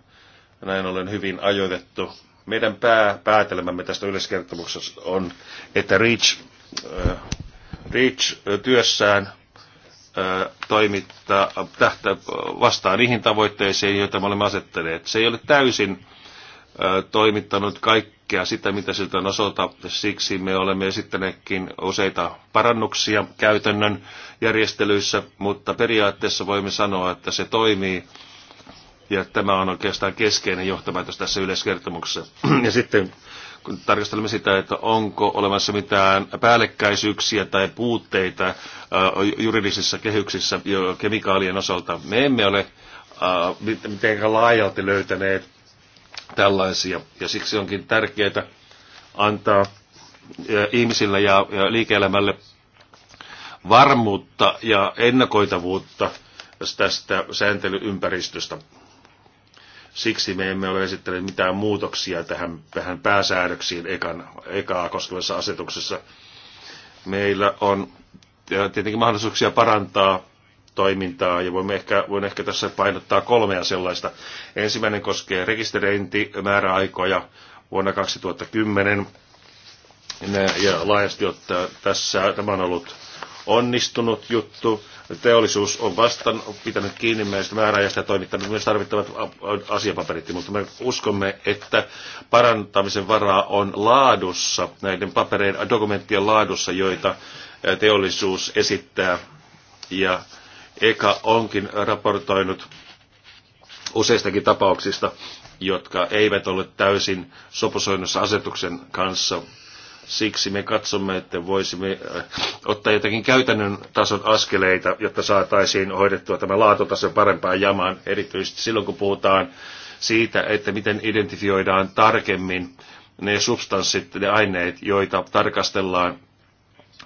näin ollen hyvin ajoitettu meidän päätelmämme tästä yleiskertomuksesta on, että REACH, äh, REACH työssään äh, toimittaa, tähtä, vastaa niihin tavoitteisiin, joita me olemme asettaneet. Se ei ole täysin äh, toimittanut kaikkea sitä, mitä siltä on osalta. Siksi me olemme esittäneetkin useita parannuksia käytännön järjestelyissä, mutta periaatteessa voimme sanoa, että se toimii ja tämä on oikeastaan keskeinen johtopäätös tässä yleiskertomuksessa. Ja sitten kun tarkastelemme sitä, että onko olemassa mitään päällekkäisyyksiä tai puutteita juridisissa kehyksissä kemikaalien osalta, me emme ole mitenkään laajalti löytäneet tällaisia. Ja siksi onkin tärkeää antaa ihmisille ja liike-elämälle varmuutta ja ennakoitavuutta tästä sääntelyympäristöstä. Siksi me emme ole esittäneet mitään muutoksia tähän, tähän pääsäädöksiin ekan, ekaa koskevassa asetuksessa. Meillä on tietenkin mahdollisuuksia parantaa toimintaa ja voimme ehkä, voin ehkä tässä painottaa kolmea sellaista. Ensimmäinen koskee rekisteröintimääräaikoja vuonna 2010 ja laajasti ottaa tässä, tämä on ollut onnistunut juttu. Teollisuus on vastaan pitänyt kiinni meistä määräajasta ja toimittanut myös tarvittavat asiapaperit, mutta me uskomme, että parantamisen varaa on laadussa, näiden papereiden, dokumenttien laadussa, joita teollisuus esittää. Ja Eka onkin raportoinut useistakin tapauksista, jotka eivät ole täysin sopusoinnussa asetuksen kanssa. Siksi me katsomme, että voisimme äh, ottaa jotakin käytännön tason askeleita, jotta saataisiin hoidettua tämä laatutaso parempaan jamaan, erityisesti silloin kun puhutaan siitä, että miten identifioidaan tarkemmin ne substanssit, ne aineet, joita tarkastellaan.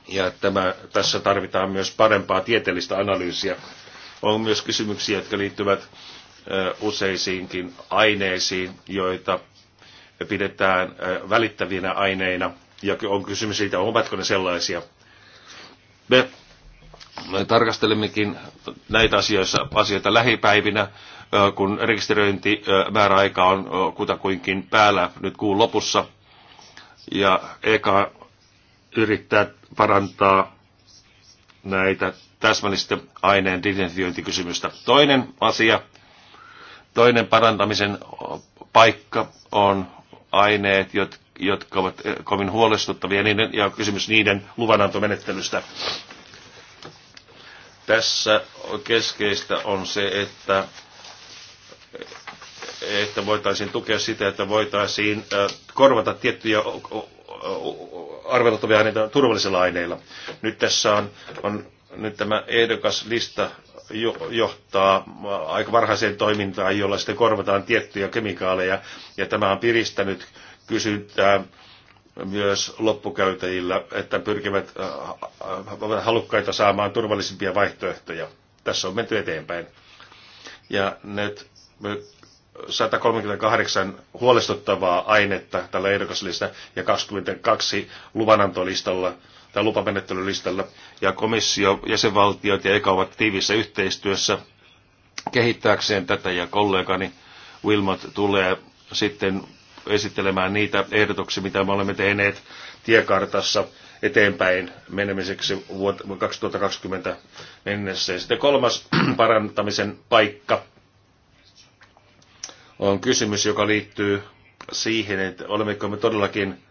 Ja tämä, tässä tarvitaan myös parempaa tieteellistä analyysiä. On myös kysymyksiä, jotka liittyvät äh, useisiinkin aineisiin, joita pidetään äh, välittävinä aineina – ja on kysymys siitä, ovatko ne sellaisia. Me, me tarkastelemmekin näitä asioissa, asioita lähipäivinä, kun rekisteröintimääräaika on kutakuinkin päällä nyt kuun lopussa. Ja eka yrittää parantaa näitä täsmällistä aineen identifiointikysymystä. Toinen asia, toinen parantamisen paikka on aineet, jotka jotka ovat eh, kovin huolestuttavia, niiden, ja kysymys niiden luvanantomenettelystä. Tässä keskeistä on se, että, eh, että voitaisiin tukea sitä, että voitaisiin eh, korvata tiettyjä arveluttavia aineita turvallisilla aineilla. Nyt tässä on, on nyt tämä ehdokaslista johtaa aika varhaiseen toimintaan, jolla sitten korvataan tiettyjä kemikaaleja, ja tämä on piristänyt kysyntää myös loppukäytäjillä, että pyrkivät äh, äh, halukkaita saamaan turvallisimpia vaihtoehtoja. Tässä on menty eteenpäin. Ja nyt 138 huolestuttavaa ainetta tällä ehdokaslistalla ja 22 luvanantolistalla tai lupamenettelylistalla. Ja komissio, jäsenvaltiot ja EKA ovat tiivissä yhteistyössä kehittääkseen tätä ja kollegani Wilmot tulee sitten esittelemään niitä ehdotuksia, mitä me olemme tehneet tiekartassa eteenpäin menemiseksi vuotta 2020 mennessä. Ja sitten kolmas parantamisen paikka on kysymys, joka liittyy siihen, että olemmeko me todellakin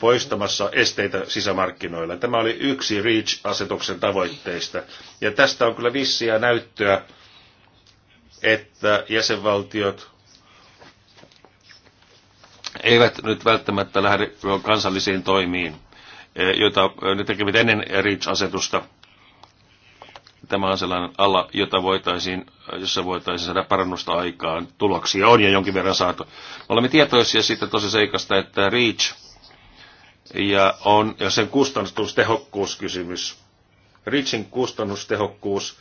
poistamassa esteitä sisämarkkinoilla. Tämä oli yksi REACH-asetuksen tavoitteista. Ja tästä on kyllä vissiä näyttöä, että jäsenvaltiot eivät nyt välttämättä lähde kansallisiin toimiin, e, joita e, ne tekevät ennen REACH-asetusta. Tämä on sellainen ala, jota voitaisiin, jossa voitaisiin saada parannusta aikaan. Tuloksia on ja jonkin verran saatu. Me olemme tietoisia siitä tosi seikasta, että REACH ja, on, ja sen kustannustehokkuuskysymys. REACHin kustannustehokkuus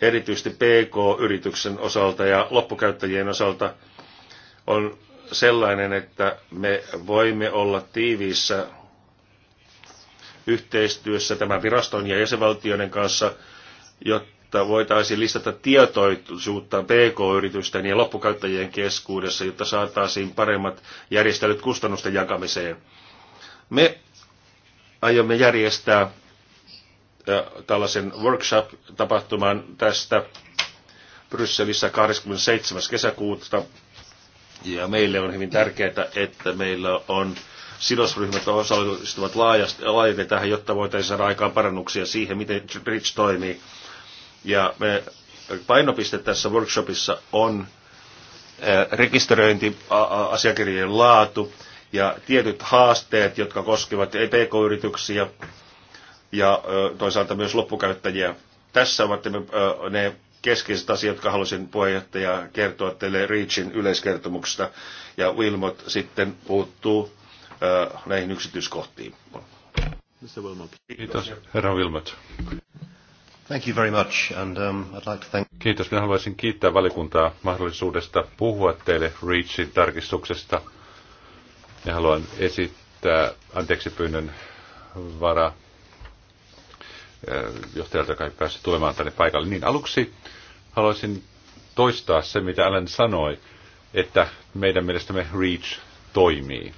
erityisesti PK-yrityksen osalta ja loppukäyttäjien osalta on sellainen, että me voimme olla tiiviissä yhteistyössä tämän viraston ja jäsenvaltioiden kanssa, jotta voitaisiin lisätä tietoisuutta PK-yritysten ja loppukäyttäjien keskuudessa, jotta saataisiin paremmat järjestelyt kustannusten jakamiseen. Me aiomme järjestää tällaisen workshop-tapahtuman tästä Brysselissä 27. kesäkuuta ja meille on hyvin tärkeää, että meillä on sidosryhmät osallistuvat laajasti, laajasti tähän, jotta voitaisiin saada aikaan parannuksia siihen, miten Bridge toimii. Ja me painopiste tässä workshopissa on rekisteröintiasiakirjojen laatu ja tietyt haasteet, jotka koskevat pk-yrityksiä ja toisaalta myös loppukäyttäjiä. Tässä ovat ne keskeiset asiat, jotka halusin puheenjohtaja kertoa teille Reachin yleiskertomuksesta, ja Wilmot sitten puuttuu äh, näihin yksityiskohtiin. Kiitos, herra Wilmot. Thank you very much, and, um, I'd like to thank... Kiitos. Minä haluaisin kiittää valikuntaa mahdollisuudesta puhua teille Reachin tarkistuksesta. Ja haluan esittää anteeksi pyynnön vara johtajalta, joka ei päässyt tulemaan tänne paikalle. Niin aluksi haluaisin toistaa se, mitä Alan sanoi, että meidän mielestämme REACH toimii.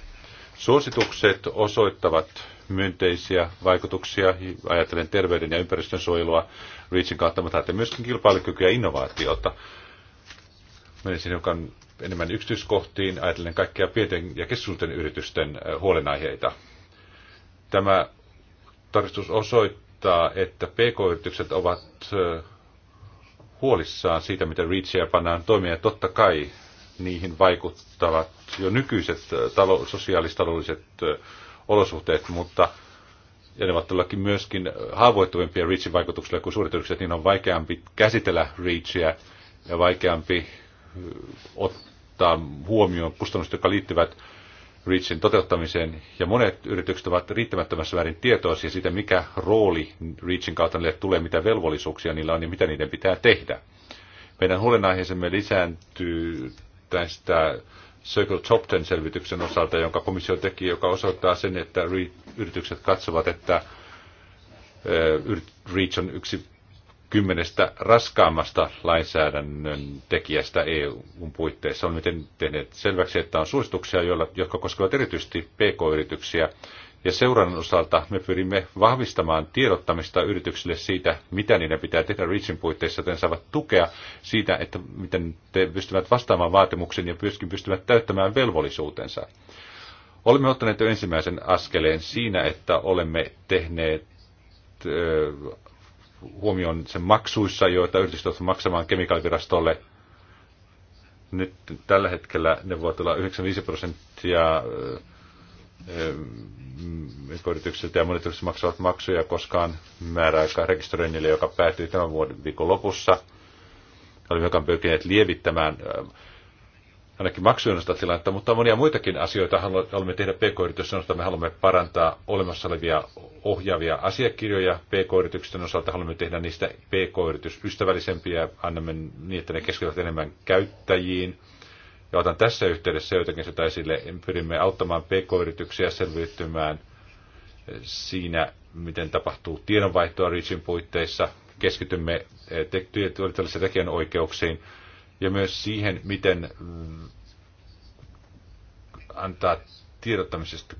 Suositukset osoittavat myönteisiä vaikutuksia, ajatellen terveyden ja ympäristön suojelua REACHin kautta, mutta myöskin kilpailukykyä ja innovaatiota. Menisin hiukan enemmän yksityiskohtiin, ajatellen kaikkia pienten ja keskisuurten yritysten huolenaiheita. Tämä tarkistus osoittaa, osoittaa, että pk-yritykset ovat huolissaan siitä, miten REACHia pannaan toimia. Totta kai niihin vaikuttavat jo nykyiset talo- sosiaalistaloudelliset olosuhteet, mutta ja ne ovat todellakin myöskin haavoittuvimpia REACHin vaikutuksille kuin suuret yritykset, niin on vaikeampi käsitellä REACHia ja vaikeampi ottaa huomioon kustannukset, jotka liittyvät REACHin toteuttamiseen, ja monet yritykset ovat riittämättömässä väärin tietoisia siitä, mikä rooli REACHin kautta niille tulee, mitä velvollisuuksia niillä on ja mitä niiden pitää tehdä. Meidän huolenaiheisemme lisääntyy tästä Circle Top 10-selvityksen osalta, jonka komissio teki, joka osoittaa sen, että yritykset katsovat, että REACH on yksi kymmenestä raskaammasta lainsäädännön tekijästä EUn puitteissa. Olemme tehneet selväksi, että on suosituksia, joilla, jotka koskevat erityisesti PK-yrityksiä. Ja seurannan osalta me pyrimme vahvistamaan tiedottamista yrityksille siitä, mitä niiden pitää tehdä REACHin puitteissa, joten saavat tukea siitä, että miten te pystyvät vastaamaan vaatimuksiin ja myöskin pystyvät täyttämään velvollisuutensa. Olemme ottaneet jo ensimmäisen askeleen siinä, että olemme tehneet huomioon sen maksuissa, joita yritykset ovat maksamaan kemikaalivirastolle. Nyt tällä hetkellä ne voivat olla 95 prosenttia eh, mm, yritykset ja monet yritykset maksavat maksuja koskaan määräaikaa rekisteröinnille, joka päättyy tämän vuoden viikon lopussa. Olemme joka pyrkineet lievittämään eh, ainakin maksujen tilannetta, mutta monia muitakin asioita. Haluamme tehdä pk-yritysten osalta, me haluamme parantaa olemassa olevia ohjaavia asiakirjoja pk-yritysten osalta, haluamme tehdä niistä pk-yritysystävällisempiä, annamme niin, että ne keskityvät enemmän käyttäjiin. Ja otan tässä yhteydessä jotakin sitä esille, pyrimme auttamaan pk-yrityksiä selviytymään siinä, miten tapahtuu tiedonvaihtoa Reachin puitteissa, keskitymme tekijän oikeuksiin, ja myös siihen, miten mm, antaa tiedottamisesta,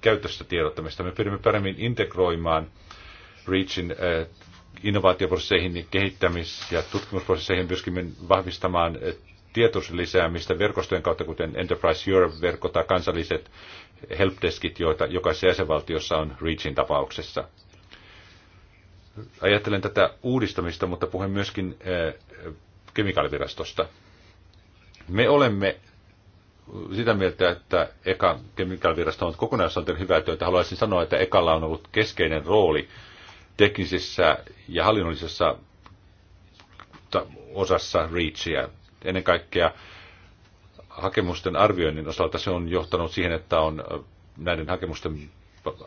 käytöstä tiedottamista. Me pyrimme paremmin integroimaan REACHin eh, innovaatioprosesseihin, kehittämis- ja tutkimusprosesseihin pyrkimme vahvistamaan eh, tietoisuuden lisäämistä verkostojen kautta, kuten Enterprise Europe-verkko tai kansalliset helpdeskit, joita jokaisessa jäsenvaltiossa on REACHin tapauksessa. Ajattelen tätä uudistamista, mutta puhun myöskin eh, kemikaalivirastosta. Me olemme sitä mieltä, että Eka kemikaalivirasto on kokonaisuudessaan tehnyt hyvää työtä. Haluaisin sanoa, että Ekalla on ollut keskeinen rooli teknisessä ja hallinnollisessa osassa REACHia. Ennen kaikkea hakemusten arvioinnin osalta se on johtanut siihen, että on näiden hakemusten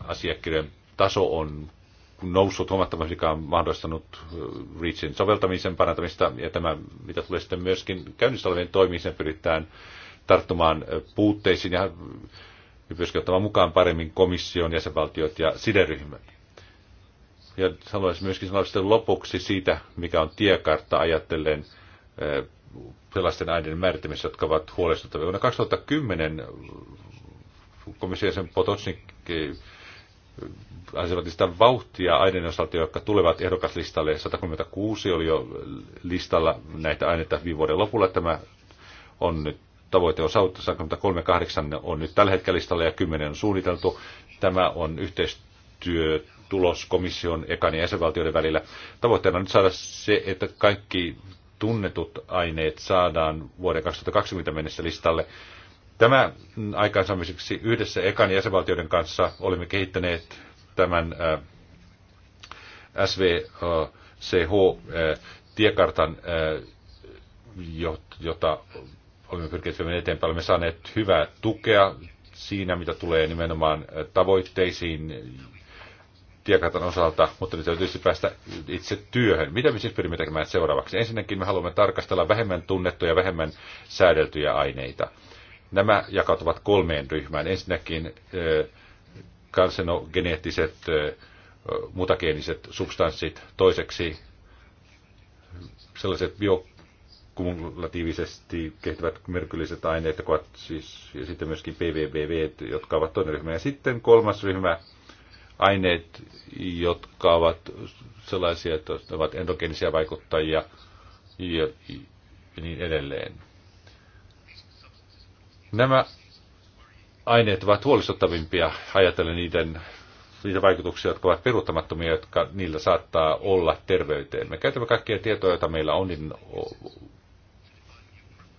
asiakirjojen taso on noussut huomattavasti, mikä on mahdollistanut äh, REACHin soveltamisen parantamista, ja tämä, mitä tulee sitten myöskin käynnissä olevien toimiin, pyritään tarttumaan äh, puutteisiin ja äh, myöskin ottamaan mukaan paremmin komission, jäsenvaltiot ja sideryhmät. Ja haluaisin myöskin sanoa sitten lopuksi siitä, mikä on tiekartta ajatellen sellaisten aineiden määrittämisessä, jotka ovat huolestuttavia. Vuonna 2010 komission jäsen Potocnik sitä vauhtia aineiden osalta, jotka tulevat ehdokaslistalle. 136 oli jo listalla näitä aineita viime vuoden lopulla. Tämä on nyt tavoite on saavutettu, 138 on nyt tällä hetkellä listalla ja 10 on suunniteltu. Tämä on yhteistyö tulos komission, ekan ja jäsenvaltioiden välillä. Tavoitteena on nyt saada se, että kaikki tunnetut aineet saadaan vuoden 2020 mennessä listalle. Tämä aikaansaamiseksi yhdessä ekan jäsenvaltioiden kanssa olimme kehittäneet tämän äh, SVCH-tiekartan, äh, äh, jota olemme pyrkineet viemään eteenpäin. Olemme saaneet hyvää tukea siinä, mitä tulee nimenomaan tavoitteisiin tiekartan osalta, mutta nyt täytyy päästä itse työhön. Mitä me siis pyrimme tekemään seuraavaksi? Ensinnäkin me haluamme tarkastella vähemmän tunnettuja, vähemmän säädeltyjä aineita – Nämä jakautuvat kolmeen ryhmään. Ensinnäkin eh, karsinogeneettiset eh, mutageeniset substanssit, toiseksi sellaiset biokumulatiivisesti kehittyvät myrkylliset aineet, jotka ovat siis, ja sitten myöskin PVBV, jotka ovat toinen ryhmä. Ja sitten kolmas ryhmä, aineet, jotka ovat sellaisia, että ovat endogeenisia vaikuttajia ja niin edelleen. Nämä aineet ovat huolestuttavimpia ajatellen niiden niitä vaikutuksia, jotka ovat peruuttamattomia, jotka niillä saattaa olla terveyteen. Me käytämme kaikkia tietoja, joita meillä on, niin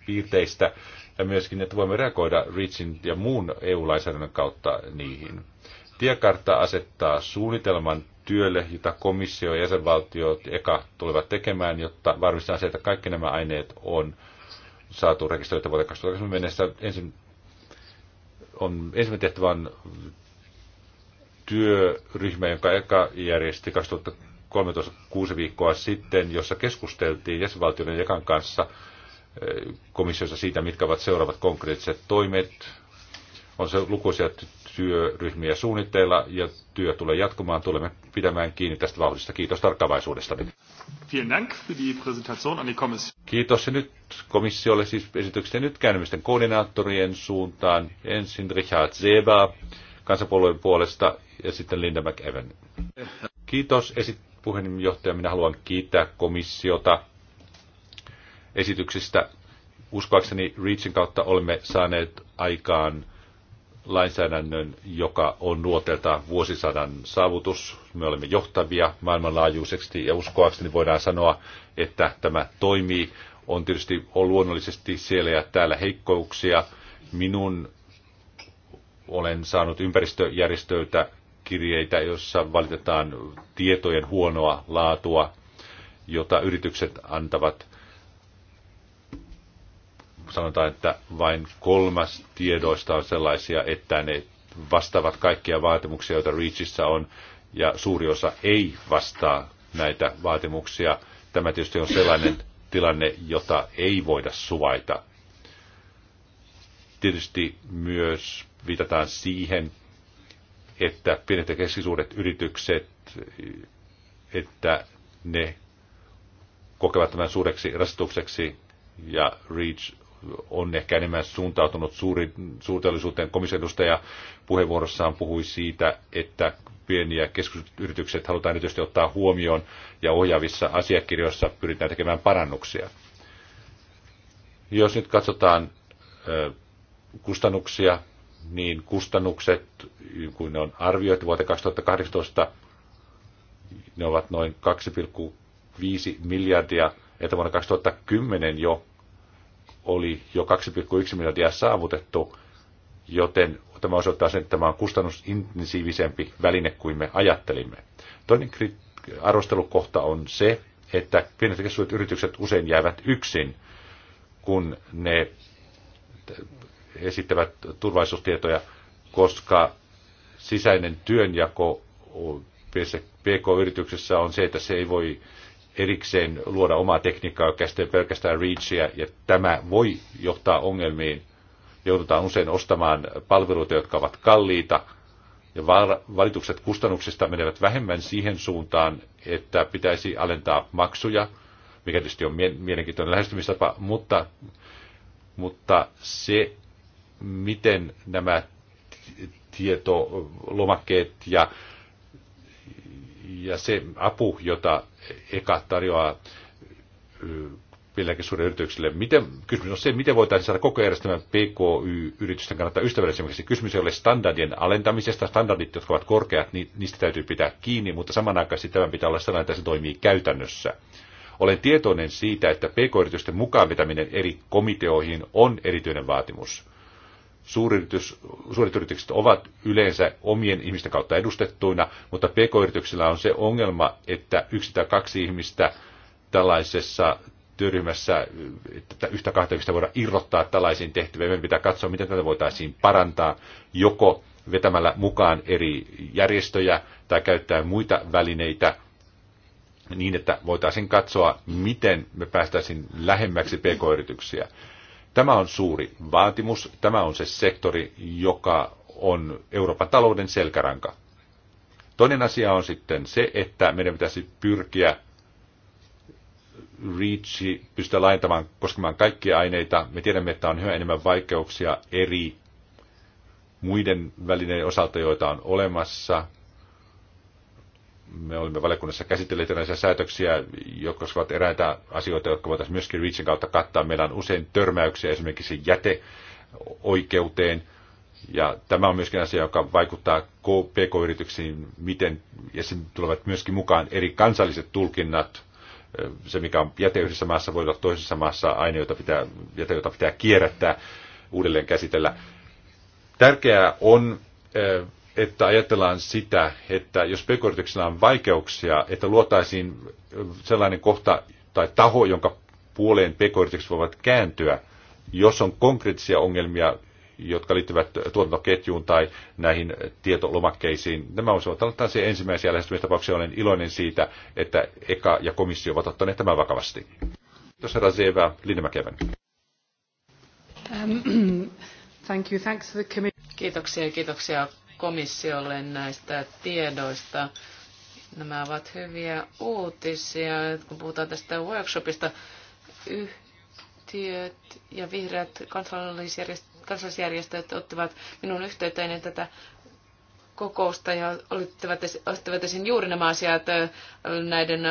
piirteistä ja myöskin, että voimme reagoida REACHin ja muun EU-lainsäädännön kautta niihin. Tiekartta asettaa suunnitelman työlle, jota komissio ja jäsenvaltiot eka tulevat tekemään, jotta varmistetaan se, että kaikki nämä aineet on saatu rekisteröitä vuoteen 2020 mennessä. Ensin on, ensimmäinen tehtävä on työryhmä, jonka eka järjesti 2013 kuusi viikkoa sitten, jossa keskusteltiin jäsenvaltioiden ekan kanssa eh, komissiossa siitä, mitkä ovat seuraavat konkreettiset toimet. On se lukuisia työryhmiä suunnitteilla ja työ tulee jatkumaan. Tulemme pitämään kiinni tästä vauhdista. Kiitos tarkkaavaisuudesta. Kiitos ja nyt komissiolle siis esityksestä nyt käännymisten koordinaattorien suuntaan. Ensin Richard Zeba kansanpuolueen puolesta ja sitten Linda McEwen. Kiitos esipuheenjohtaja. Minä haluan kiittää komissiota esityksistä. Uskoakseni Reachin kautta olemme saaneet aikaan lainsäädännön, joka on nuotelta vuosisadan saavutus. Me olemme johtavia maailmanlaajuisesti ja uskoakseni voidaan sanoa, että tämä toimii. On tietysti on luonnollisesti siellä ja täällä heikkouksia. Minun olen saanut ympäristöjärjestöiltä kirjeitä, joissa valitetaan tietojen huonoa laatua, jota yritykset antavat sanotaan, että vain kolmas tiedoista on sellaisia, että ne vastaavat kaikkia vaatimuksia, joita REACHissa on, ja suuri osa ei vastaa näitä vaatimuksia. Tämä tietysti on sellainen tilanne, jota ei voida suvaita. Tietysti myös viitataan siihen, että pienet ja keskisuuret yritykset, että ne kokevat tämän suureksi rasitukseksi ja REACH on ehkä enemmän suuntautunut suuri, suurteollisuuteen. Komission edustaja puheenvuorossaan puhui siitä, että pieniä keskusyritykset halutaan erityisesti ottaa huomioon ja ohjaavissa asiakirjoissa pyritään tekemään parannuksia. Jos nyt katsotaan kustannuksia, niin kustannukset, kun ne on arvioitu vuoteen 2018, ne ovat noin 2,5 miljardia, että vuonna 2010 jo oli jo 2,1 miljardia saavutettu, joten tämä osoittaa sen, että tämä on kustannusintensiivisempi väline kuin me ajattelimme. Toinen arvostelukohta on se, että pienet ja yritykset usein jäävät yksin, kun ne esittävät turvallisuustietoja, koska sisäinen työnjako PK-yrityksessä on se, että se ei voi erikseen luoda omaa tekniikkaa, käsitellä pelkästään REACHia, ja tämä voi johtaa ongelmiin. Joudutaan usein ostamaan palveluita, jotka ovat kalliita, ja valitukset kustannuksista menevät vähemmän siihen suuntaan, että pitäisi alentaa maksuja, mikä tietysti on mielenkiintoinen lähestymistapa, mutta, mutta se, miten nämä tietolomakkeet ja, ja se apu, jota EKA tarjoaa millekin suurille yrityksille. Miten, kysymys on se, miten voitaisiin saada koko järjestelmän PKY-yritysten kannalta ystävällisemmäksi. Kysymys ei ole standardien alentamisesta. Standardit, jotka ovat korkeat, niin niistä täytyy pitää kiinni, mutta samanaikaisesti tämän pitää olla sellainen, että se toimii käytännössä. Olen tietoinen siitä, että PK-yritysten mukaan vetäminen eri komiteoihin on erityinen vaatimus. Suuryritys, suuret yritykset ovat yleensä omien ihmisten kautta edustettuina, mutta pk-yrityksillä on se ongelma, että yksi tai kaksi ihmistä tällaisessa työryhmässä, että yhtä kahta ihmistä voidaan irrottaa tällaisiin tehtäviin. Meidän pitää katsoa, miten tätä voitaisiin parantaa joko vetämällä mukaan eri järjestöjä tai käyttää muita välineitä niin, että voitaisiin katsoa, miten me päästäisiin lähemmäksi pk-yrityksiä. Tämä on suuri vaatimus. Tämä on se sektori, joka on Euroopan talouden selkäranka. Toinen asia on sitten se, että meidän pitäisi pyrkiä reachi pystyä laajentamaan koskemaan kaikkia aineita. Me tiedämme, että on yhä enemmän vaikeuksia eri muiden välineiden osalta, joita on olemassa me olimme valiokunnassa käsitelleet erilaisia säätöksiä, jotka koskevat eräitä asioita, jotka voitaisiin myöskin Reachin kautta kattaa. Meillä on usein törmäyksiä esimerkiksi jäteoikeuteen, ja tämä on myöskin asia, joka vaikuttaa PK-yrityksiin, miten, ja sinne tulevat myöskin mukaan eri kansalliset tulkinnat. Se, mikä on jäte yhdessä maassa, voi olla toisessa maassa aine, jota pitää, jäte, jota pitää kierrättää, uudelleen käsitellä. Tärkeää on eh, että ajatellaan sitä, että jos pk on vaikeuksia, että luotaisiin sellainen kohta tai taho, jonka puoleen pk voivat kääntyä, jos on konkreettisia ongelmia, jotka liittyvät tuotantoketjuun tai näihin tietolomakkeisiin. Nämä olisivat olla se ensimmäisiä lähestymistapauksia. Olen iloinen siitä, että EKA ja komissio ovat ottaneet tämän vakavasti. Kiitos herra Zeeva, Linnemäkevän. Um, thank you, thanks for the kiitoksia ja kiitoksia komissiolle näistä tiedoista. Nämä ovat hyviä uutisia, kun puhutaan tästä workshopista. Yhtiöt ja vihreät kansallisjärjestöt ottivat minun yhteyttä tätä kokousta ja ottivat esiin juuri nämä asiat, näiden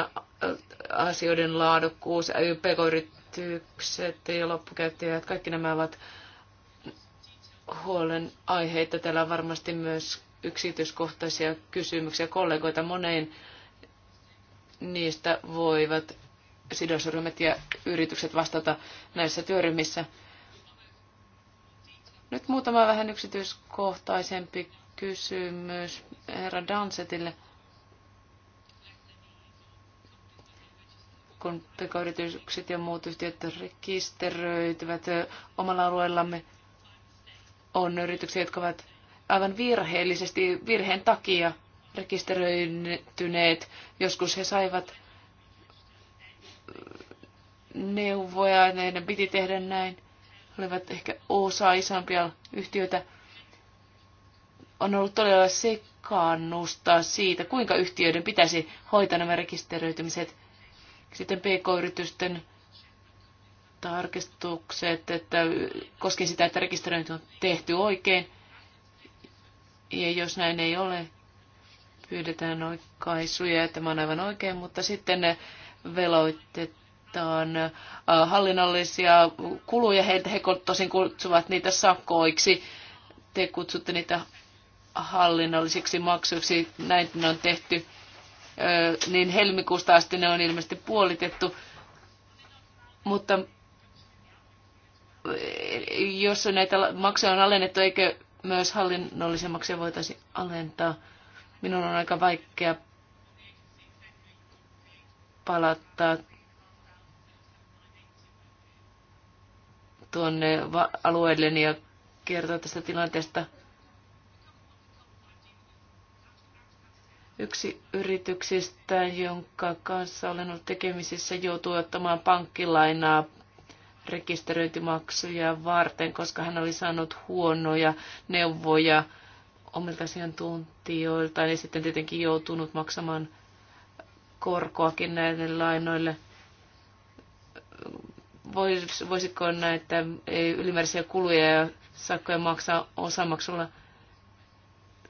asioiden laadukkuus, pk-yritykset ja loppukäyttäjät, kaikki nämä ovat huolen aiheita. Täällä on varmasti myös yksityiskohtaisia kysymyksiä kollegoita. Moneen niistä voivat sidosryhmät ja yritykset vastata näissä työryhmissä. Nyt muutama vähän yksityiskohtaisempi kysymys herra Dansetille. Kun pk ja muut yhtiöt rekisteröityvät omalla alueellamme, on yrityksiä, jotka ovat aivan virheellisesti, virheen takia rekisteröityneet. Joskus he saivat neuvoja, ne piti tehdä näin. Olivat ehkä osa isompia yhtiöitä. On ollut todella sekaannusta siitä, kuinka yhtiöiden pitäisi hoitaa nämä rekisteröitymiset. Sitten pk-yritysten tarkistukset, että koskien sitä, että rekisteröinti on tehty oikein. Ja jos näin ei ole, pyydetään oikaisuja, että tämä on aivan oikein, mutta sitten ne veloitetaan hallinnollisia kuluja. Heiltä he tosin kutsuvat niitä sakkoiksi. Te kutsutte niitä hallinnollisiksi maksuiksi. Näin ne on tehty. Niin helmikuusta asti ne on ilmeisesti puolitettu. Mutta jos näitä maksuja on alennettu, eikö myös hallinnollisia maksuja voitaisiin alentaa? Minun on aika vaikea palattaa tuonne alueelleni ja kertoa tästä tilanteesta. Yksi yrityksistä, jonka kanssa olen ollut tekemisissä, joutuu ottamaan pankkilainaa rekisteröintimaksuja varten, koska hän oli saanut huonoja neuvoja omilta asiantuntijoilta, niin sitten tietenkin joutunut maksamaan korkoakin näille lainoille. Voisiko näitä ylimääräisiä kuluja ja sakkoja maksaa osamaksulla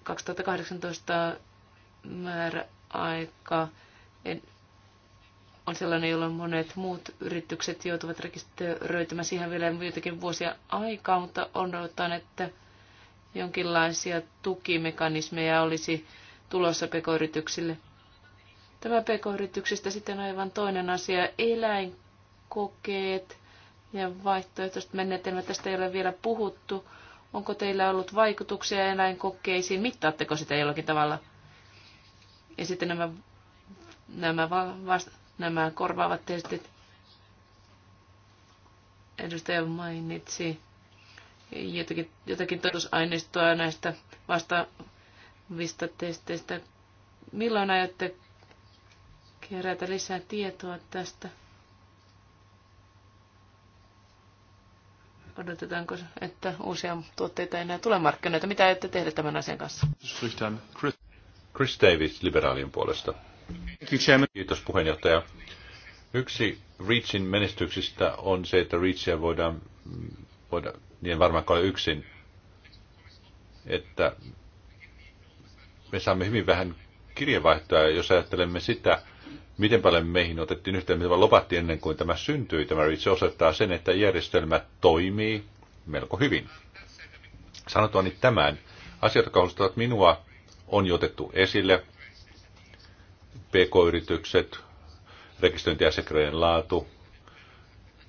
2018 määräaika? on sellainen, jolloin monet muut yritykset joutuvat rekisteröitymään siihen vielä jotakin vuosia aikaa, mutta odotan, että jonkinlaisia tukimekanismeja olisi tulossa pekoyrityksille. Tämä pekoyrityksistä sitten aivan toinen asia, eläinkokeet ja vaihtoehtoiset menetelmät. Tästä ei ole vielä puhuttu. Onko teillä ollut vaikutuksia eläinkokeisiin? Mittaatteko sitä jollakin tavalla? Ja sitten nämä, nämä vasta- nämä korvaavat testit. Edustaja mainitsi jotakin, jotakin todistusaineistoa näistä vastaavista testeistä. Milloin aiotte kerätä lisää tietoa tästä? Odotetaanko, että uusia tuotteita ei enää tule markkinoita? Mitä aiotte tehdä tämän asian kanssa? Chris Davis liberaalien puolesta. Kiitos puheenjohtaja. Yksi REACHin menestyksistä on se, että REACHia voidaan, voida, niin varmaan ole yksin, että me saamme hyvin vähän kirjeenvaihtoa, jos ajattelemme sitä, miten paljon meihin otettiin yhteen, mitä lopattiin ennen kuin tämä syntyi. Tämä REACH osoittaa sen, että järjestelmä toimii melko hyvin. nyt tämän, asiat, jotka minua, on jo otettu esille pk-yritykset, rekisteröintiasiakirjojen laatu,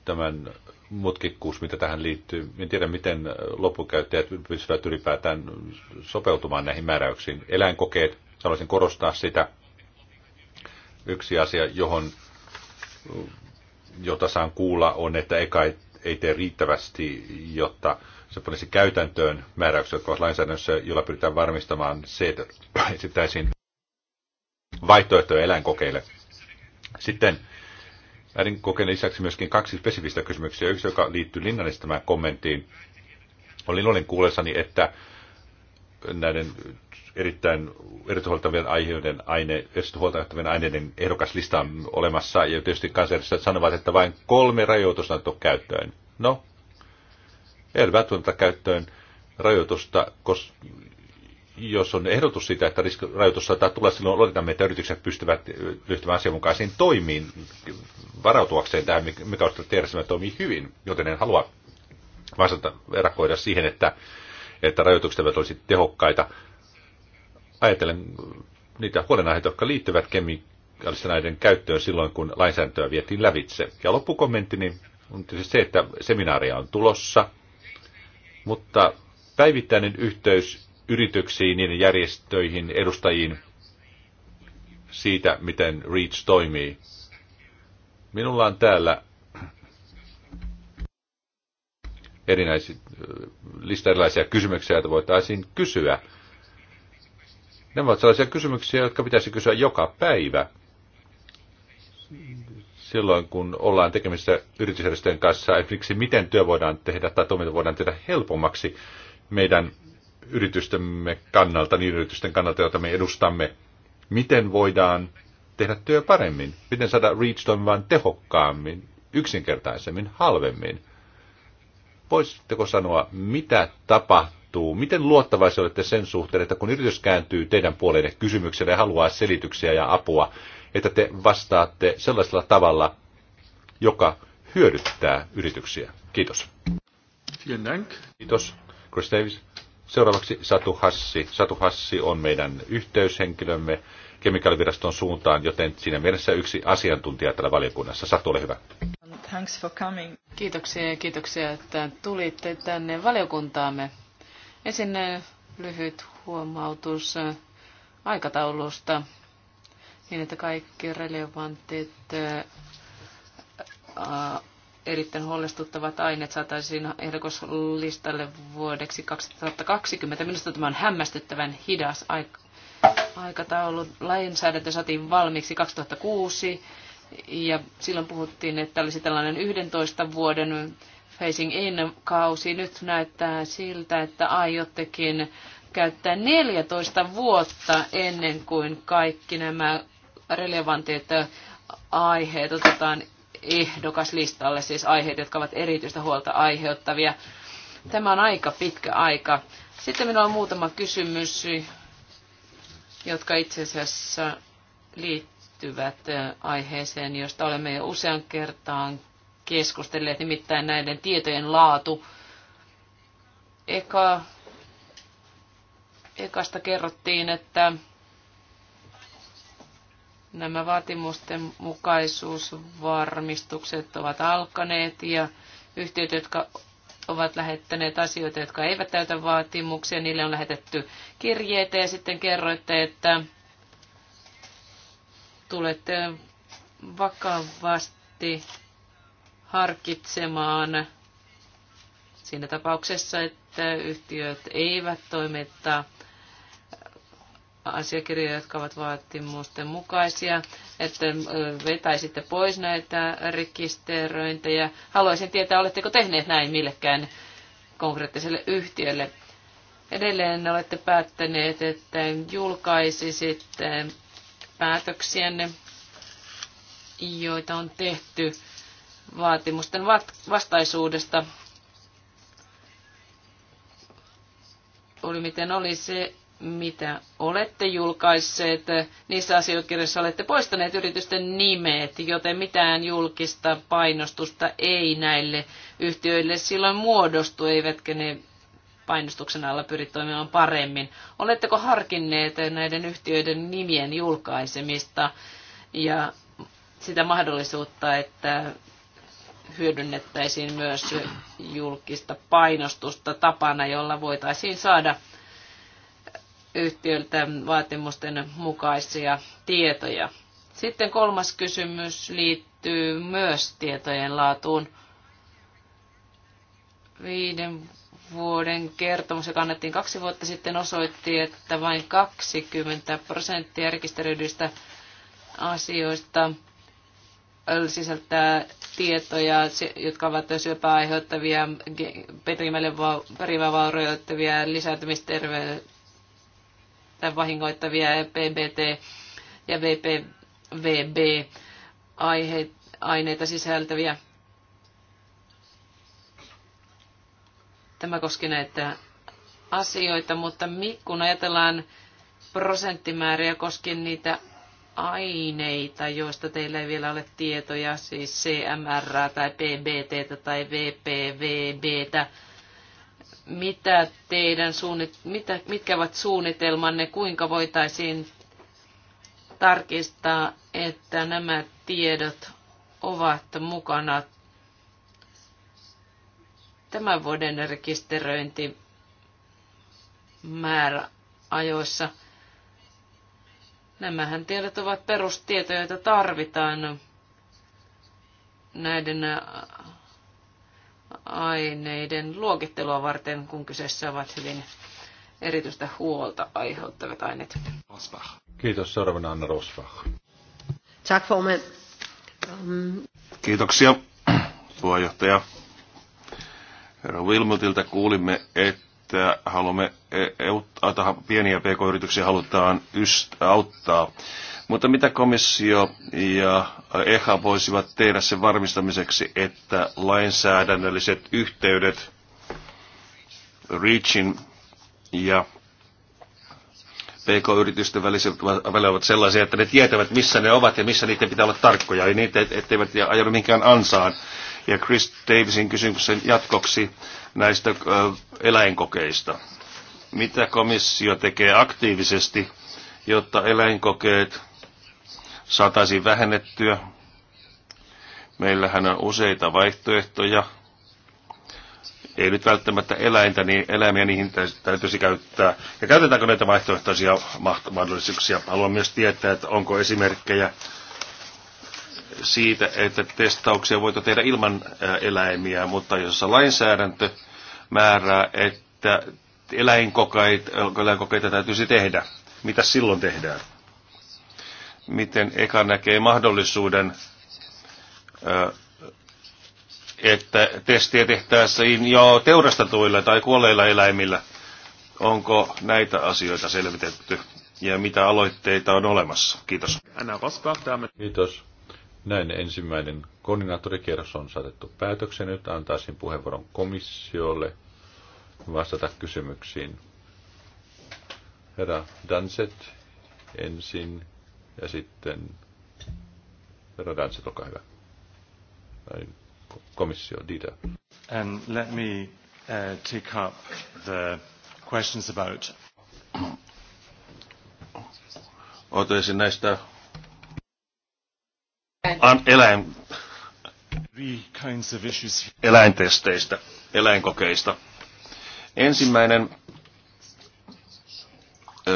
tämän mutkikkuus, mitä tähän liittyy. En tiedä, miten loppukäyttäjät pystyvät ylipäätään sopeutumaan näihin määräyksiin. Eläinkokeet, haluaisin korostaa sitä. Yksi asia, johon, jota saan kuulla, on, että eka ei, tee riittävästi, jotta se panisi käytäntöön määräykset, jotka ovat lainsäädännössä, jolla pyritään varmistamaan se, että esittäisiin vaihtoehtoja eläinkokeille. Sitten näiden kokeen lisäksi myöskin kaksi spesifistä kysymyksiä. Yksi, joka liittyy linnallistamaan kommenttiin. Olin, olin kuullessani, että näiden erittäin erityishuoltavien aiheiden aine, aineiden ehdokaslista on olemassa, ja tietysti kansanedustajat sanovat, että vain kolme rajoitusta on käyttöön. No, ei ole välttämättä käyttöön rajoitusta, koska jos on ehdotus sitä, että rajoitus saattaa tulla, silloin odotamme, että yritykset pystyvät äh, ryhtymään asianmukaisiin toimiin varautuakseen tähän, mikä on järjestelmä toimii hyvin, joten en halua vastata, erakoida siihen, että, että rajoitukset eivät olisi tehokkaita. Ajattelen niitä huolenaiheita, jotka liittyvät kemikaalisten näiden käyttöön silloin, kun lainsäädäntöä vietiin lävitse. Ja loppukommenttini on tietysti se, että seminaaria on tulossa, mutta päivittäinen yhteys yrityksiin, niiden järjestöihin, edustajiin siitä, miten REACH toimii. Minulla on täällä erinäisiä, lista erilaisia kysymyksiä, joita voitaisiin kysyä. Nämä ovat sellaisia kysymyksiä, jotka pitäisi kysyä joka päivä silloin, kun ollaan tekemisissä yritysjärjestöjen kanssa, esimerkiksi miten työ voidaan tehdä tai toiminta voidaan tehdä helpommaksi meidän yritystemme kannalta, niiden yritysten kannalta, joita me edustamme, miten voidaan tehdä työ paremmin, miten saada REACH toimimaan tehokkaammin, yksinkertaisemmin, halvemmin. Voisitteko sanoa, mitä tapahtuu, miten luottavaisia olette sen suhteen, että kun yritys kääntyy teidän puoleenne kysymykselle ja haluaa selityksiä ja apua, että te vastaatte sellaisella tavalla, joka hyödyttää yrityksiä. Kiitos. Vielen Dank. Kiitos. Chris Davis. Seuraavaksi Satu Hassi. Satu Hassi on meidän yhteyshenkilömme kemikaaliviraston suuntaan, joten siinä mielessä yksi asiantuntija tällä valiokunnassa. Satu, ole hyvä. Thanks for coming. Kiitoksia ja kiitoksia, että tulitte tänne valiokuntaamme. Ensin lyhyt huomautus aikataulusta, niin että kaikki relevantit äh, erittäin huolestuttavat aineet saataisiin ehdokaslistalle vuodeksi 2020. Minusta tämä on hämmästyttävän hidas aikataulu. Lainsäädäntö saatiin valmiiksi 2006 ja silloin puhuttiin, että olisi tällainen 11 vuoden Facing In-kausi. Nyt näyttää siltä, että aiottekin käyttää 14 vuotta ennen kuin kaikki nämä relevantit aiheet otetaan ehdokaslistalle, siis aiheet, jotka ovat erityistä huolta aiheuttavia. Tämä on aika pitkä aika. Sitten minulla on muutama kysymys, jotka itse asiassa liittyvät aiheeseen, josta olemme jo usean kertaan keskustelleet, nimittäin näiden tietojen laatu. Eka, ekasta kerrottiin, että Nämä vaatimusten mukaisuusvarmistukset ovat alkaneet ja yhtiöt, jotka ovat lähettäneet asioita, jotka eivät täytä vaatimuksia, niille on lähetetty kirjeitä ja sitten kerroitte, että tulette vakavasti harkitsemaan siinä tapauksessa, että yhtiöt eivät toimittaa asiakirjoja, jotka ovat vaatimusten mukaisia, että vetäisitte pois näitä rekisteröintejä. Haluaisin tietää, oletteko tehneet näin millekään konkreettiselle yhtiölle. Edelleen olette päättäneet, että julkaisisitte päätöksiänne, joita on tehty vaatimusten vastaisuudesta. Oli miten oli se mitä olette julkaisseet. Niissä asiakirjoissa olette poistaneet yritysten nimet, joten mitään julkista painostusta ei näille yhtiöille silloin muodostu, eivätkä ne painostuksen alla pyrit toimimaan paremmin. Oletteko harkinneet näiden yhtiöiden nimien julkaisemista ja sitä mahdollisuutta, että hyödynnettäisiin myös julkista painostusta tapana, jolla voitaisiin saada yhtiöltä vaatimusten mukaisia tietoja. Sitten kolmas kysymys liittyy myös tietojen laatuun. Viiden vuoden kertomus, joka annettiin kaksi vuotta sitten, osoitti, että vain 20 prosenttia rekisteröidyistä asioista sisältää tietoja, jotka ovat syöpää aiheuttavia, perimälle perivää lisääntymisterveyttä tai vahingoittavia PBT ja VPVB-aineita sisältäviä. Tämä koski näitä asioita, mutta kun ajatellaan prosenttimääriä koskien niitä aineita, joista teillä ei vielä ole tietoja, siis CMR tai PBT tai VPVB, mitä teidän suunnit, mitä, mitkä ovat suunnitelmanne, kuinka voitaisiin tarkistaa, että nämä tiedot ovat mukana tämän vuoden rekisteröinti määräajoissa. Nämähän tiedot ovat perustietoja, joita tarvitaan näiden aineiden luokittelua varten, kun kyseessä ovat hyvin erityistä huolta aiheuttavat aineet. Rosbach. Kiitos. Seuraavana Anna Rosbach. Tack för Kiitoksia, puheenjohtaja. Herra Wilmotilta kuulimme, että että haluamme auttaa e- pieniä pk-yrityksiä halutaan auttaa. Mutta mitä komissio ja EHA voisivat tehdä sen varmistamiseksi, että lainsäädännölliset yhteydet REACHin ja PK-yritysten välillä ovat sellaisia, että ne tietävät, missä ne ovat ja missä niiden pitää olla tarkkoja, ja niitä, etteivät ajaudu minkään ansaan, ja Chris Davisin kysymyksen jatkoksi näistä eläinkokeista. Mitä komissio tekee aktiivisesti, jotta eläinkokeet saataisiin vähennettyä? Meillähän on useita vaihtoehtoja. Ei nyt välttämättä eläintä, niin eläimiä niihin täytyisi käyttää. Ja käytetäänkö näitä vaihtoehtoisia mahdollisuuksia? Haluan myös tietää, että onko esimerkkejä siitä, että testauksia voitu tehdä ilman äh, eläimiä, mutta jossa lainsäädäntö määrää, että eläinkokeita, eläinkokeita täytyisi tehdä. Mitä silloin tehdään? Miten Eka näkee mahdollisuuden, äh, että testiä tehtäisiin jo teurastetuilla tai kuolleilla eläimillä? Onko näitä asioita selvitetty ja mitä aloitteita on olemassa? Kiitos. Kiitos. Näin ensimmäinen koordinaattorikierros on saatettu päätökseen Nyt antaisin puheenvuoron komissiolle vastata kysymyksiin. Herra Danset ensin ja sitten herra Danset, olkaa hyvä. Näin, komissio, Dida. And let me uh, take up the questions about... Otaisin näistä eläin, eläintesteistä, eläinkokeista. Ensimmäinen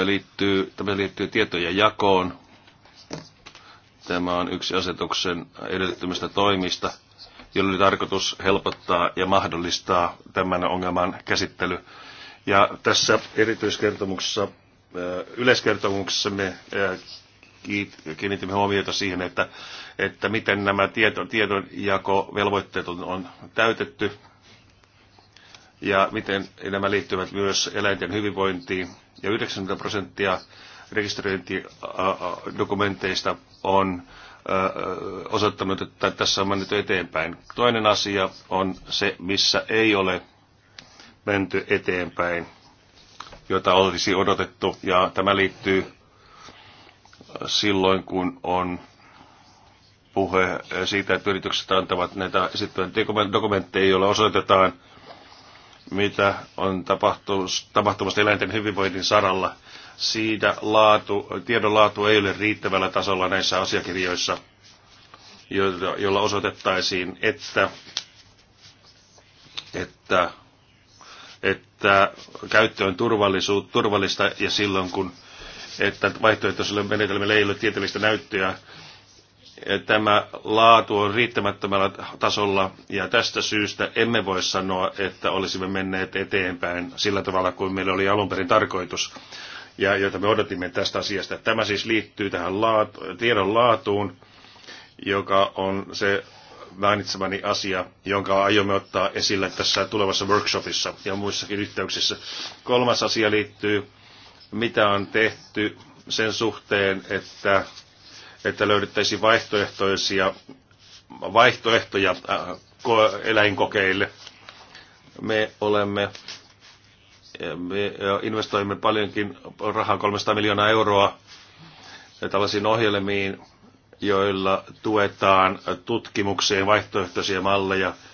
liittyy, tämä liittyy tietojen jakoon. Tämä on yksi asetuksen edellyttämistä toimista, jolla oli tarkoitus helpottaa ja mahdollistaa tämän ongelman käsittely. Ja tässä erityiskertomuksessa, yleiskertomuksessa me kiinnitimme huomiota siihen, että, että miten nämä tieto, tiedonjakovelvoitteet on, on täytetty ja miten nämä liittyvät myös eläinten hyvinvointiin. Ja 90 prosenttia rekisteröintidokumenteista on osoittanut, että tässä on mennyt eteenpäin. Toinen asia on se, missä ei ole menty eteenpäin, jota olisi odotettu, ja tämä liittyy silloin, kun on puhe siitä, että yritykset antavat näitä esittävän dokumentteja, joilla osoitetaan, mitä on tapahtumassa eläinten hyvinvoinnin saralla. Siitä laatu, tiedon laatu ei ole riittävällä tasolla näissä asiakirjoissa, joilla osoitettaisiin, että, että, että käyttö on turvallista ja silloin kun että vaihtoehtoiselle menetelmälle ei ole tieteellistä näyttöä. Tämä laatu on riittämättömällä tasolla ja tästä syystä emme voi sanoa, että olisimme menneet eteenpäin sillä tavalla kuin meillä oli alun perin tarkoitus ja jota me odotimme tästä asiasta. Tämä siis liittyy tähän laatu, tiedon laatuun, joka on se mainitsemani asia, jonka aiomme ottaa esille tässä tulevassa workshopissa ja muissakin yhteyksissä. Kolmas asia liittyy mitä on tehty sen suhteen, että, että löydettäisiin vaihtoehtoisia vaihtoehtoja äh, eläinkokeille. Me olemme me investoimme paljonkin rahaa, 300 miljoonaa euroa tällaisiin ohjelmiin, joilla tuetaan tutkimukseen vaihtoehtoisia malleja –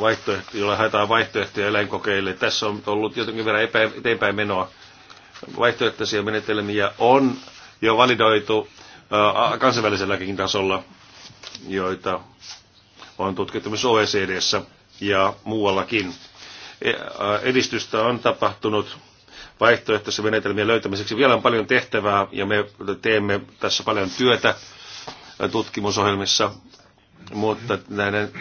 vaihtoehto, jolla haetaan vaihtoehtoja eläinkokeille. Tässä on ollut jotenkin verran epä, eteenpäin menoa. Vaihtoehtoisia menetelmiä on jo validoitu kansainväliselläkin tasolla, joita on tutkittu myös oecd ja muuallakin. E, edistystä on tapahtunut vaihtoehtoisen menetelmien löytämiseksi. Vielä on paljon tehtävää ja me teemme tässä paljon työtä tutkimusohjelmissa, mutta näiden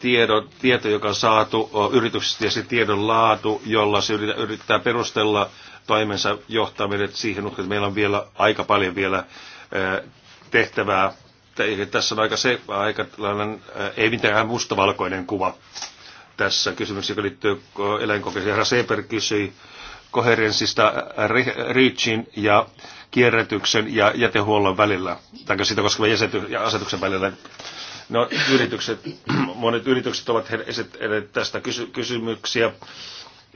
tiedon, tieto, joka on saatu yrityksestä ja se tiedon laatu, jolla se yrittää perustella toimensa johtaminen siihen, että meillä on vielä aika paljon vielä tehtävää. Tässä on aika se aika, ei mitään mustavalkoinen kuva tässä kysymyksessä, joka liittyy eläinkokeisiin. Herra Seber kysyi koherenssista REACHin ja kierrätyksen ja jätehuollon välillä, tai sitä koskevan asetuksen välillä No, yritykset, monet yritykset ovat esittäneet tästä kysy- kysymyksiä,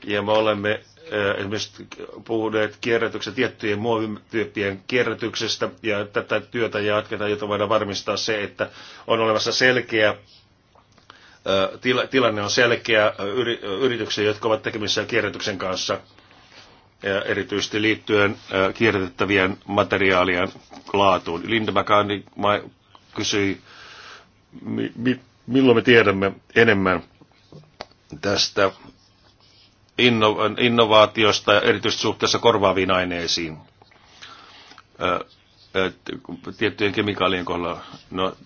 ja me olemme äh, esimerkiksi puhuneet kierrätyksen, tiettyjen muovityyppien kierrätyksestä, ja tätä työtä jatketaan, jotta voidaan varmistaa se, että on olemassa selkeä äh, tilanne on selkeä äh, yrityksiä, jotka ovat tekemisissä kierrätyksen kanssa, erityisesti liittyen kierrätettävien materiaalien laatuun. Linda McCartney kysyi milloin me tiedämme enemmän tästä innovaatiosta, erityisesti suhteessa korvaaviin aineisiin tiettyjen kemikaalien kohdalla. No,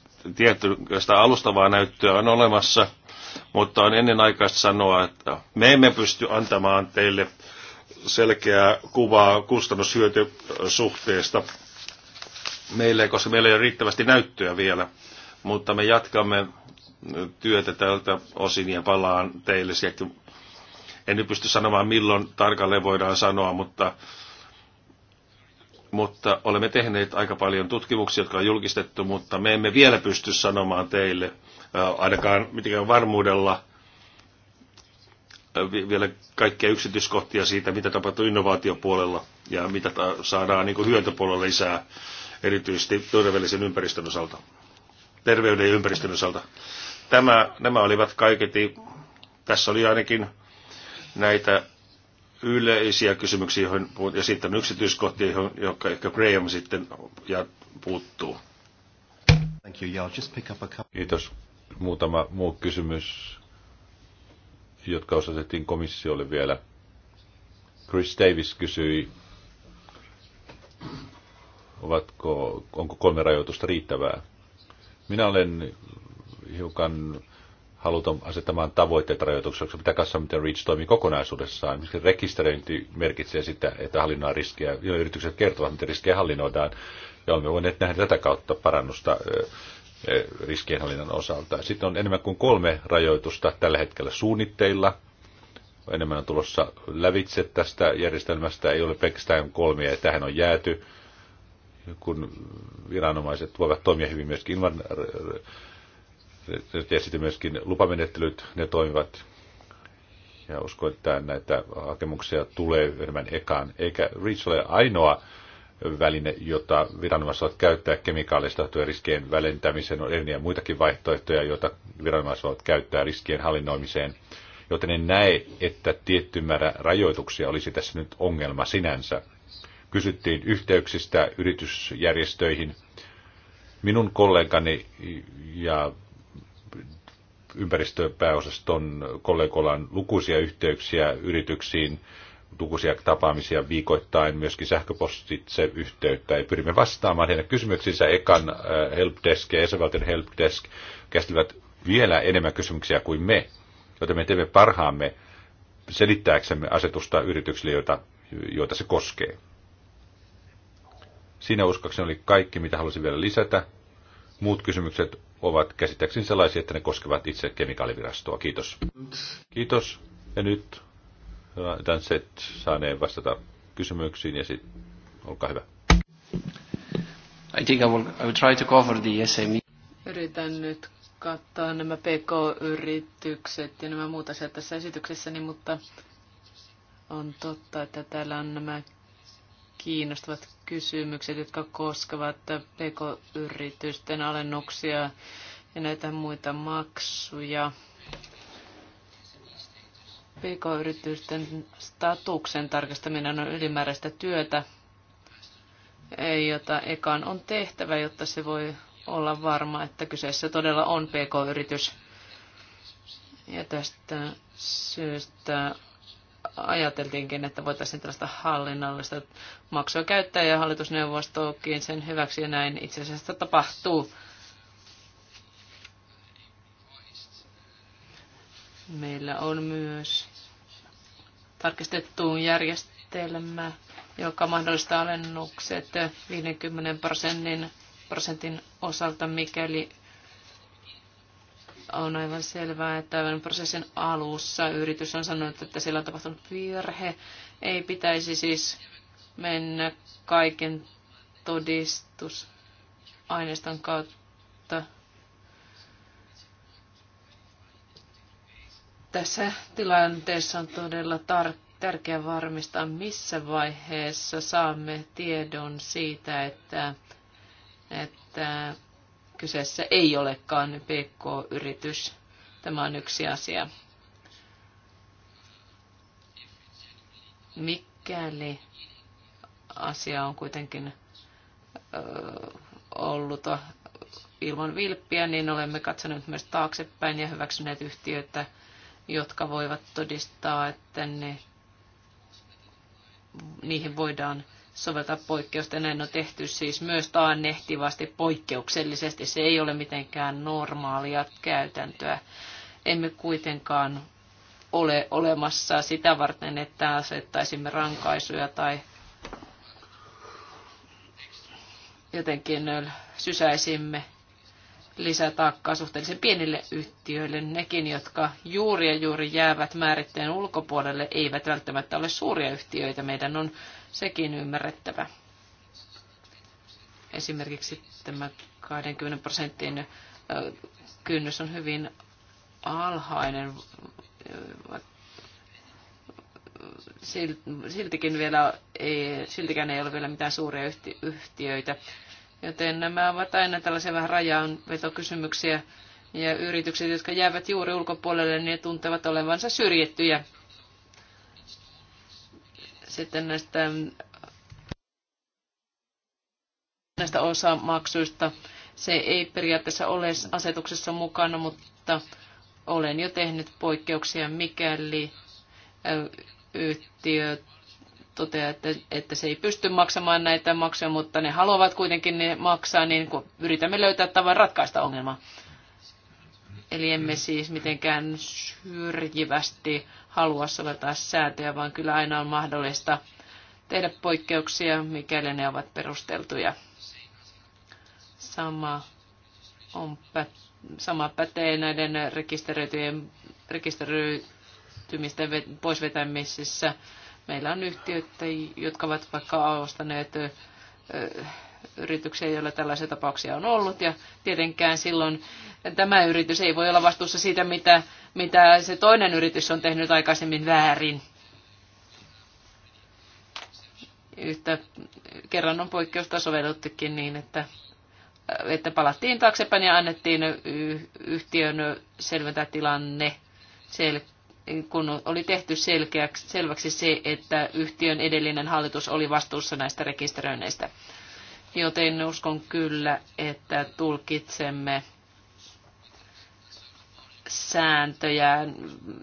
sitä alustavaa näyttöä on olemassa, mutta on ennen aikaista sanoa, että me emme pysty antamaan teille selkeää kuvaa kustannushyötysuhteesta meille, koska meillä ei ole riittävästi näyttöä vielä mutta me jatkamme työtä tältä osin ja palaan teille sieltä. En nyt pysty sanomaan milloin tarkalleen voidaan sanoa, mutta, mutta olemme tehneet aika paljon tutkimuksia, jotka on julkistettu, mutta me emme vielä pysty sanomaan teille äh, ainakaan mitenkään varmuudella äh, vielä kaikkia yksityiskohtia siitä, mitä tapahtuu innovaatiopuolella ja mitä saadaan niin hyötypuolella lisää erityisesti terveellisen ympäristön osalta terveyden ja ympäristön osalta. Tämä, nämä olivat kaiketi, tässä oli ainakin näitä yleisiä kysymyksiä, joihin, ja sitten yksityiskohtia, joihin, jotka ehkä Graham sitten ja puuttuu. Thank you. Yeah, just pick up a couple. Kiitos. Muutama muu kysymys, jotka osoitettiin komissiolle vielä. Chris Davis kysyi, ovatko, onko kolme rajoitusta riittävää? Minä olen hiukan haluton asettamaan tavoitteet rajoitukseksi. mitä katsoa, miten REACH toimii kokonaisuudessaan. Miksi rekisteröinti merkitsee sitä, että hallinnoidaan riskejä. Yritykset kertovat, miten riskejä hallinnoidaan. Ja olemme voineet nähdä tätä kautta parannusta riskienhallinnan osalta. Sitten on enemmän kuin kolme rajoitusta tällä hetkellä suunnitteilla. Enemmän on tulossa lävitse tästä järjestelmästä. Ei ole pelkästään kolmia ja tähän on jääty kun viranomaiset voivat toimia hyvin myöskin ilman, ja sitten myöskin lupamenettelyt, ne toimivat. Ja uskon, että näitä hakemuksia tulee enemmän ekaan, eikä REACH ole ainoa väline, jota viranomaiset voivat käyttää kemikaalista riskien välentämiseen. On erinäisiä muitakin vaihtoehtoja, joita viranomaiset voivat käyttää riskien hallinnoimiseen. Joten en näe, että tietty määrä rajoituksia olisi tässä nyt ongelma sinänsä kysyttiin yhteyksistä yritysjärjestöihin. Minun kollegani ja ympäristöpääosaston kollegoilla on lukuisia yhteyksiä yrityksiin, lukuisia tapaamisia viikoittain, myöskin sähköpostitse yhteyttä, ja pyrimme vastaamaan heidän kysymyksiinsä. Ekan äh, helpdesk ja Esävaltion helpdesk käsittelevät vielä enemmän kysymyksiä kuin me, joten me teemme parhaamme selittääksemme asetusta yrityksille, joita, joita se koskee. Siinä uskakseni oli kaikki, mitä halusin vielä lisätä. Muut kysymykset ovat käsittääkseni sellaisia, että ne koskevat itse kemikaalivirastoa. Kiitos. Kiitos. Ja nyt set saaneen vastata kysymyksiin ja sitten olkaa hyvä. I think I will, I will try to cover the SME. Yritän nyt kattaa nämä PK-yritykset ja nämä muut asiat tässä esityksessäni, mutta on totta, että täällä on nämä kiinnostavat kysymykset, jotka koskevat pk-yritysten alennuksia ja näitä muita maksuja. PK-yritysten statuksen tarkistaminen on ylimääräistä työtä, jota ekaan on tehtävä, jotta se voi olla varma, että kyseessä todella on PK-yritys. Ja tästä syystä ajateltiinkin, että voitaisiin tällaista hallinnollista maksua käyttää ja hallitusneuvostokin sen hyväksi ja näin itse asiassa tapahtuu. Meillä on myös tarkistettu järjestelmä, joka mahdollistaa alennukset 50 prosentin, prosentin osalta, mikäli on aivan selvää, että tämän prosessin alussa yritys on sanonut, että siellä on tapahtunut virhe. Ei pitäisi siis mennä kaiken todistusaineiston kautta. Tässä tilanteessa on todella tärkeää varmistaa, missä vaiheessa saamme tiedon siitä, että, että kyseessä ei olekaan PK-yritys. Tämä on yksi asia. Mikäli asia on kuitenkin ollut ilman vilppiä, niin olemme katsoneet myös taaksepäin ja hyväksyneet yhtiöitä, jotka voivat todistaa, että ne, niihin voidaan soveltaa poikkeusta. Näin on tehty siis myös taannehtivasti poikkeuksellisesti. Se ei ole mitenkään normaalia käytäntöä. Emme kuitenkaan ole olemassa sitä varten, että asettaisimme rankaisuja tai jotenkin sysäisimme lisätaakkaa suhteellisen pienille yhtiöille. Nekin, jotka juuri ja juuri jäävät määritteen ulkopuolelle, eivät välttämättä ole suuria yhtiöitä. Meidän on sekin ymmärrettävä. Esimerkiksi tämä 20 prosentin kynnys on hyvin alhainen. Siltikin vielä ei, siltikään ei ole vielä mitään suuria yhtiöitä Joten nämä ovat aina tällaisia vähän rajanvetokysymyksiä. Ja yritykset, jotka jäävät juuri ulkopuolelle, niin ne tuntevat olevansa syrjittyjä. Sitten näistä, näistä osamaksuista. Se ei periaatteessa ole asetuksessa mukana, mutta olen jo tehnyt poikkeuksia, mikäli yhtiöt toteaa, että, että se ei pysty maksamaan näitä maksuja, mutta ne haluavat kuitenkin ne maksaa, niin kun yritämme löytää tavan ratkaista ongelma. Eli emme siis mitenkään syrjivästi halua soveltaa säätöjä, vaan kyllä aina on mahdollista tehdä poikkeuksia, mikäli ne ovat perusteltuja. Sama, on pä- sama pätee näiden rekisteröityjen rekisteröitymisten poisvetämisessä Meillä on yhtiöitä, jotka ovat vaikka ostaneet yrityksiä, joilla tällaisia tapauksia on ollut. Ja tietenkään silloin tämä yritys ei voi olla vastuussa siitä, mitä, mitä se toinen yritys on tehnyt aikaisemmin väärin. Yhtä kerran on poikkeusta sovellettukin niin, että, että palattiin taaksepäin ja annettiin yhtiön selventää tilanne sel- kun oli tehty selkeäksi, selväksi se, että yhtiön edellinen hallitus oli vastuussa näistä rekisteröinneistä. Joten uskon kyllä, että tulkitsemme sääntöjä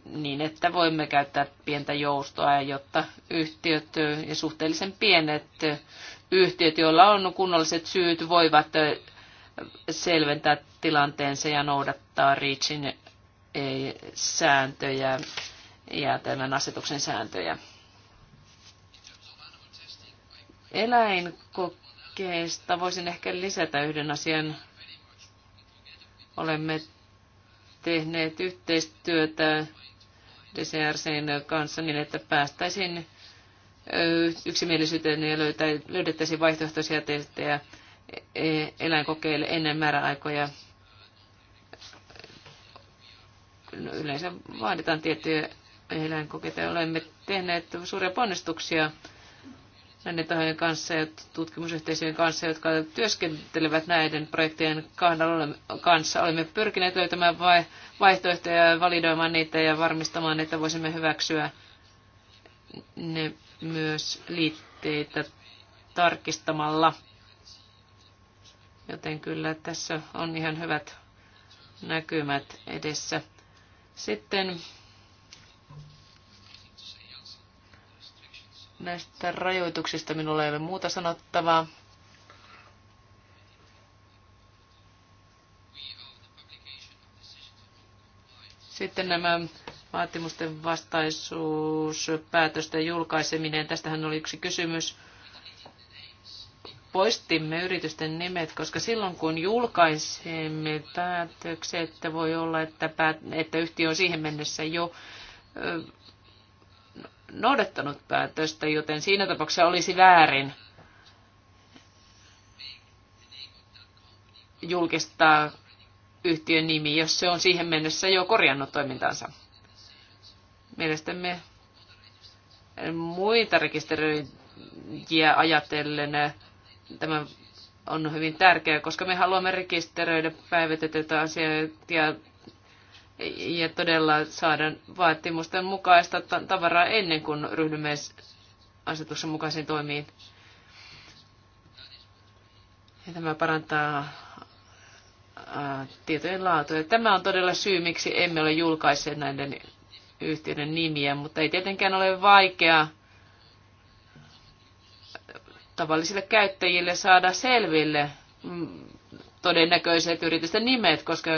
niin, että voimme käyttää pientä joustoa, jotta yhtiöt ja suhteellisen pienet yhtiöt, joilla on kunnolliset syyt, voivat selventää tilanteensa ja noudattaa REACHin sääntöjä ja tämän asetuksen sääntöjä. Eläinkokeista voisin ehkä lisätä yhden asian. Olemme tehneet yhteistyötä DCRCn kanssa niin, että päästäisiin yksimielisyyteen ja löydettäisiin vaihtoehtoisia testejä e-, eläinkokeille ennen määräaikoja No, yleensä vaaditaan tiettyjä eläinkokeita. Olemme tehneet suuria ponnistuksia näiden tahojen kanssa ja tutkimusyhteisöjen kanssa, jotka työskentelevät näiden projektien kanssa. Olemme pyrkineet löytämään vaihtoehtoja ja validoimaan niitä ja varmistamaan, että voisimme hyväksyä ne myös liitteitä tarkistamalla. Joten kyllä tässä on ihan hyvät näkymät edessä. Sitten näistä rajoituksista minulla ei ole muuta sanottavaa. Sitten nämä vaatimusten vastaisuuspäätösten julkaiseminen. Tästähän oli yksi kysymys poistimme yritysten nimet, koska silloin kun julkaisemme päätökset, että voi olla, että, päät- että yhtiö on siihen mennessä jo noudattanut päätöstä, joten siinä tapauksessa olisi väärin julkistaa yhtiön nimi, jos se on siihen mennessä jo korjannut toimintansa. Mielestämme muita rekisteröintiä ajatellen Tämä on hyvin tärkeää, koska me haluamme rekisteröidä päivitettyä asioita ja todella saada vaatimusten mukaista tavaraa ennen kuin ryhdymme asetuksen mukaisiin toimiin. Ja tämä parantaa tietojen laatua. Tämä on todella syy, miksi emme ole julkaisseet näiden yhtiöiden nimiä, mutta ei tietenkään ole vaikeaa tavallisille käyttäjille saada selville mm, todennäköiset yritysten nimet, koska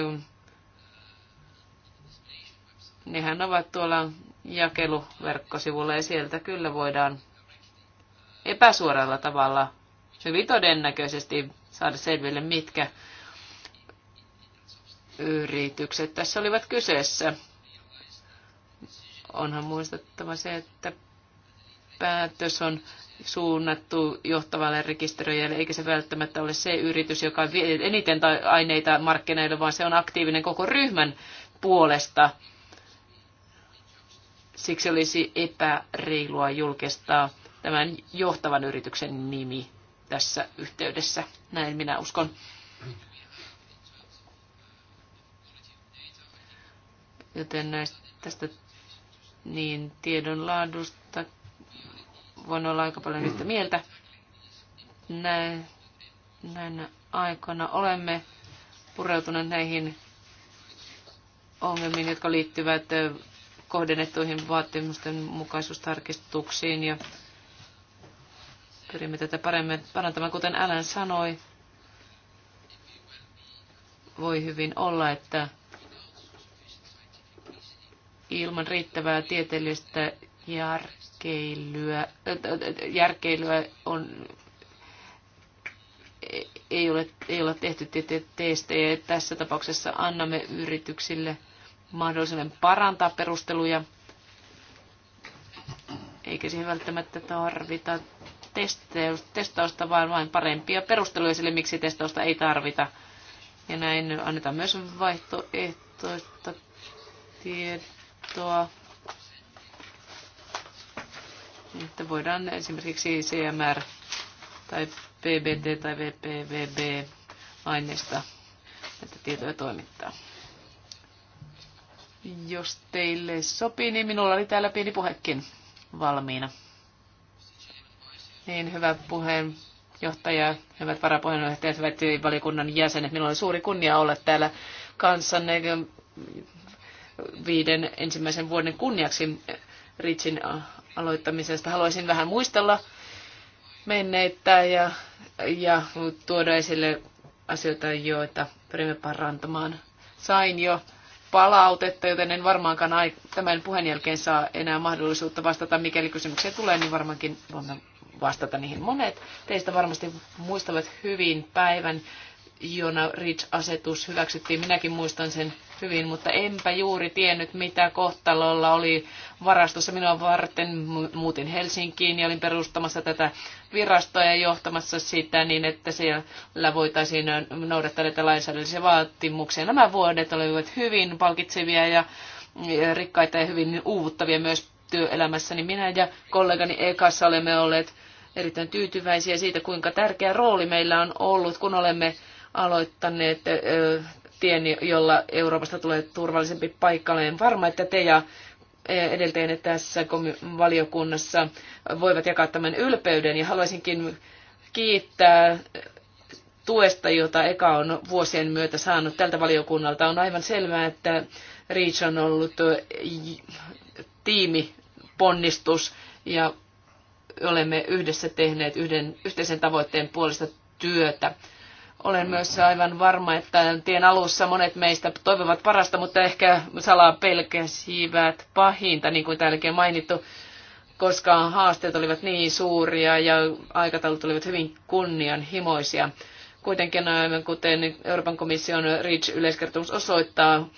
nehän ovat tuolla jakeluverkkosivulla ja sieltä kyllä voidaan epäsuoralla tavalla hyvin todennäköisesti saada selville, mitkä yritykset tässä olivat kyseessä. Onhan muistettava se, että päätös on suunnattu johtavalle rekisteröijälle, eikä se välttämättä ole se yritys, joka vie eniten aineita markkinoille, vaan se on aktiivinen koko ryhmän puolesta. Siksi olisi epäreilua julkistaa tämän johtavan yrityksen nimi tässä yhteydessä. Näin minä uskon. Joten näistä, tästä niin tiedon laadusta voin olla aika paljon yhtä mieltä. Näin, näin aikana olemme pureutuneet näihin ongelmiin, jotka liittyvät kohdennettuihin vaatimusten mukaisuustarkistuksiin ja pyrimme tätä paremmin parantamaan. Kuten Alan sanoi, voi hyvin olla, että ilman riittävää tieteellistä järkeilyä, järkeilyä on, ei, ole, ei ole tehty testejä. Tässä tapauksessa annamme yrityksille mahdollisuuden parantaa perusteluja, eikä siihen välttämättä tarvita testausta, vaan vain parempia perusteluja sille, miksi testausta ei tarvita. Ja näin annetaan myös vaihtoehtoista tietoa että voidaan esimerkiksi CMR tai PBD tai VPVB aineista näitä tietoja toimittaa. Jos teille sopii, niin minulla oli täällä pieni puhekin valmiina. Niin, hyvä puheenjohtaja, hyvät varapuheenjohtajat, hyvät valiokunnan jäsenet. Minulla on suuri kunnia olla täällä kanssanne viiden ensimmäisen vuoden kunniaksi Ritsin aloittamisesta. Haluaisin vähän muistella menneitä ja, ja tuoda esille asioita, joita pyrimme parantamaan. Sain jo palautetta, joten en varmaankaan tämän puheen jälkeen saa enää mahdollisuutta vastata. Mikäli kysymyksiä tulee, niin varmaankin voimme vastata niihin. Monet teistä varmasti muistavat hyvin päivän, jona rich asetus hyväksyttiin. Minäkin muistan sen hyvin, mutta enpä juuri tiennyt, mitä kohtalolla oli varastossa minua varten. Muutin Helsinkiin ja olin perustamassa tätä virastoa ja johtamassa sitä niin, että siellä voitaisiin noudattaa näitä lainsäädännöllisiä vaatimuksia. Nämä vuodet olivat hyvin palkitsevia ja rikkaita ja hyvin uuvuttavia myös työelämässäni. Minä ja kollegani Ekassa olemme olleet erittäin tyytyväisiä siitä, kuinka tärkeä rooli meillä on ollut, kun olemme aloittaneet tien, jolla Euroopasta tulee turvallisempi paikka. Olen varma, että te ja edeltäjänne tässä valiokunnassa voivat jakaa tämän ylpeyden ja haluaisinkin kiittää tuesta, jota Eka on vuosien myötä saanut tältä valiokunnalta. On aivan selvää, että Reach on ollut tiimiponnistus ja olemme yhdessä tehneet yhden yhteisen tavoitteen puolesta työtä. Olen myös aivan varma, että tien alussa monet meistä toivovat parasta, mutta ehkä salaa pelkäsivät pahinta, niin kuin täälläkin on mainittu, koska haasteet olivat niin suuria ja aikataulut olivat hyvin kunnianhimoisia. Kuitenkin, aivan äh, kuten Euroopan komission REACH-yleiskertomus osoittaa,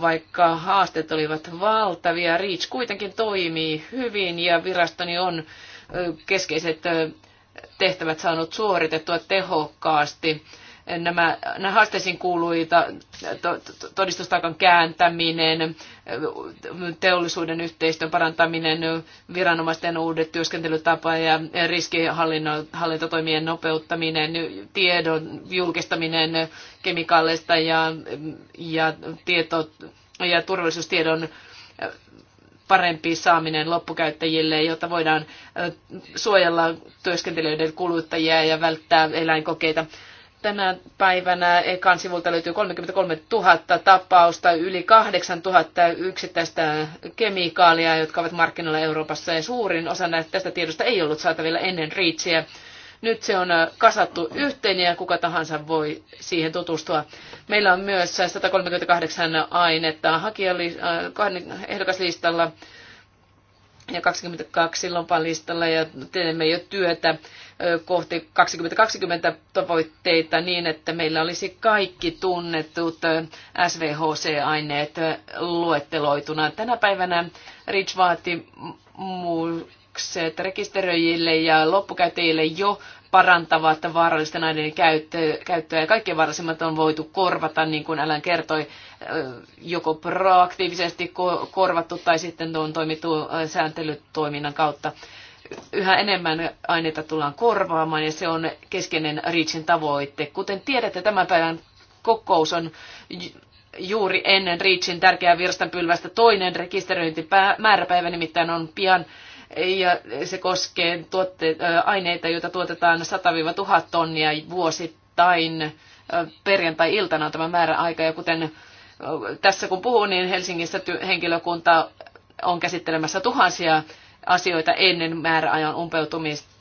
vaikka haasteet olivat valtavia, REACH kuitenkin toimii hyvin ja virastoni on äh, keskeiset äh, tehtävät saanut suoritettua tehokkaasti nämä, nämä haasteisiin kuuluita todistustaakan kääntäminen, teollisuuden yhteistyön parantaminen, viranomaisten uudet työskentelytapa ja riskihallintotoimien nopeuttaminen, tiedon julkistaminen kemikaaleista ja, ja, tieto, ja turvallisuustiedon parempi saaminen loppukäyttäjille, jotta voidaan suojella työskentelijöiden kuluttajia ja välttää eläinkokeita Tänä päivänä ekan sivulta löytyy 33 000 tapausta, yli 8 000 yksittäistä kemikaalia, jotka ovat markkinoilla Euroopassa, ja suurin osa näistä tästä tiedosta ei ollut saatavilla ennen riitsiä. Nyt se on äh, kasattu yhteen ja kuka tahansa voi siihen tutustua. Meillä on myös 138 ainetta hakijali, äh, ehdokaslistalla ja 22 lopalistalla ja teemme jo työtä kohti 2020 tavoitteita niin, että meillä olisi kaikki tunnetut SVHC-aineet luetteloituna. Tänä päivänä Rich vaati muukset rekisteröijille ja loppukäyttäjille jo parantavat vaarallisten aineiden käyttöä ja kaikkein vaarallisimmat on voitu korvata, niin kuin Alan kertoi, joko proaktiivisesti korvattu tai sitten on toimittu sääntelytoiminnan kautta yhä enemmän aineita tullaan korvaamaan ja se on keskeinen Reachin tavoite. Kuten tiedätte, tämän päivän kokous on juuri ennen Reachin tärkeää virstanpylvästä toinen rekisteröintimääräpäivä nimittäin on pian ja se koskee tuotte, aineita, joita tuotetaan 100-1000 tonnia vuosittain perjantai-iltana on tämä määräaika. Ja kuten tässä kun puhun, niin Helsingissä henkilökunta on käsittelemässä tuhansia asioita ennen määräajan umpeutumista.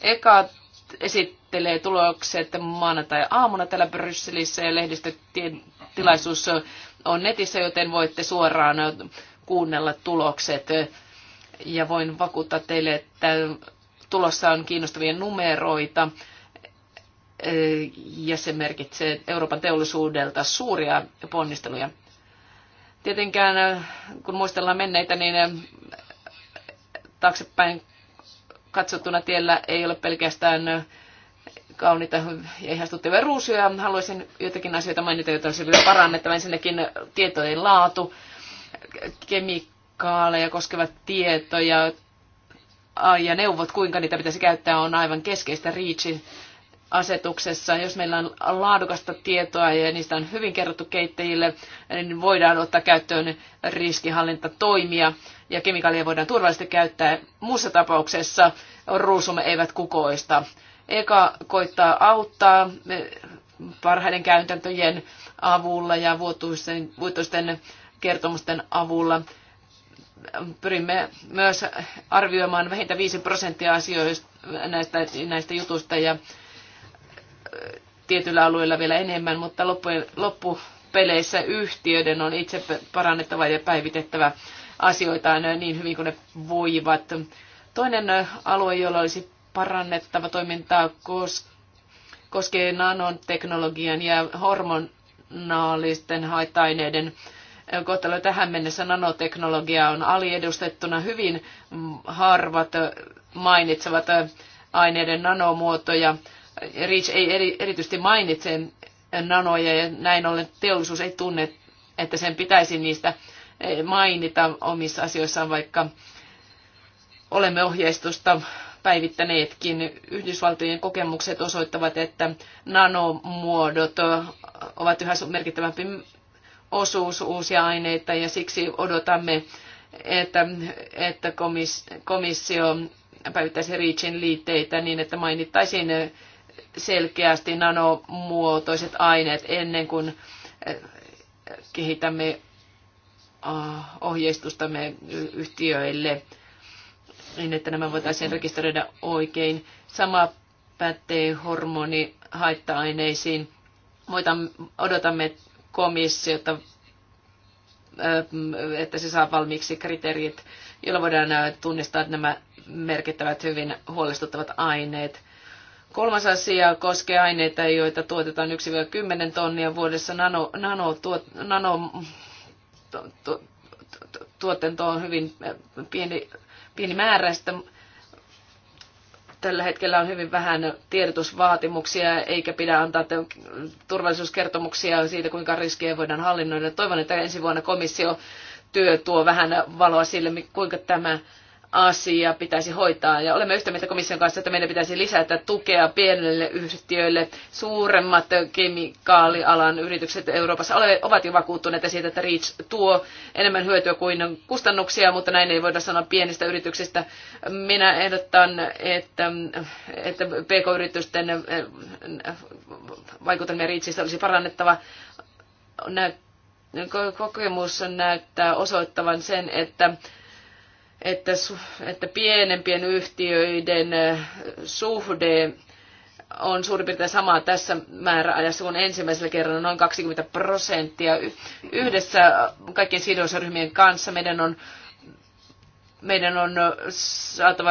Eka esittelee tulokset maanantai-aamuna täällä Brysselissä ja lehdistötilaisuus on netissä, joten voitte suoraan kuunnella tulokset. Ja voin vakuuttaa teille, että tulossa on kiinnostavia numeroita ja se merkitsee Euroopan teollisuudelta suuria ponnisteluja. Tietenkään, äh, kun muistellaan menneitä, niin äh, taaksepäin katsottuna tiellä ei ole pelkästään äh, kauniita ja ihastuttavia ruusuja. Haluaisin jotakin asioita mainita, joita olisi vielä parannettava. Ensinnäkin tietojen laatu, kemikaaleja koskevat tietoja ja neuvot, kuinka niitä pitäisi käyttää, on aivan keskeistä REACHin asetuksessa. Jos meillä on laadukasta tietoa ja niistä on hyvin kerrottu keittäjille, niin voidaan ottaa käyttöön riskihallintatoimia ja kemikaalia voidaan turvallisesti käyttää. Muussa tapauksessa ruusumme eivät kukoista. Eka koittaa auttaa parhaiden käytäntöjen avulla ja vuotuisten, vuotuisten kertomusten avulla pyrimme myös arvioimaan vähintään 5 prosenttia asioista näistä, näistä jutuista ja tietyillä alueilla vielä enemmän, mutta loppupeleissä yhtiöiden on itse parannettava ja päivitettävä asioitaan niin hyvin kuin ne voivat. Toinen alue, jolla olisi parannettava toimintaa, koskee nanoteknologian ja hormonaalisten haitaineiden aineiden kohtalo. Tähän mennessä nanoteknologia on aliedustettuna. Hyvin harvat mainitsevat aineiden nanomuotoja REACH ei eri, erityisesti mainitse nanoja ja näin ollen teollisuus ei tunne, että sen pitäisi niistä eh, mainita omissa asioissaan, vaikka olemme ohjeistusta päivittäneetkin. Yhdysvaltojen kokemukset osoittavat, että nanomuodot eh, ovat yhä merkittävämpi osuus uusia aineita ja siksi odotamme, että, että komissio päivittäisi REACHin liitteitä niin, että mainittaisiin eh, selkeästi nanomuotoiset aineet ennen kuin eh, kehitämme ah, ohjeistustamme yhtiöille niin, että nämä voitaisiin rekisteröidä oikein. Sama pätee hormoni haitta-aineisiin. Odotamme komissiota, eh, että se saa valmiiksi kriteerit, joilla voidaan eh, tunnistaa nämä merkittävät, hyvin huolestuttavat aineet. Kolmas asia koskee aineita, joita tuotetaan 1-10 tonnia vuodessa. Nano, nano, tuot, nano tuotanto on hyvin äh, pieni, pieni määrä. Sitä tällä hetkellä on hyvin vähän tiedotusvaatimuksia, eikä pidä antaa turvallisuuskertomuksia siitä, kuinka riskejä voidaan hallinnoida. Toivon, että ensi vuonna komissio työ tuo vähän valoa sille, kuinka tämä asia pitäisi hoitaa. Ja olemme yhtä mieltä komission kanssa, että meidän pitäisi lisätä tukea pienille yhtiöille. Suuremmat kemikaalialan yritykset Euroopassa ovat jo vakuuttuneita siitä, että REACH tuo enemmän hyötyä kuin kustannuksia, mutta näin ei voida sanoa pienistä yrityksistä. Minä ehdotan, että, että pk-yritysten äh, vaikutelmia REACHista olisi parannettava. Kokemus näyttää osoittavan sen, että että, että pienempien yhtiöiden eh, suhde on suurin piirtein sama tässä määräajassa kuin ensimmäisellä kerralla, noin 20 prosenttia. Yhdessä kaikkien sidosryhmien kanssa meidän on, meidän on eh, saatava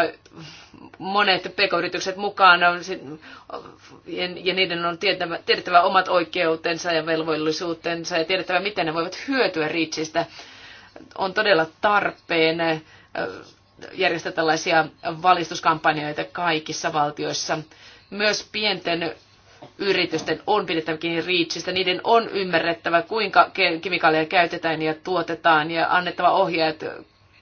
monet pk-yritykset mukaan ja niiden on tiedettävä, tiedettävä omat oikeutensa ja velvollisuutensa ja tiedettävä, miten ne voivat hyötyä Riitsistä. On todella tarpeen eh, järjestää tällaisia valistuskampanjoita kaikissa valtioissa. Myös pienten yritysten on pidettävä kiinni REACHista. Niiden on ymmärrettävä, kuinka kemikaaleja käytetään ja tuotetaan ja annettava ohjeet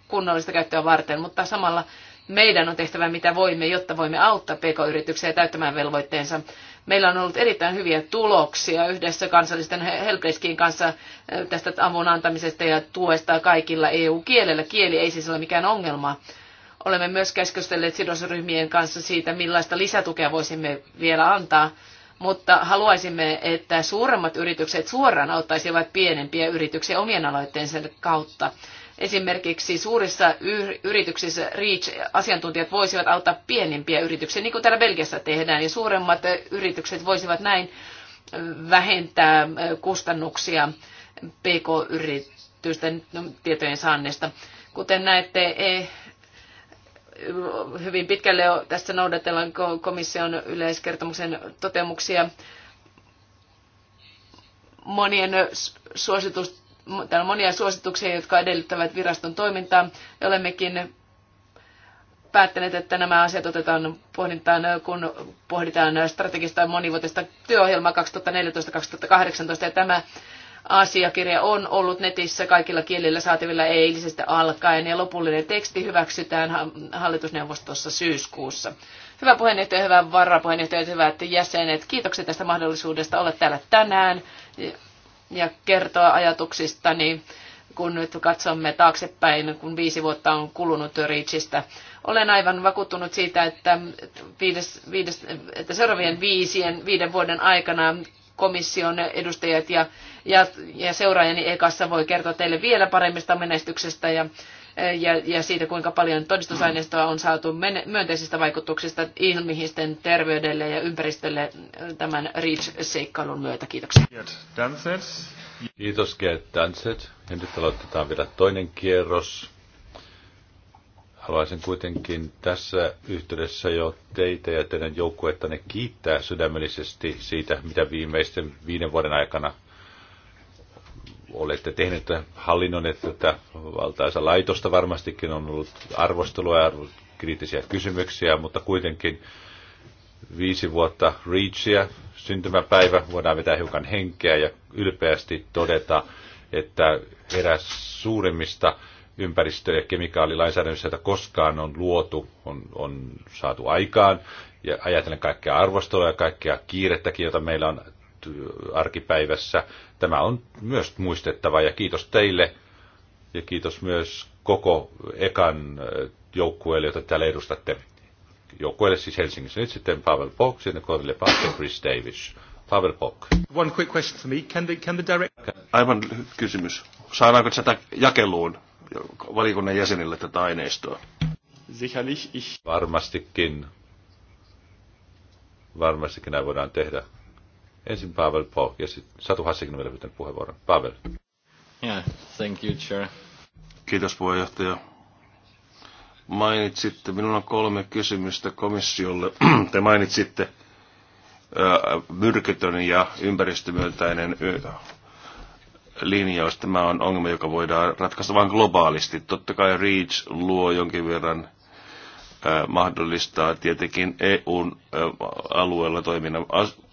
kunnollista käyttöä varten, mutta samalla meidän on tehtävä mitä voimme, jotta voimme auttaa pk-yrityksiä täyttämään velvoitteensa Meillä on ollut erittäin hyviä tuloksia yhdessä kansallisten helpdeskin kanssa tästä avun antamisesta ja tuesta kaikilla EU-kielellä. Kieli ei siis ole mikään ongelma. Olemme myös keskustelleet sidosryhmien kanssa siitä, millaista lisätukea voisimme vielä antaa, mutta haluaisimme, että suuremmat yritykset suoraan auttaisivat pienempiä yrityksiä omien aloitteensa kautta Esimerkiksi suurissa yrityksissä REACH-asiantuntijat voisivat auttaa pienempiä yrityksiä, niin kuin täällä Belgiassa tehdään, ja suuremmat yritykset voisivat näin vähentää kustannuksia pk-yritysten no, tietojen saannista. Kuten näette, e, hyvin pitkälle tässä noudatellaan komission yleiskertomuksen toteamuksia monien suositus Täällä on monia suosituksia, jotka edellyttävät viraston toimintaa. Olemmekin päättäneet, että nämä asiat otetaan pohdintaan, kun pohditaan strategista monivuotista työohjelmaa 2014-2018. Ja tämä asiakirja on ollut netissä kaikilla kielillä saatavilla eilisestä alkaen ja lopullinen teksti hyväksytään hallitusneuvostossa syyskuussa. Hyvä puheenjohtaja, hyvä varapuheenjohtaja, hyvät jäsenet. kiitokset tästä mahdollisuudesta olla täällä tänään ja kertoa ajatuksistani, kun nyt katsomme taaksepäin, kun viisi vuotta on kulunut Reachistä. Olen aivan vakuuttunut siitä, että, viides, viides, että seuraavien viisien, viiden vuoden aikana komission edustajat ja, ja, ja seuraajani Ekassa voi kertoa teille vielä paremmista menestyksestä ja ja, ja siitä, kuinka paljon todistusaineistoa on saatu myönteisistä vaikutuksista ihmisten terveydelle ja ympäristölle tämän REACH-seikkailun myötä. Kiitoksia. Kiitos Gerd Danset. Ja nyt aloitetaan vielä toinen kierros. Haluaisin kuitenkin tässä yhteydessä jo teitä ja teidän joukkuettanne kiittää sydämellisesti siitä, mitä viimeisten viiden vuoden aikana olette tehneet hallinnon, että tätä valtaisa laitosta varmastikin on ollut arvostelua ja kriittisiä kysymyksiä, mutta kuitenkin viisi vuotta Reachia, syntymäpäivä, voidaan vetää hiukan henkeä ja ylpeästi todeta, että eräs suurimmista ympäristö- ja kemikaalilainsäädännössä, jota koskaan on luotu, on, on saatu aikaan. Ja ajatellen kaikkea arvostelua ja kaikkea kiirettäkin, jota meillä on arkipäivässä, Tämä on myös muistettava ja kiitos teille ja kiitos myös koko Ekan joukkueelle, jota täällä edustatte. Joukkueelle siis Helsingissä. Nyt sitten Pavel Pock, sinne korille Pavel Chris Davis. Pavel Pok. One quick question for me. Can the, can the direct... Aivan lyhyt kysymys. Saadaanko tätä jakeluun valikunnan jäsenille tätä aineistoa? Sicherlich ich... Varmastikin. Varmastikin näin voidaan tehdä. Ensin Pavel Po ja sitten Satu Hassikin vielä pyytänyt puheenvuoron. Pavel. Yeah, thank you, Chair. Kiitos puheenjohtaja. Mainitsitte, minulla on kolme kysymystä komissiolle. Te mainitsitte myrkytön ja ympäristömyöntäinen linjaus. Tämä on ongelma, joka voidaan ratkaista vain globaalisti. Totta kai REACH luo jonkin verran mahdollistaa tietenkin EUn alueella toiminnan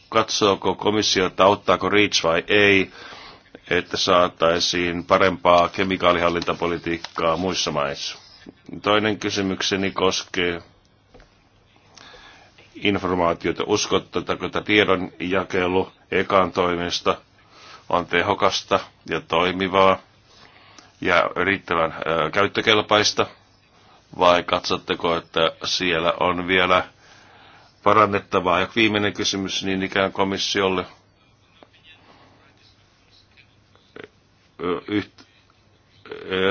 katsooko komissio, että auttaako REACH vai ei, että saataisiin parempaa kemikaalihallintapolitiikkaa muissa maissa. Toinen kysymykseni koskee informaatiota. Uskottaako, että tiedonjakelu ekan toimesta on tehokasta ja toimivaa ja riittävän käyttökelpaista, vai katsotteko, että siellä on vielä parannettavaa. Ja viimeinen kysymys niin ikään komissiolle. Yht,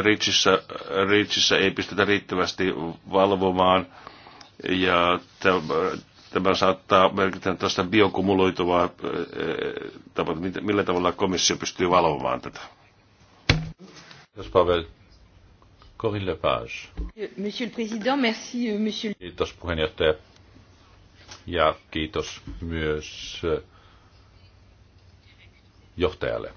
Richissä, Richissä ei pystytä riittävästi valvomaan ja tämä saattaa merkitä tästä biokumuloituvaa tapaa, millä tavalla komissio pystyy valvomaan tätä. Jos Pavel Corinne Lepage. Monsieur le Président, merci, euh, monsieur... Kiitos puheenjohtaja ja kiitos myös äh, johtajalle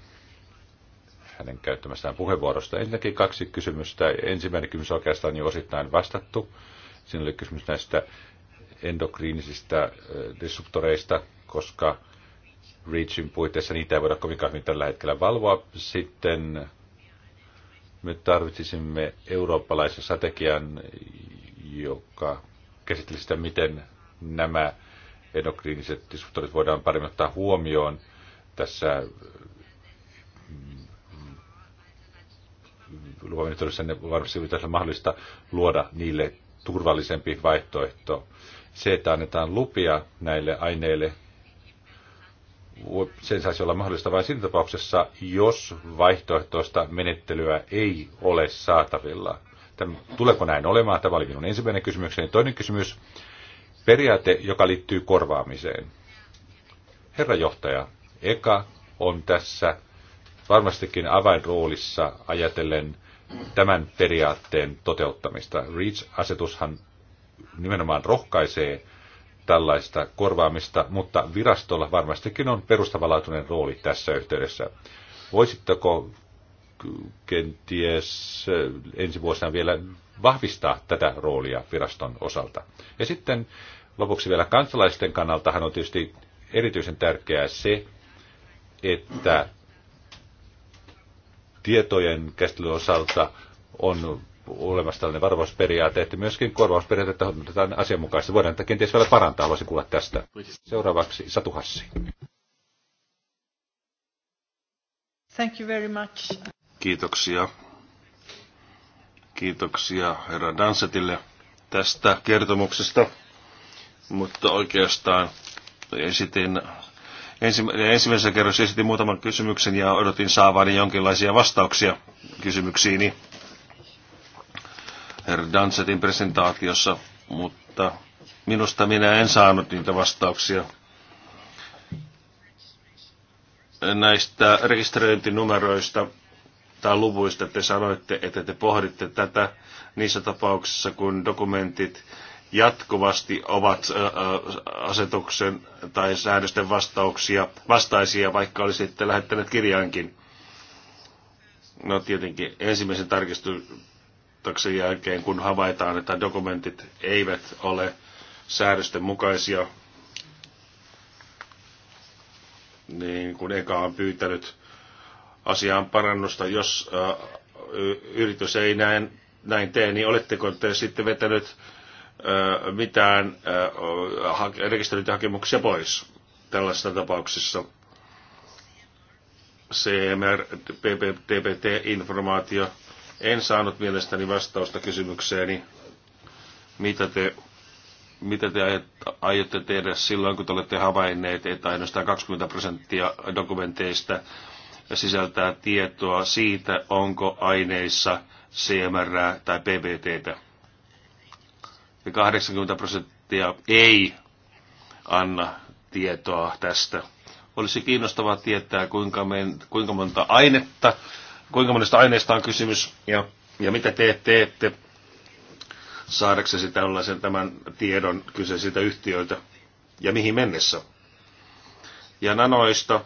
hänen käyttämästään puheenvuorosta. Ensinnäkin kaksi kysymystä. Ensimmäinen kysymys oikeastaan jo osittain vastattu. Siinä oli kysymys näistä endokriinisistä äh, disruptoreista, koska REACHin puitteissa niitä ei voida kovinkaan hyvin tällä hetkellä valvoa. Sitten me tarvitsisimme eurooppalaisen strategian, joka käsittelisi sitä, miten nämä endokriiniset disruptorit voidaan paremmin ottaa huomioon tässä mm, mm, lupamenettelyssä ne niin varmasti pitäisi olla mahdollista luoda niille turvallisempi vaihtoehto. Se, että annetaan lupia näille aineille, sen saisi olla mahdollista vain siinä tapauksessa, jos vaihtoehtoista menettelyä ei ole saatavilla. Tämä, tuleeko näin olemaan? Tämä oli minun ensimmäinen kysymykseni. Toinen kysymys periaate, joka liittyy korvaamiseen. Herra johtaja, Eka on tässä varmastikin avainroolissa ajatellen tämän periaatteen toteuttamista. REACH-asetushan nimenomaan rohkaisee tällaista korvaamista, mutta virastolla varmastikin on perustavanlaatuinen rooli tässä yhteydessä. Voisitteko kenties eh, ensi vuosina vielä vahvistaa tätä roolia viraston osalta. Ja sitten lopuksi vielä kansalaisten kannaltahan on tietysti erityisen tärkeää se, että tietojen käsittelyn osalta on olemassa tällainen varvausperiaate, että myöskin korvausperiaatetta otetaan asianmukaisesti. Voidaan tätä kenties vielä parantaa, haluaisin kuulla tästä. Seuraavaksi Satu Hassi. Thank you very much. Kiitoksia. Kiitoksia herra Dansetille tästä kertomuksesta. Mutta oikeastaan esitin ensimmäisen kerran esitin muutaman kysymyksen ja odotin saavani jonkinlaisia vastauksia kysymyksiini herra Dansetin presentaatiossa, mutta minusta minä en saanut niitä vastauksia näistä rekisteröintinumeroista tai luvuista te sanoitte, että te pohditte tätä niissä tapauksissa, kun dokumentit jatkuvasti ovat asetuksen tai säädösten vastauksia, vastaisia, vaikka olisitte lähettäneet kirjaankin. No tietenkin ensimmäisen tarkistuksen jälkeen, kun havaitaan, että dokumentit eivät ole säädösten mukaisia, niin kun Eka on pyytänyt asiaan parannusta, jos yritys ei näin, näin tee, niin oletteko te sitten vetänyt mitään rekisteröityjä hakemuksia pois tällaisissa tapauksissa? CMR, PPTPT-informaatio. En saanut mielestäni vastausta kysymykseeni, mitä te, mitä te aiotte tehdä silloin, kun te olette havainneet, että ainoastaan 20 prosenttia dokumenteista sisältää tietoa siitä, onko aineissa CMR tai PBTtä. Ja 80 prosenttia ei anna tietoa tästä. Olisi kiinnostavaa tietää, kuinka, me, kuinka monta ainetta, kuinka monesta aineesta on kysymys ja, ja mitä te teette saadaksesi tällaisen tämän tiedon kyseisiltä yhtiöiltä ja mihin mennessä. Ja nanoista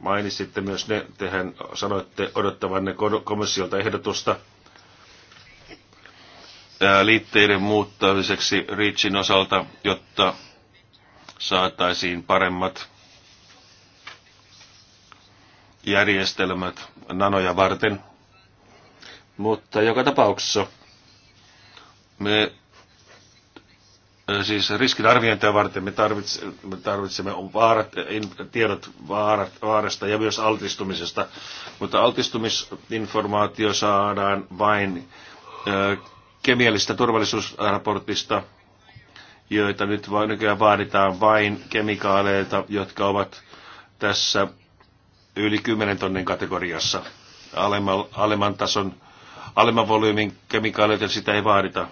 Mainitsitte myös ne, tehän sanoitte odottavanne komissiolta ehdotusta liitteiden muuttamiseksi Reachin osalta, jotta saataisiin paremmat järjestelmät nanoja varten. Mutta joka tapauksessa me siis riskinarviointia varten me tarvitsemme, me tarvitsemme vaarat, tiedot vaarat, vaarasta ja myös altistumisesta, mutta altistumisinformaatio saadaan vain kemiallisesta kemiallista turvallisuusraportista, joita nyt nykyään vaaditaan vain kemikaaleilta, jotka ovat tässä yli 10 tonnin kategoriassa alemman, alemman tason, alemman volyymin kemikaaleita, sitä ei vaadita.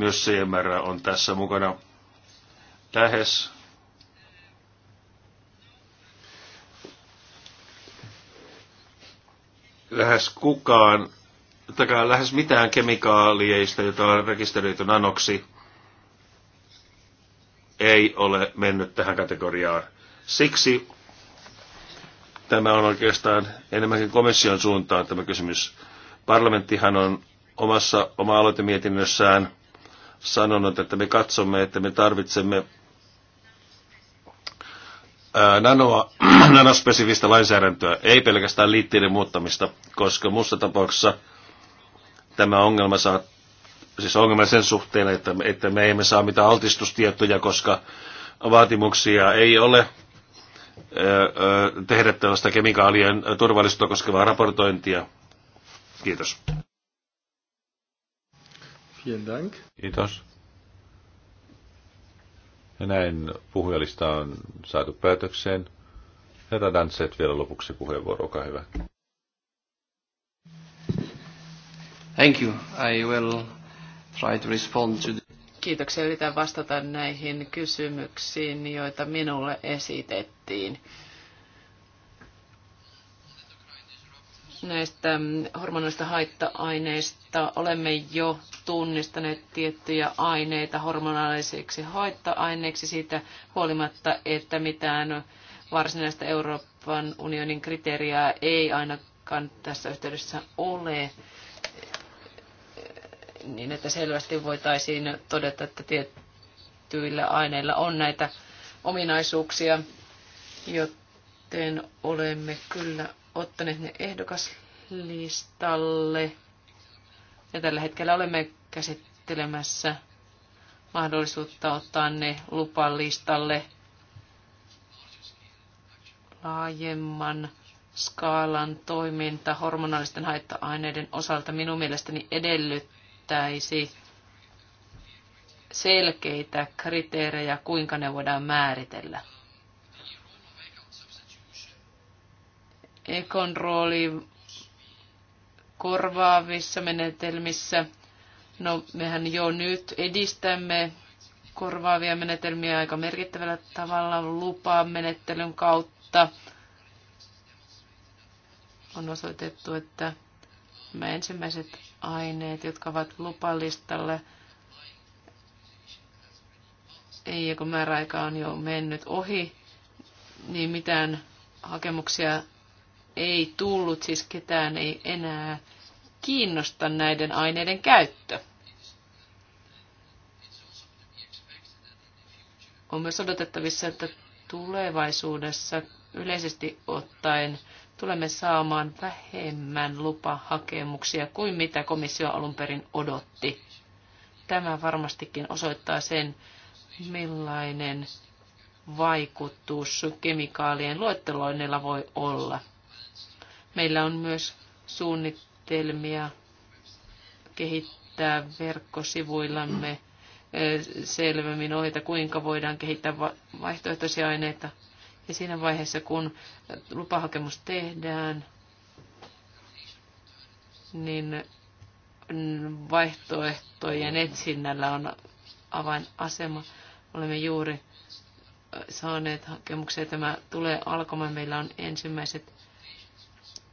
Myös CMR on tässä mukana lähes. Lähes kukaan, tai lähes mitään kemikaalieista, jota on rekisteröity nanoksi, ei ole mennyt tähän kategoriaan. Siksi tämä on oikeastaan enemmänkin komission suuntaan tämä kysymys. Parlamenttihan on omassa oma-aloitemietinnössään sanonut, että me katsomme, että me tarvitsemme nanoa, nanospesifistä lainsäädäntöä, ei pelkästään liitteiden muuttamista, koska muussa tapauksessa tämä ongelma saa, siis ongelma sen suhteen, että, että me emme saa mitään altistustietoja, koska vaatimuksia ei ole tehdä tällaista kemikaalien turvallisuutta koskevaa raportointia. Kiitos. Vielen Dank. Kiitos. Ja näin puhujalista on saatu päätökseen. Herra Danset vielä lopuksi puheenvuoro, olkaa hyvä. Thank you. I will try to respond to the... Kiitoksia. Yritän vastata näihin kysymyksiin, joita minulle esitettiin. näistä hormonoista haitta-aineista. Olemme jo tunnistaneet tiettyjä aineita hormonaalisiksi haitta-aineiksi siitä huolimatta, että mitään varsinaista Euroopan unionin kriteeriä ei ainakaan tässä yhteydessä ole niin että selvästi voitaisiin todeta, että tiettyillä aineilla on näitä ominaisuuksia, joten olemme kyllä ottaneet ne ehdokaslistalle. Ja tällä hetkellä olemme käsittelemässä mahdollisuutta ottaa ne lupalistalle laajemman skaalan toiminta hormonaalisten haitta-aineiden osalta minun mielestäni edellyttäisi selkeitä kriteerejä, kuinka ne voidaan määritellä. Ekon rooli korvaavissa menetelmissä. No, mehän jo nyt edistämme korvaavia menetelmiä aika merkittävällä tavalla lupamenettelyn kautta. On osoitettu, että nämä ensimmäiset aineet, jotka ovat lupalistalle, ei kun määräaika on jo mennyt ohi, niin mitään hakemuksia ei tullut, siis ketään ei enää kiinnosta näiden aineiden käyttö. On myös odotettavissa, että tulevaisuudessa yleisesti ottaen tulemme saamaan vähemmän lupahakemuksia kuin mitä komissio alun perin odotti. Tämä varmastikin osoittaa sen, millainen vaikutus kemikaalien luetteloinnilla voi olla. Meillä on myös suunnitelmia kehittää verkkosivuillamme selvemmin ohjeita, kuinka voidaan kehittää vaihtoehtoisia aineita. Ja siinä vaiheessa, kun lupahakemus tehdään, niin vaihtoehtojen etsinnällä on avainasema. Olemme juuri saaneet hakemuksia. Tämä tulee alkamaan. Meillä on ensimmäiset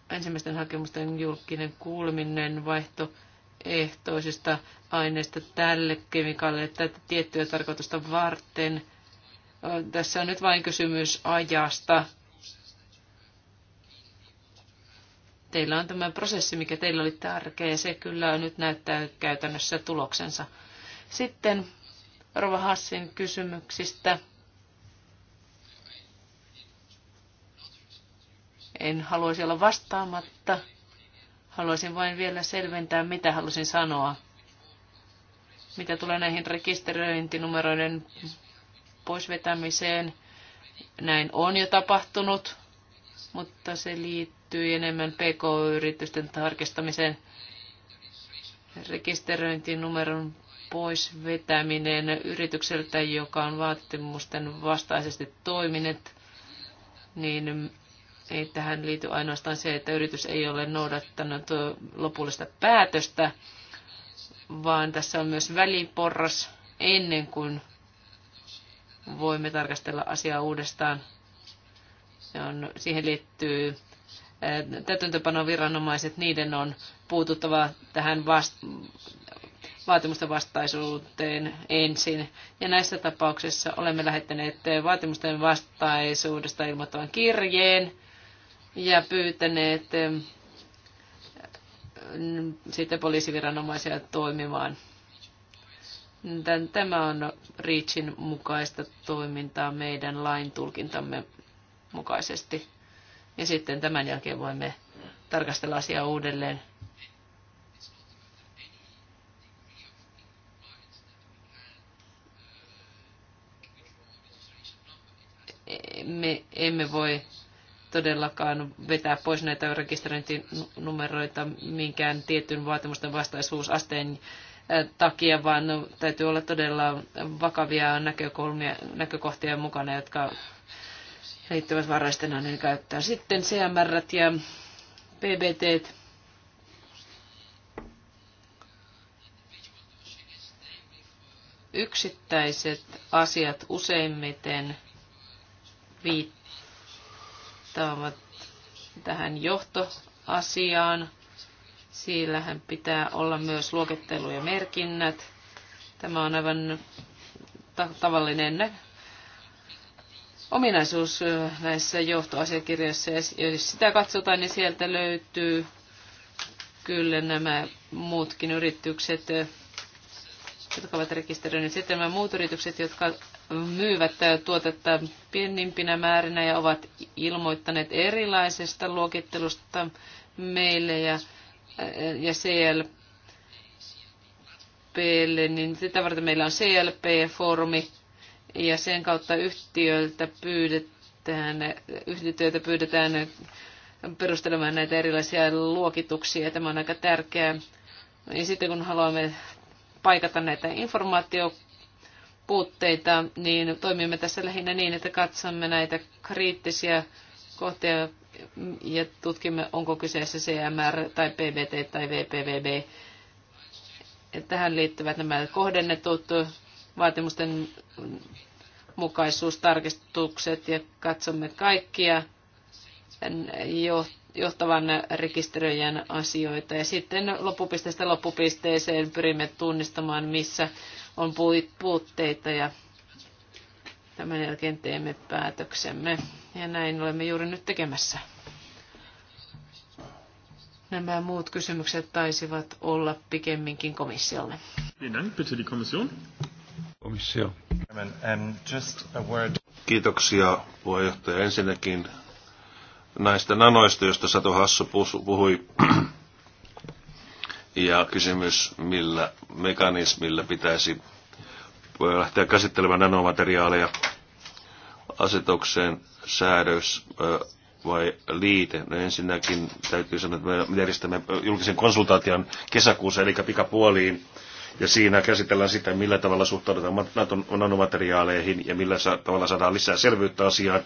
ensimmäisten hakemusten julkinen kuuleminen vaihto ehtoisista aineista tälle kemikaalille tätä tiettyä tarkoitusta varten. Tässä on nyt vain kysymys ajasta. Teillä on tämä prosessi, mikä teillä oli tärkeä, se kyllä nyt näyttää käytännössä tuloksensa. Sitten Rova Hassin kysymyksistä En haluaisi olla vastaamatta. Haluaisin vain vielä selventää, mitä halusin sanoa. Mitä tulee näihin rekisteröintinumeroiden poisvetämiseen, näin on jo tapahtunut, mutta se liittyy enemmän PK-yritysten tarkistamiseen. Rekisteröintinumeron poisvetäminen yritykseltä, joka on vaatimusten vastaisesti toiminut, niin ei tähän liity ainoastaan se, että yritys ei ole noudattanut lopullista päätöstä, vaan tässä on myös väliporras ennen kuin voimme tarkastella asiaa uudestaan. Se on, siihen liittyy täytäntöpanoviranomaiset, niiden on puututtava tähän vast, vaatimusten vastaisuuteen ensin. Ja näissä tapauksissa olemme lähettäneet vaatimusten vastaisuudesta ilmoittavan kirjeen ja pyytäneet eh, sitten poliisiviranomaisia toimimaan. Tämä on Reachin mukaista toimintaa meidän lain tulkintamme mukaisesti. Ja sitten tämän jälkeen voimme tarkastella asiaa uudelleen. Me emme voi todellakaan vetää pois näitä rekisteröintinumeroita minkään tietyn vaatimusten vastaisuusasteen eh, takia, vaan täytyy olla todella vakavia näkökulmia, näkökohtia mukana, jotka liittyvät varaisten aineen käyttöön. Sitten CMR ja PBT. Yksittäiset asiat useimmiten viittaa vastaavat tähän johtoasiaan. Siillähän pitää olla myös luokittelu ja merkinnät. Tämä on aivan tavallinen ominaisuus näissä johtoasiakirjoissa. Ja jos sitä katsotaan, niin sieltä löytyy kyllä nämä muutkin yritykset jotka ovat rekisteröineet. Sitten nämä muut yritykset, jotka myyvät tuotetta pienimpinä määrinä ja ovat ilmoittaneet erilaisesta luokittelusta meille ja, ja CLPlle, niin sitä varten meillä on CLP-foorumi ja sen kautta yhtiöiltä pyydetään, yhtiöiltä pyydetään perustelemaan näitä erilaisia luokituksia. Tämä on aika tärkeää. Ja sitten kun haluamme paikata näitä informaatiopuutteita, niin toimimme tässä lähinnä niin, että katsomme näitä kriittisiä kohtia ja tutkimme, onko kyseessä CMR tai PBT tai VPVB. Tähän liittyvät nämä kohdennetut vaatimusten mukaisuustarkistukset ja katsomme kaikkia johtavan rekisteröijän asioita. Ja sitten loppupisteestä loppupisteeseen pyrimme tunnistamaan, missä on puutteita ja tämän jälkeen teemme päätöksemme. Ja näin olemme juuri nyt tekemässä. Nämä muut kysymykset taisivat olla pikemminkin komissiolle. Komissio. Kiitoksia puheenjohtaja. Ensinnäkin näistä nanoista, joista Satu Hassu puhui, ja kysymys, millä mekanismilla pitäisi lähteä käsittelemään nanomateriaaleja asetukseen säädös vai liite. No ensinnäkin täytyy sanoa, että me järjestämme julkisen konsultaation kesäkuussa, eli pikapuoliin ja siinä käsitellään sitä, millä tavalla suhtaudutaan Naton nanomateriaaleihin ja millä tavalla saadaan lisää selvyyttä asiaan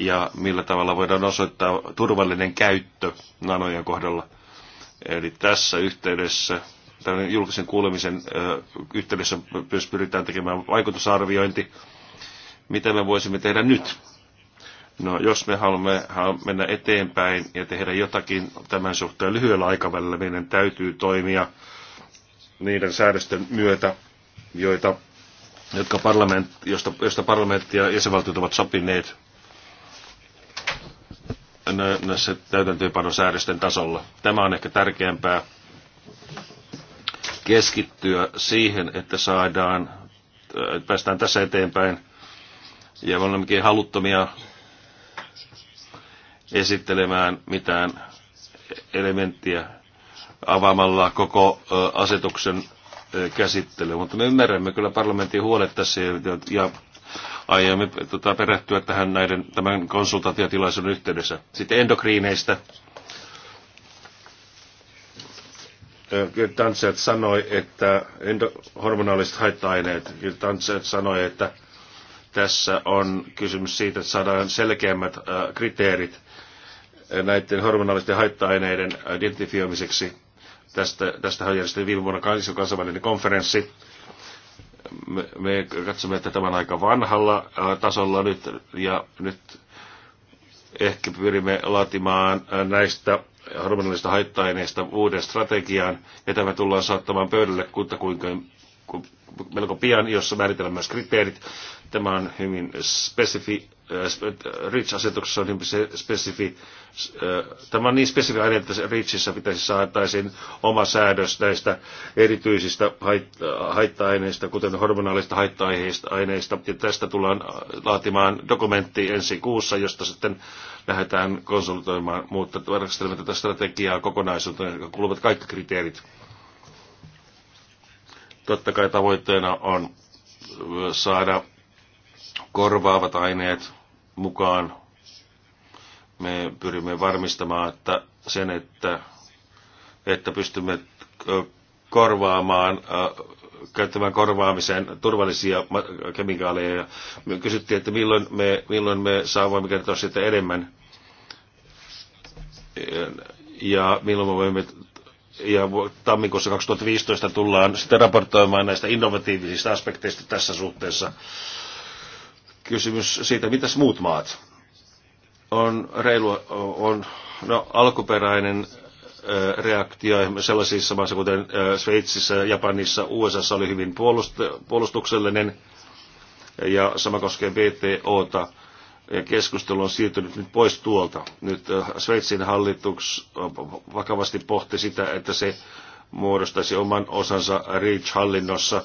ja millä tavalla voidaan osoittaa turvallinen käyttö nanojen kohdalla. Eli tässä yhteydessä tämän julkisen kuulemisen yhteydessä myös pyritään tekemään vaikutusarviointi, mitä me voisimme tehdä nyt. No, jos me haluamme mennä eteenpäin ja tehdä jotakin tämän suhteen lyhyellä aikavälillä, meidän täytyy toimia niiden säädösten myötä, joita, jotka parlament, josta, josta parlamentti ja jäsenvaltiot ovat sopineet näissä täytäntöönpanosäädösten tasolla. Tämä on ehkä tärkeämpää keskittyä siihen, että saadaan, että päästään tässä eteenpäin. Ja me olemmekin haluttomia esittelemään mitään elementtiä, avaamalla koko asetuksen käsittely. Mutta me ymmärrämme kyllä parlamentin huolet tässä ja, ja aiemmin tota, perehtyä tähän näiden, tämän konsultaatiotilaisuuden yhteydessä. Sitten endokriineistä. Tanset sanoi, että endo, hormonaaliset haitta-aineet, Tanset sanoi, että tässä on kysymys siitä, että saadaan selkeämmät kriteerit näiden hormonaalisten haitta-aineiden identifioimiseksi Tästä, tästähän järjestettiin viime vuonna kansainvälinen konferenssi. Me, me katsomme, että tämä on aika vanhalla tasolla nyt, ja nyt ehkä pyrimme laatimaan näistä hormonallisista haitta-aineista uuden strategian, ja tämä tullaan saattamaan pöydälle kuinka melko pian, jossa määritellään myös kriteerit. Tämä on hyvin spesifi, äh, äh, REACH-asetuksessa on hyvin spesifi, äh, tämä on niin spesifi aine, että REACHissa pitäisi saataisiin oma säädös näistä erityisistä haitta-aineista, kuten hormonaalista haitta-aineista. Ja tästä tullaan laatimaan dokumentti ensi kuussa, josta sitten lähdetään konsultoimaan, muutta tarkastelemme tätä strategiaa kokonaisuutta, joka kuuluvat kaikki kriteerit Totta kai tavoitteena on saada korvaavat aineet mukaan. Me pyrimme varmistamaan että sen, että, että pystymme korvaamaan, käyttämään korvaamiseen turvallisia kemikaaleja. Ja me kysyttiin, että milloin me, milloin me saa, kertoa siitä enemmän ja milloin me voimme ja tammikuussa 2015 tullaan sitten raportoimaan näistä innovatiivisista aspekteista tässä suhteessa. Kysymys siitä, mitäs muut maat? On reilu, on no, alkuperäinen reaktio sellaisissa maissa, kuten Sveitsissä, Japanissa, USA oli hyvin puolustuksellinen, ja sama koskee VTOta keskustelu on siirtynyt nyt pois tuolta. Nyt äh, Sveitsin hallitus äh, vakavasti pohti sitä, että se muodostaisi oman osansa REACH-hallinnossa.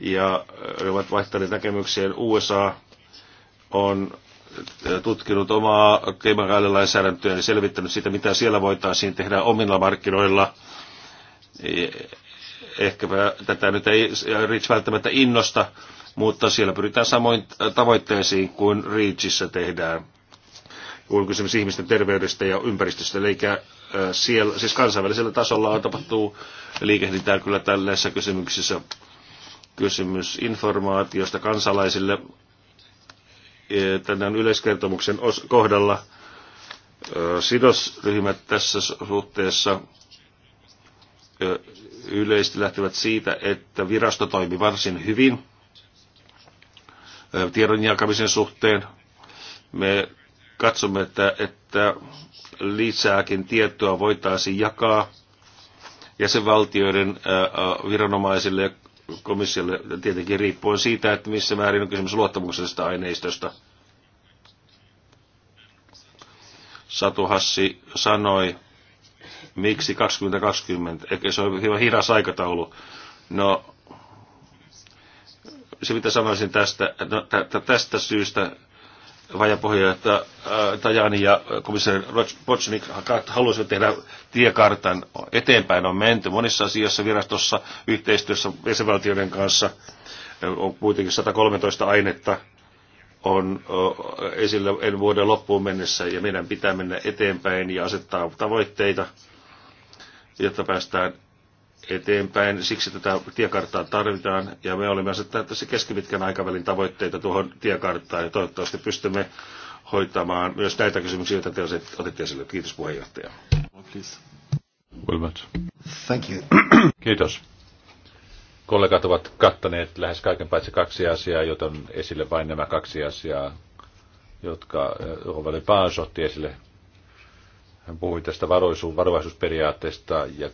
Ja äh, ovat vaihtaneet näkemyksiä. USA on tutkinut omaa keimakaalilainsäädäntöä ja selvittänyt sitä, mitä siellä voitaisiin tehdä omilla markkinoilla. E, ehkäpä tätä nyt ei Rich välttämättä innosta, mutta siellä pyritään samoin tavoitteisiin kuin REACHissa tehdään, kun kysymys ihmisten terveydestä ja ympäristöstä. Eli äh, siellä, siis kansainvälisellä tasolla on tapahtuu liikehdintää kyllä tällaisessa kysymyksissä. Kysymys informaatiosta kansalaisille tämän yleiskertomuksen kohdalla sidosryhmät tässä suhteessa yleisesti lähtevät siitä, että virasto toimi varsin hyvin tiedon jakamisen suhteen. Me katsomme, että, että lisääkin tietoa voitaisiin jakaa jäsenvaltioiden viranomaisille ja komissiolle tietenkin riippuen siitä, että missä määrin on kysymys luottamuksellisesta aineistosta. Satu Hassi sanoi, miksi 2020, ehkä se on hyvä hidas aikataulu. No, se, mitä sanoisin tästä, no, tästä syystä vajapuheenjohtaja äh, Tajani ja komissaari Potsnik halusivat tehdä tiekartan eteenpäin. On menty monissa asioissa virastossa yhteistyössä jäsenvaltioiden kanssa. On kuitenkin 113 ainetta on äh, esillä en vuoden loppuun mennessä ja meidän pitää mennä eteenpäin ja asettaa tavoitteita, jotta päästään eteenpäin. Siksi tätä tiekarttaa tarvitaan ja me olemme asettaneet tässä keskipitkän aikavälin tavoitteita tuohon tiekarttaan ja toivottavasti pystymme hoitamaan myös näitä kysymyksiä, joita te otitte esille. Kiitos puheenjohtaja. Thank you. Kiitos. Kollegat ovat kattaneet lähes kaiken paitsi kaksi asiaa, joten esille vain nämä kaksi asiaa, jotka eh, Rovali Paas otti esille hän puhui tästä varoisuusperiaatteesta ja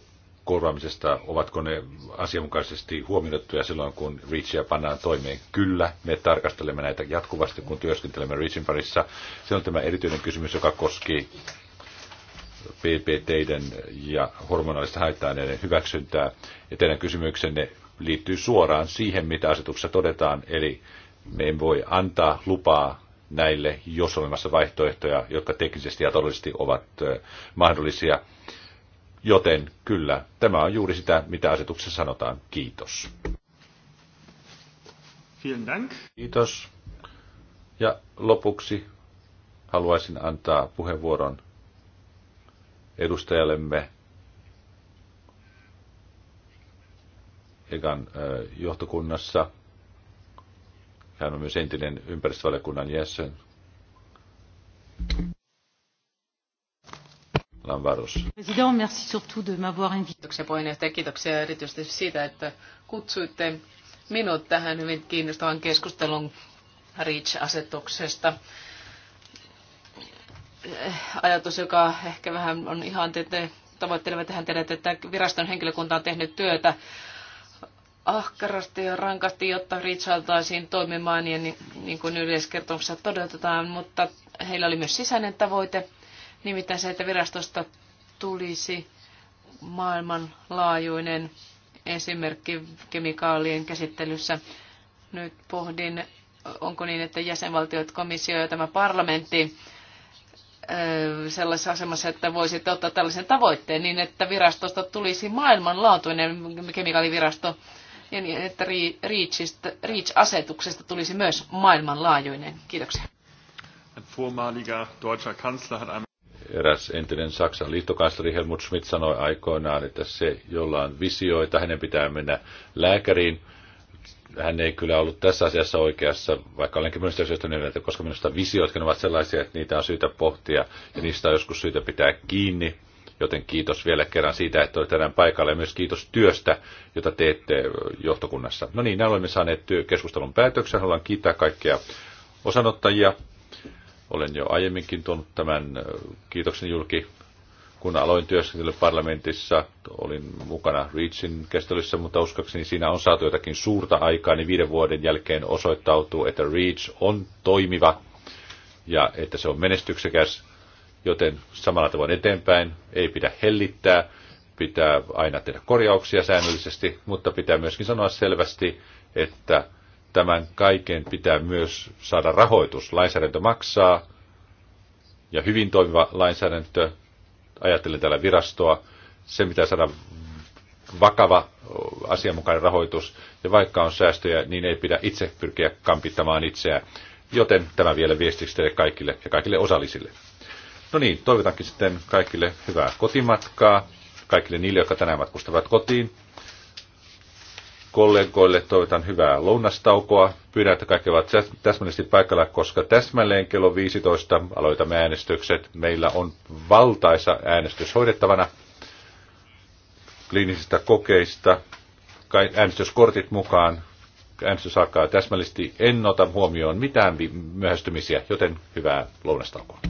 korvaamisesta, ovatko ne asianmukaisesti huomioitettuja silloin, kun REACHia pannaan toimeen? Kyllä, me tarkastelemme näitä jatkuvasti, kun työskentelemme REACHin parissa. Se on tämä erityinen kysymys, joka koski PPTiden ja hormonaalista haitta-aineiden hyväksyntää. Ja teidän kysymyksenne liittyy suoraan siihen, mitä asetuksessa todetaan, eli me emme voi antaa lupaa näille, jos olemassa vaihtoehtoja, jotka teknisesti ja todellisesti ovat eh, mahdollisia. Joten kyllä, tämä on juuri sitä, mitä asetuksessa sanotaan. Kiitos. Kiitos. Ja lopuksi haluaisin antaa puheenvuoron edustajallemme Egan johtokunnassa. Hän on myös entinen ympäristövaliokunnan jäsen. Lambarus. President, merci Kiitoksia puheenjohtaja, kiitoksia erityisesti siitä, että kutsuitte minut tähän hyvin kiinnostavan keskustelun REACH-asetuksesta. Ajatus, joka ehkä vähän on ihan te tavoitteleva tähän tiedät, että viraston henkilökunta on tehnyt työtä ahkarasti ja rankasti, jotta Richaltaisiin toimimaan ja niin, niin kuin yleiskertomuksessa todetetaan, mutta heillä oli myös sisäinen tavoite – nimittäin se, että virastosta tulisi maailmanlaajuinen esimerkki kemikaalien käsittelyssä. Nyt pohdin, onko niin, että jäsenvaltiot, komissio ja tämä parlamentti sellaisessa asemassa, että voisit ottaa tällaisen tavoitteen niin, että virastosta tulisi maailmanlaatuinen kemikaalivirasto ja niin, että REACH-asetuksesta tulisi myös maailmanlaajuinen. Kiitoksia. Ein eräs entinen Saksan liittokansleri Helmut Schmidt sanoi aikoinaan, että se, jolla on visioita, hänen pitää mennä lääkäriin. Hän ei kyllä ollut tässä asiassa oikeassa, vaikka olenkin minusta syystä mieltä, koska minusta visiot ovat sellaisia, että niitä on syytä pohtia ja niistä on joskus syytä pitää kiinni. Joten kiitos vielä kerran siitä, että olet tänään paikalla ja myös kiitos työstä, jota teette johtokunnassa. No niin, näin olemme saaneet keskustelun päätöksen. Haluan kiittää kaikkia osanottajia olen jo aiemminkin tuonut tämän kiitoksen julki. Kun aloin työskentely parlamentissa, olin mukana Reachin kestelyssä, mutta uskokseni siinä on saatu jotakin suurta aikaa, niin viiden vuoden jälkeen osoittautuu, että Reach on toimiva ja että se on menestyksekäs, joten samalla tavoin eteenpäin ei pidä hellittää, pitää aina tehdä korjauksia säännöllisesti, mutta pitää myöskin sanoa selvästi, että tämän kaiken pitää myös saada rahoitus. Lainsäädäntö maksaa ja hyvin toimiva lainsäädäntö, ajattelen täällä virastoa, se pitää saada vakava asianmukainen rahoitus. Ja vaikka on säästöjä, niin ei pidä itse pyrkiä kampittamaan itseään. Joten tämä vielä viestiksi teille kaikille ja kaikille osallisille. No niin, toivotankin sitten kaikille hyvää kotimatkaa, kaikille niille, jotka tänään matkustavat kotiin kollegoille toivotan hyvää lounastaukoa. Pyydän, että kaikki ovat täsmällisesti paikalla, koska täsmälleen kello 15 aloitamme äänestykset. Meillä on valtaisa äänestys hoidettavana kliinisistä kokeista. Äänestyskortit mukaan. Äänestys alkaa täsmällisesti. En ota huomioon mitään myöhästymisiä, joten hyvää lounastaukoa.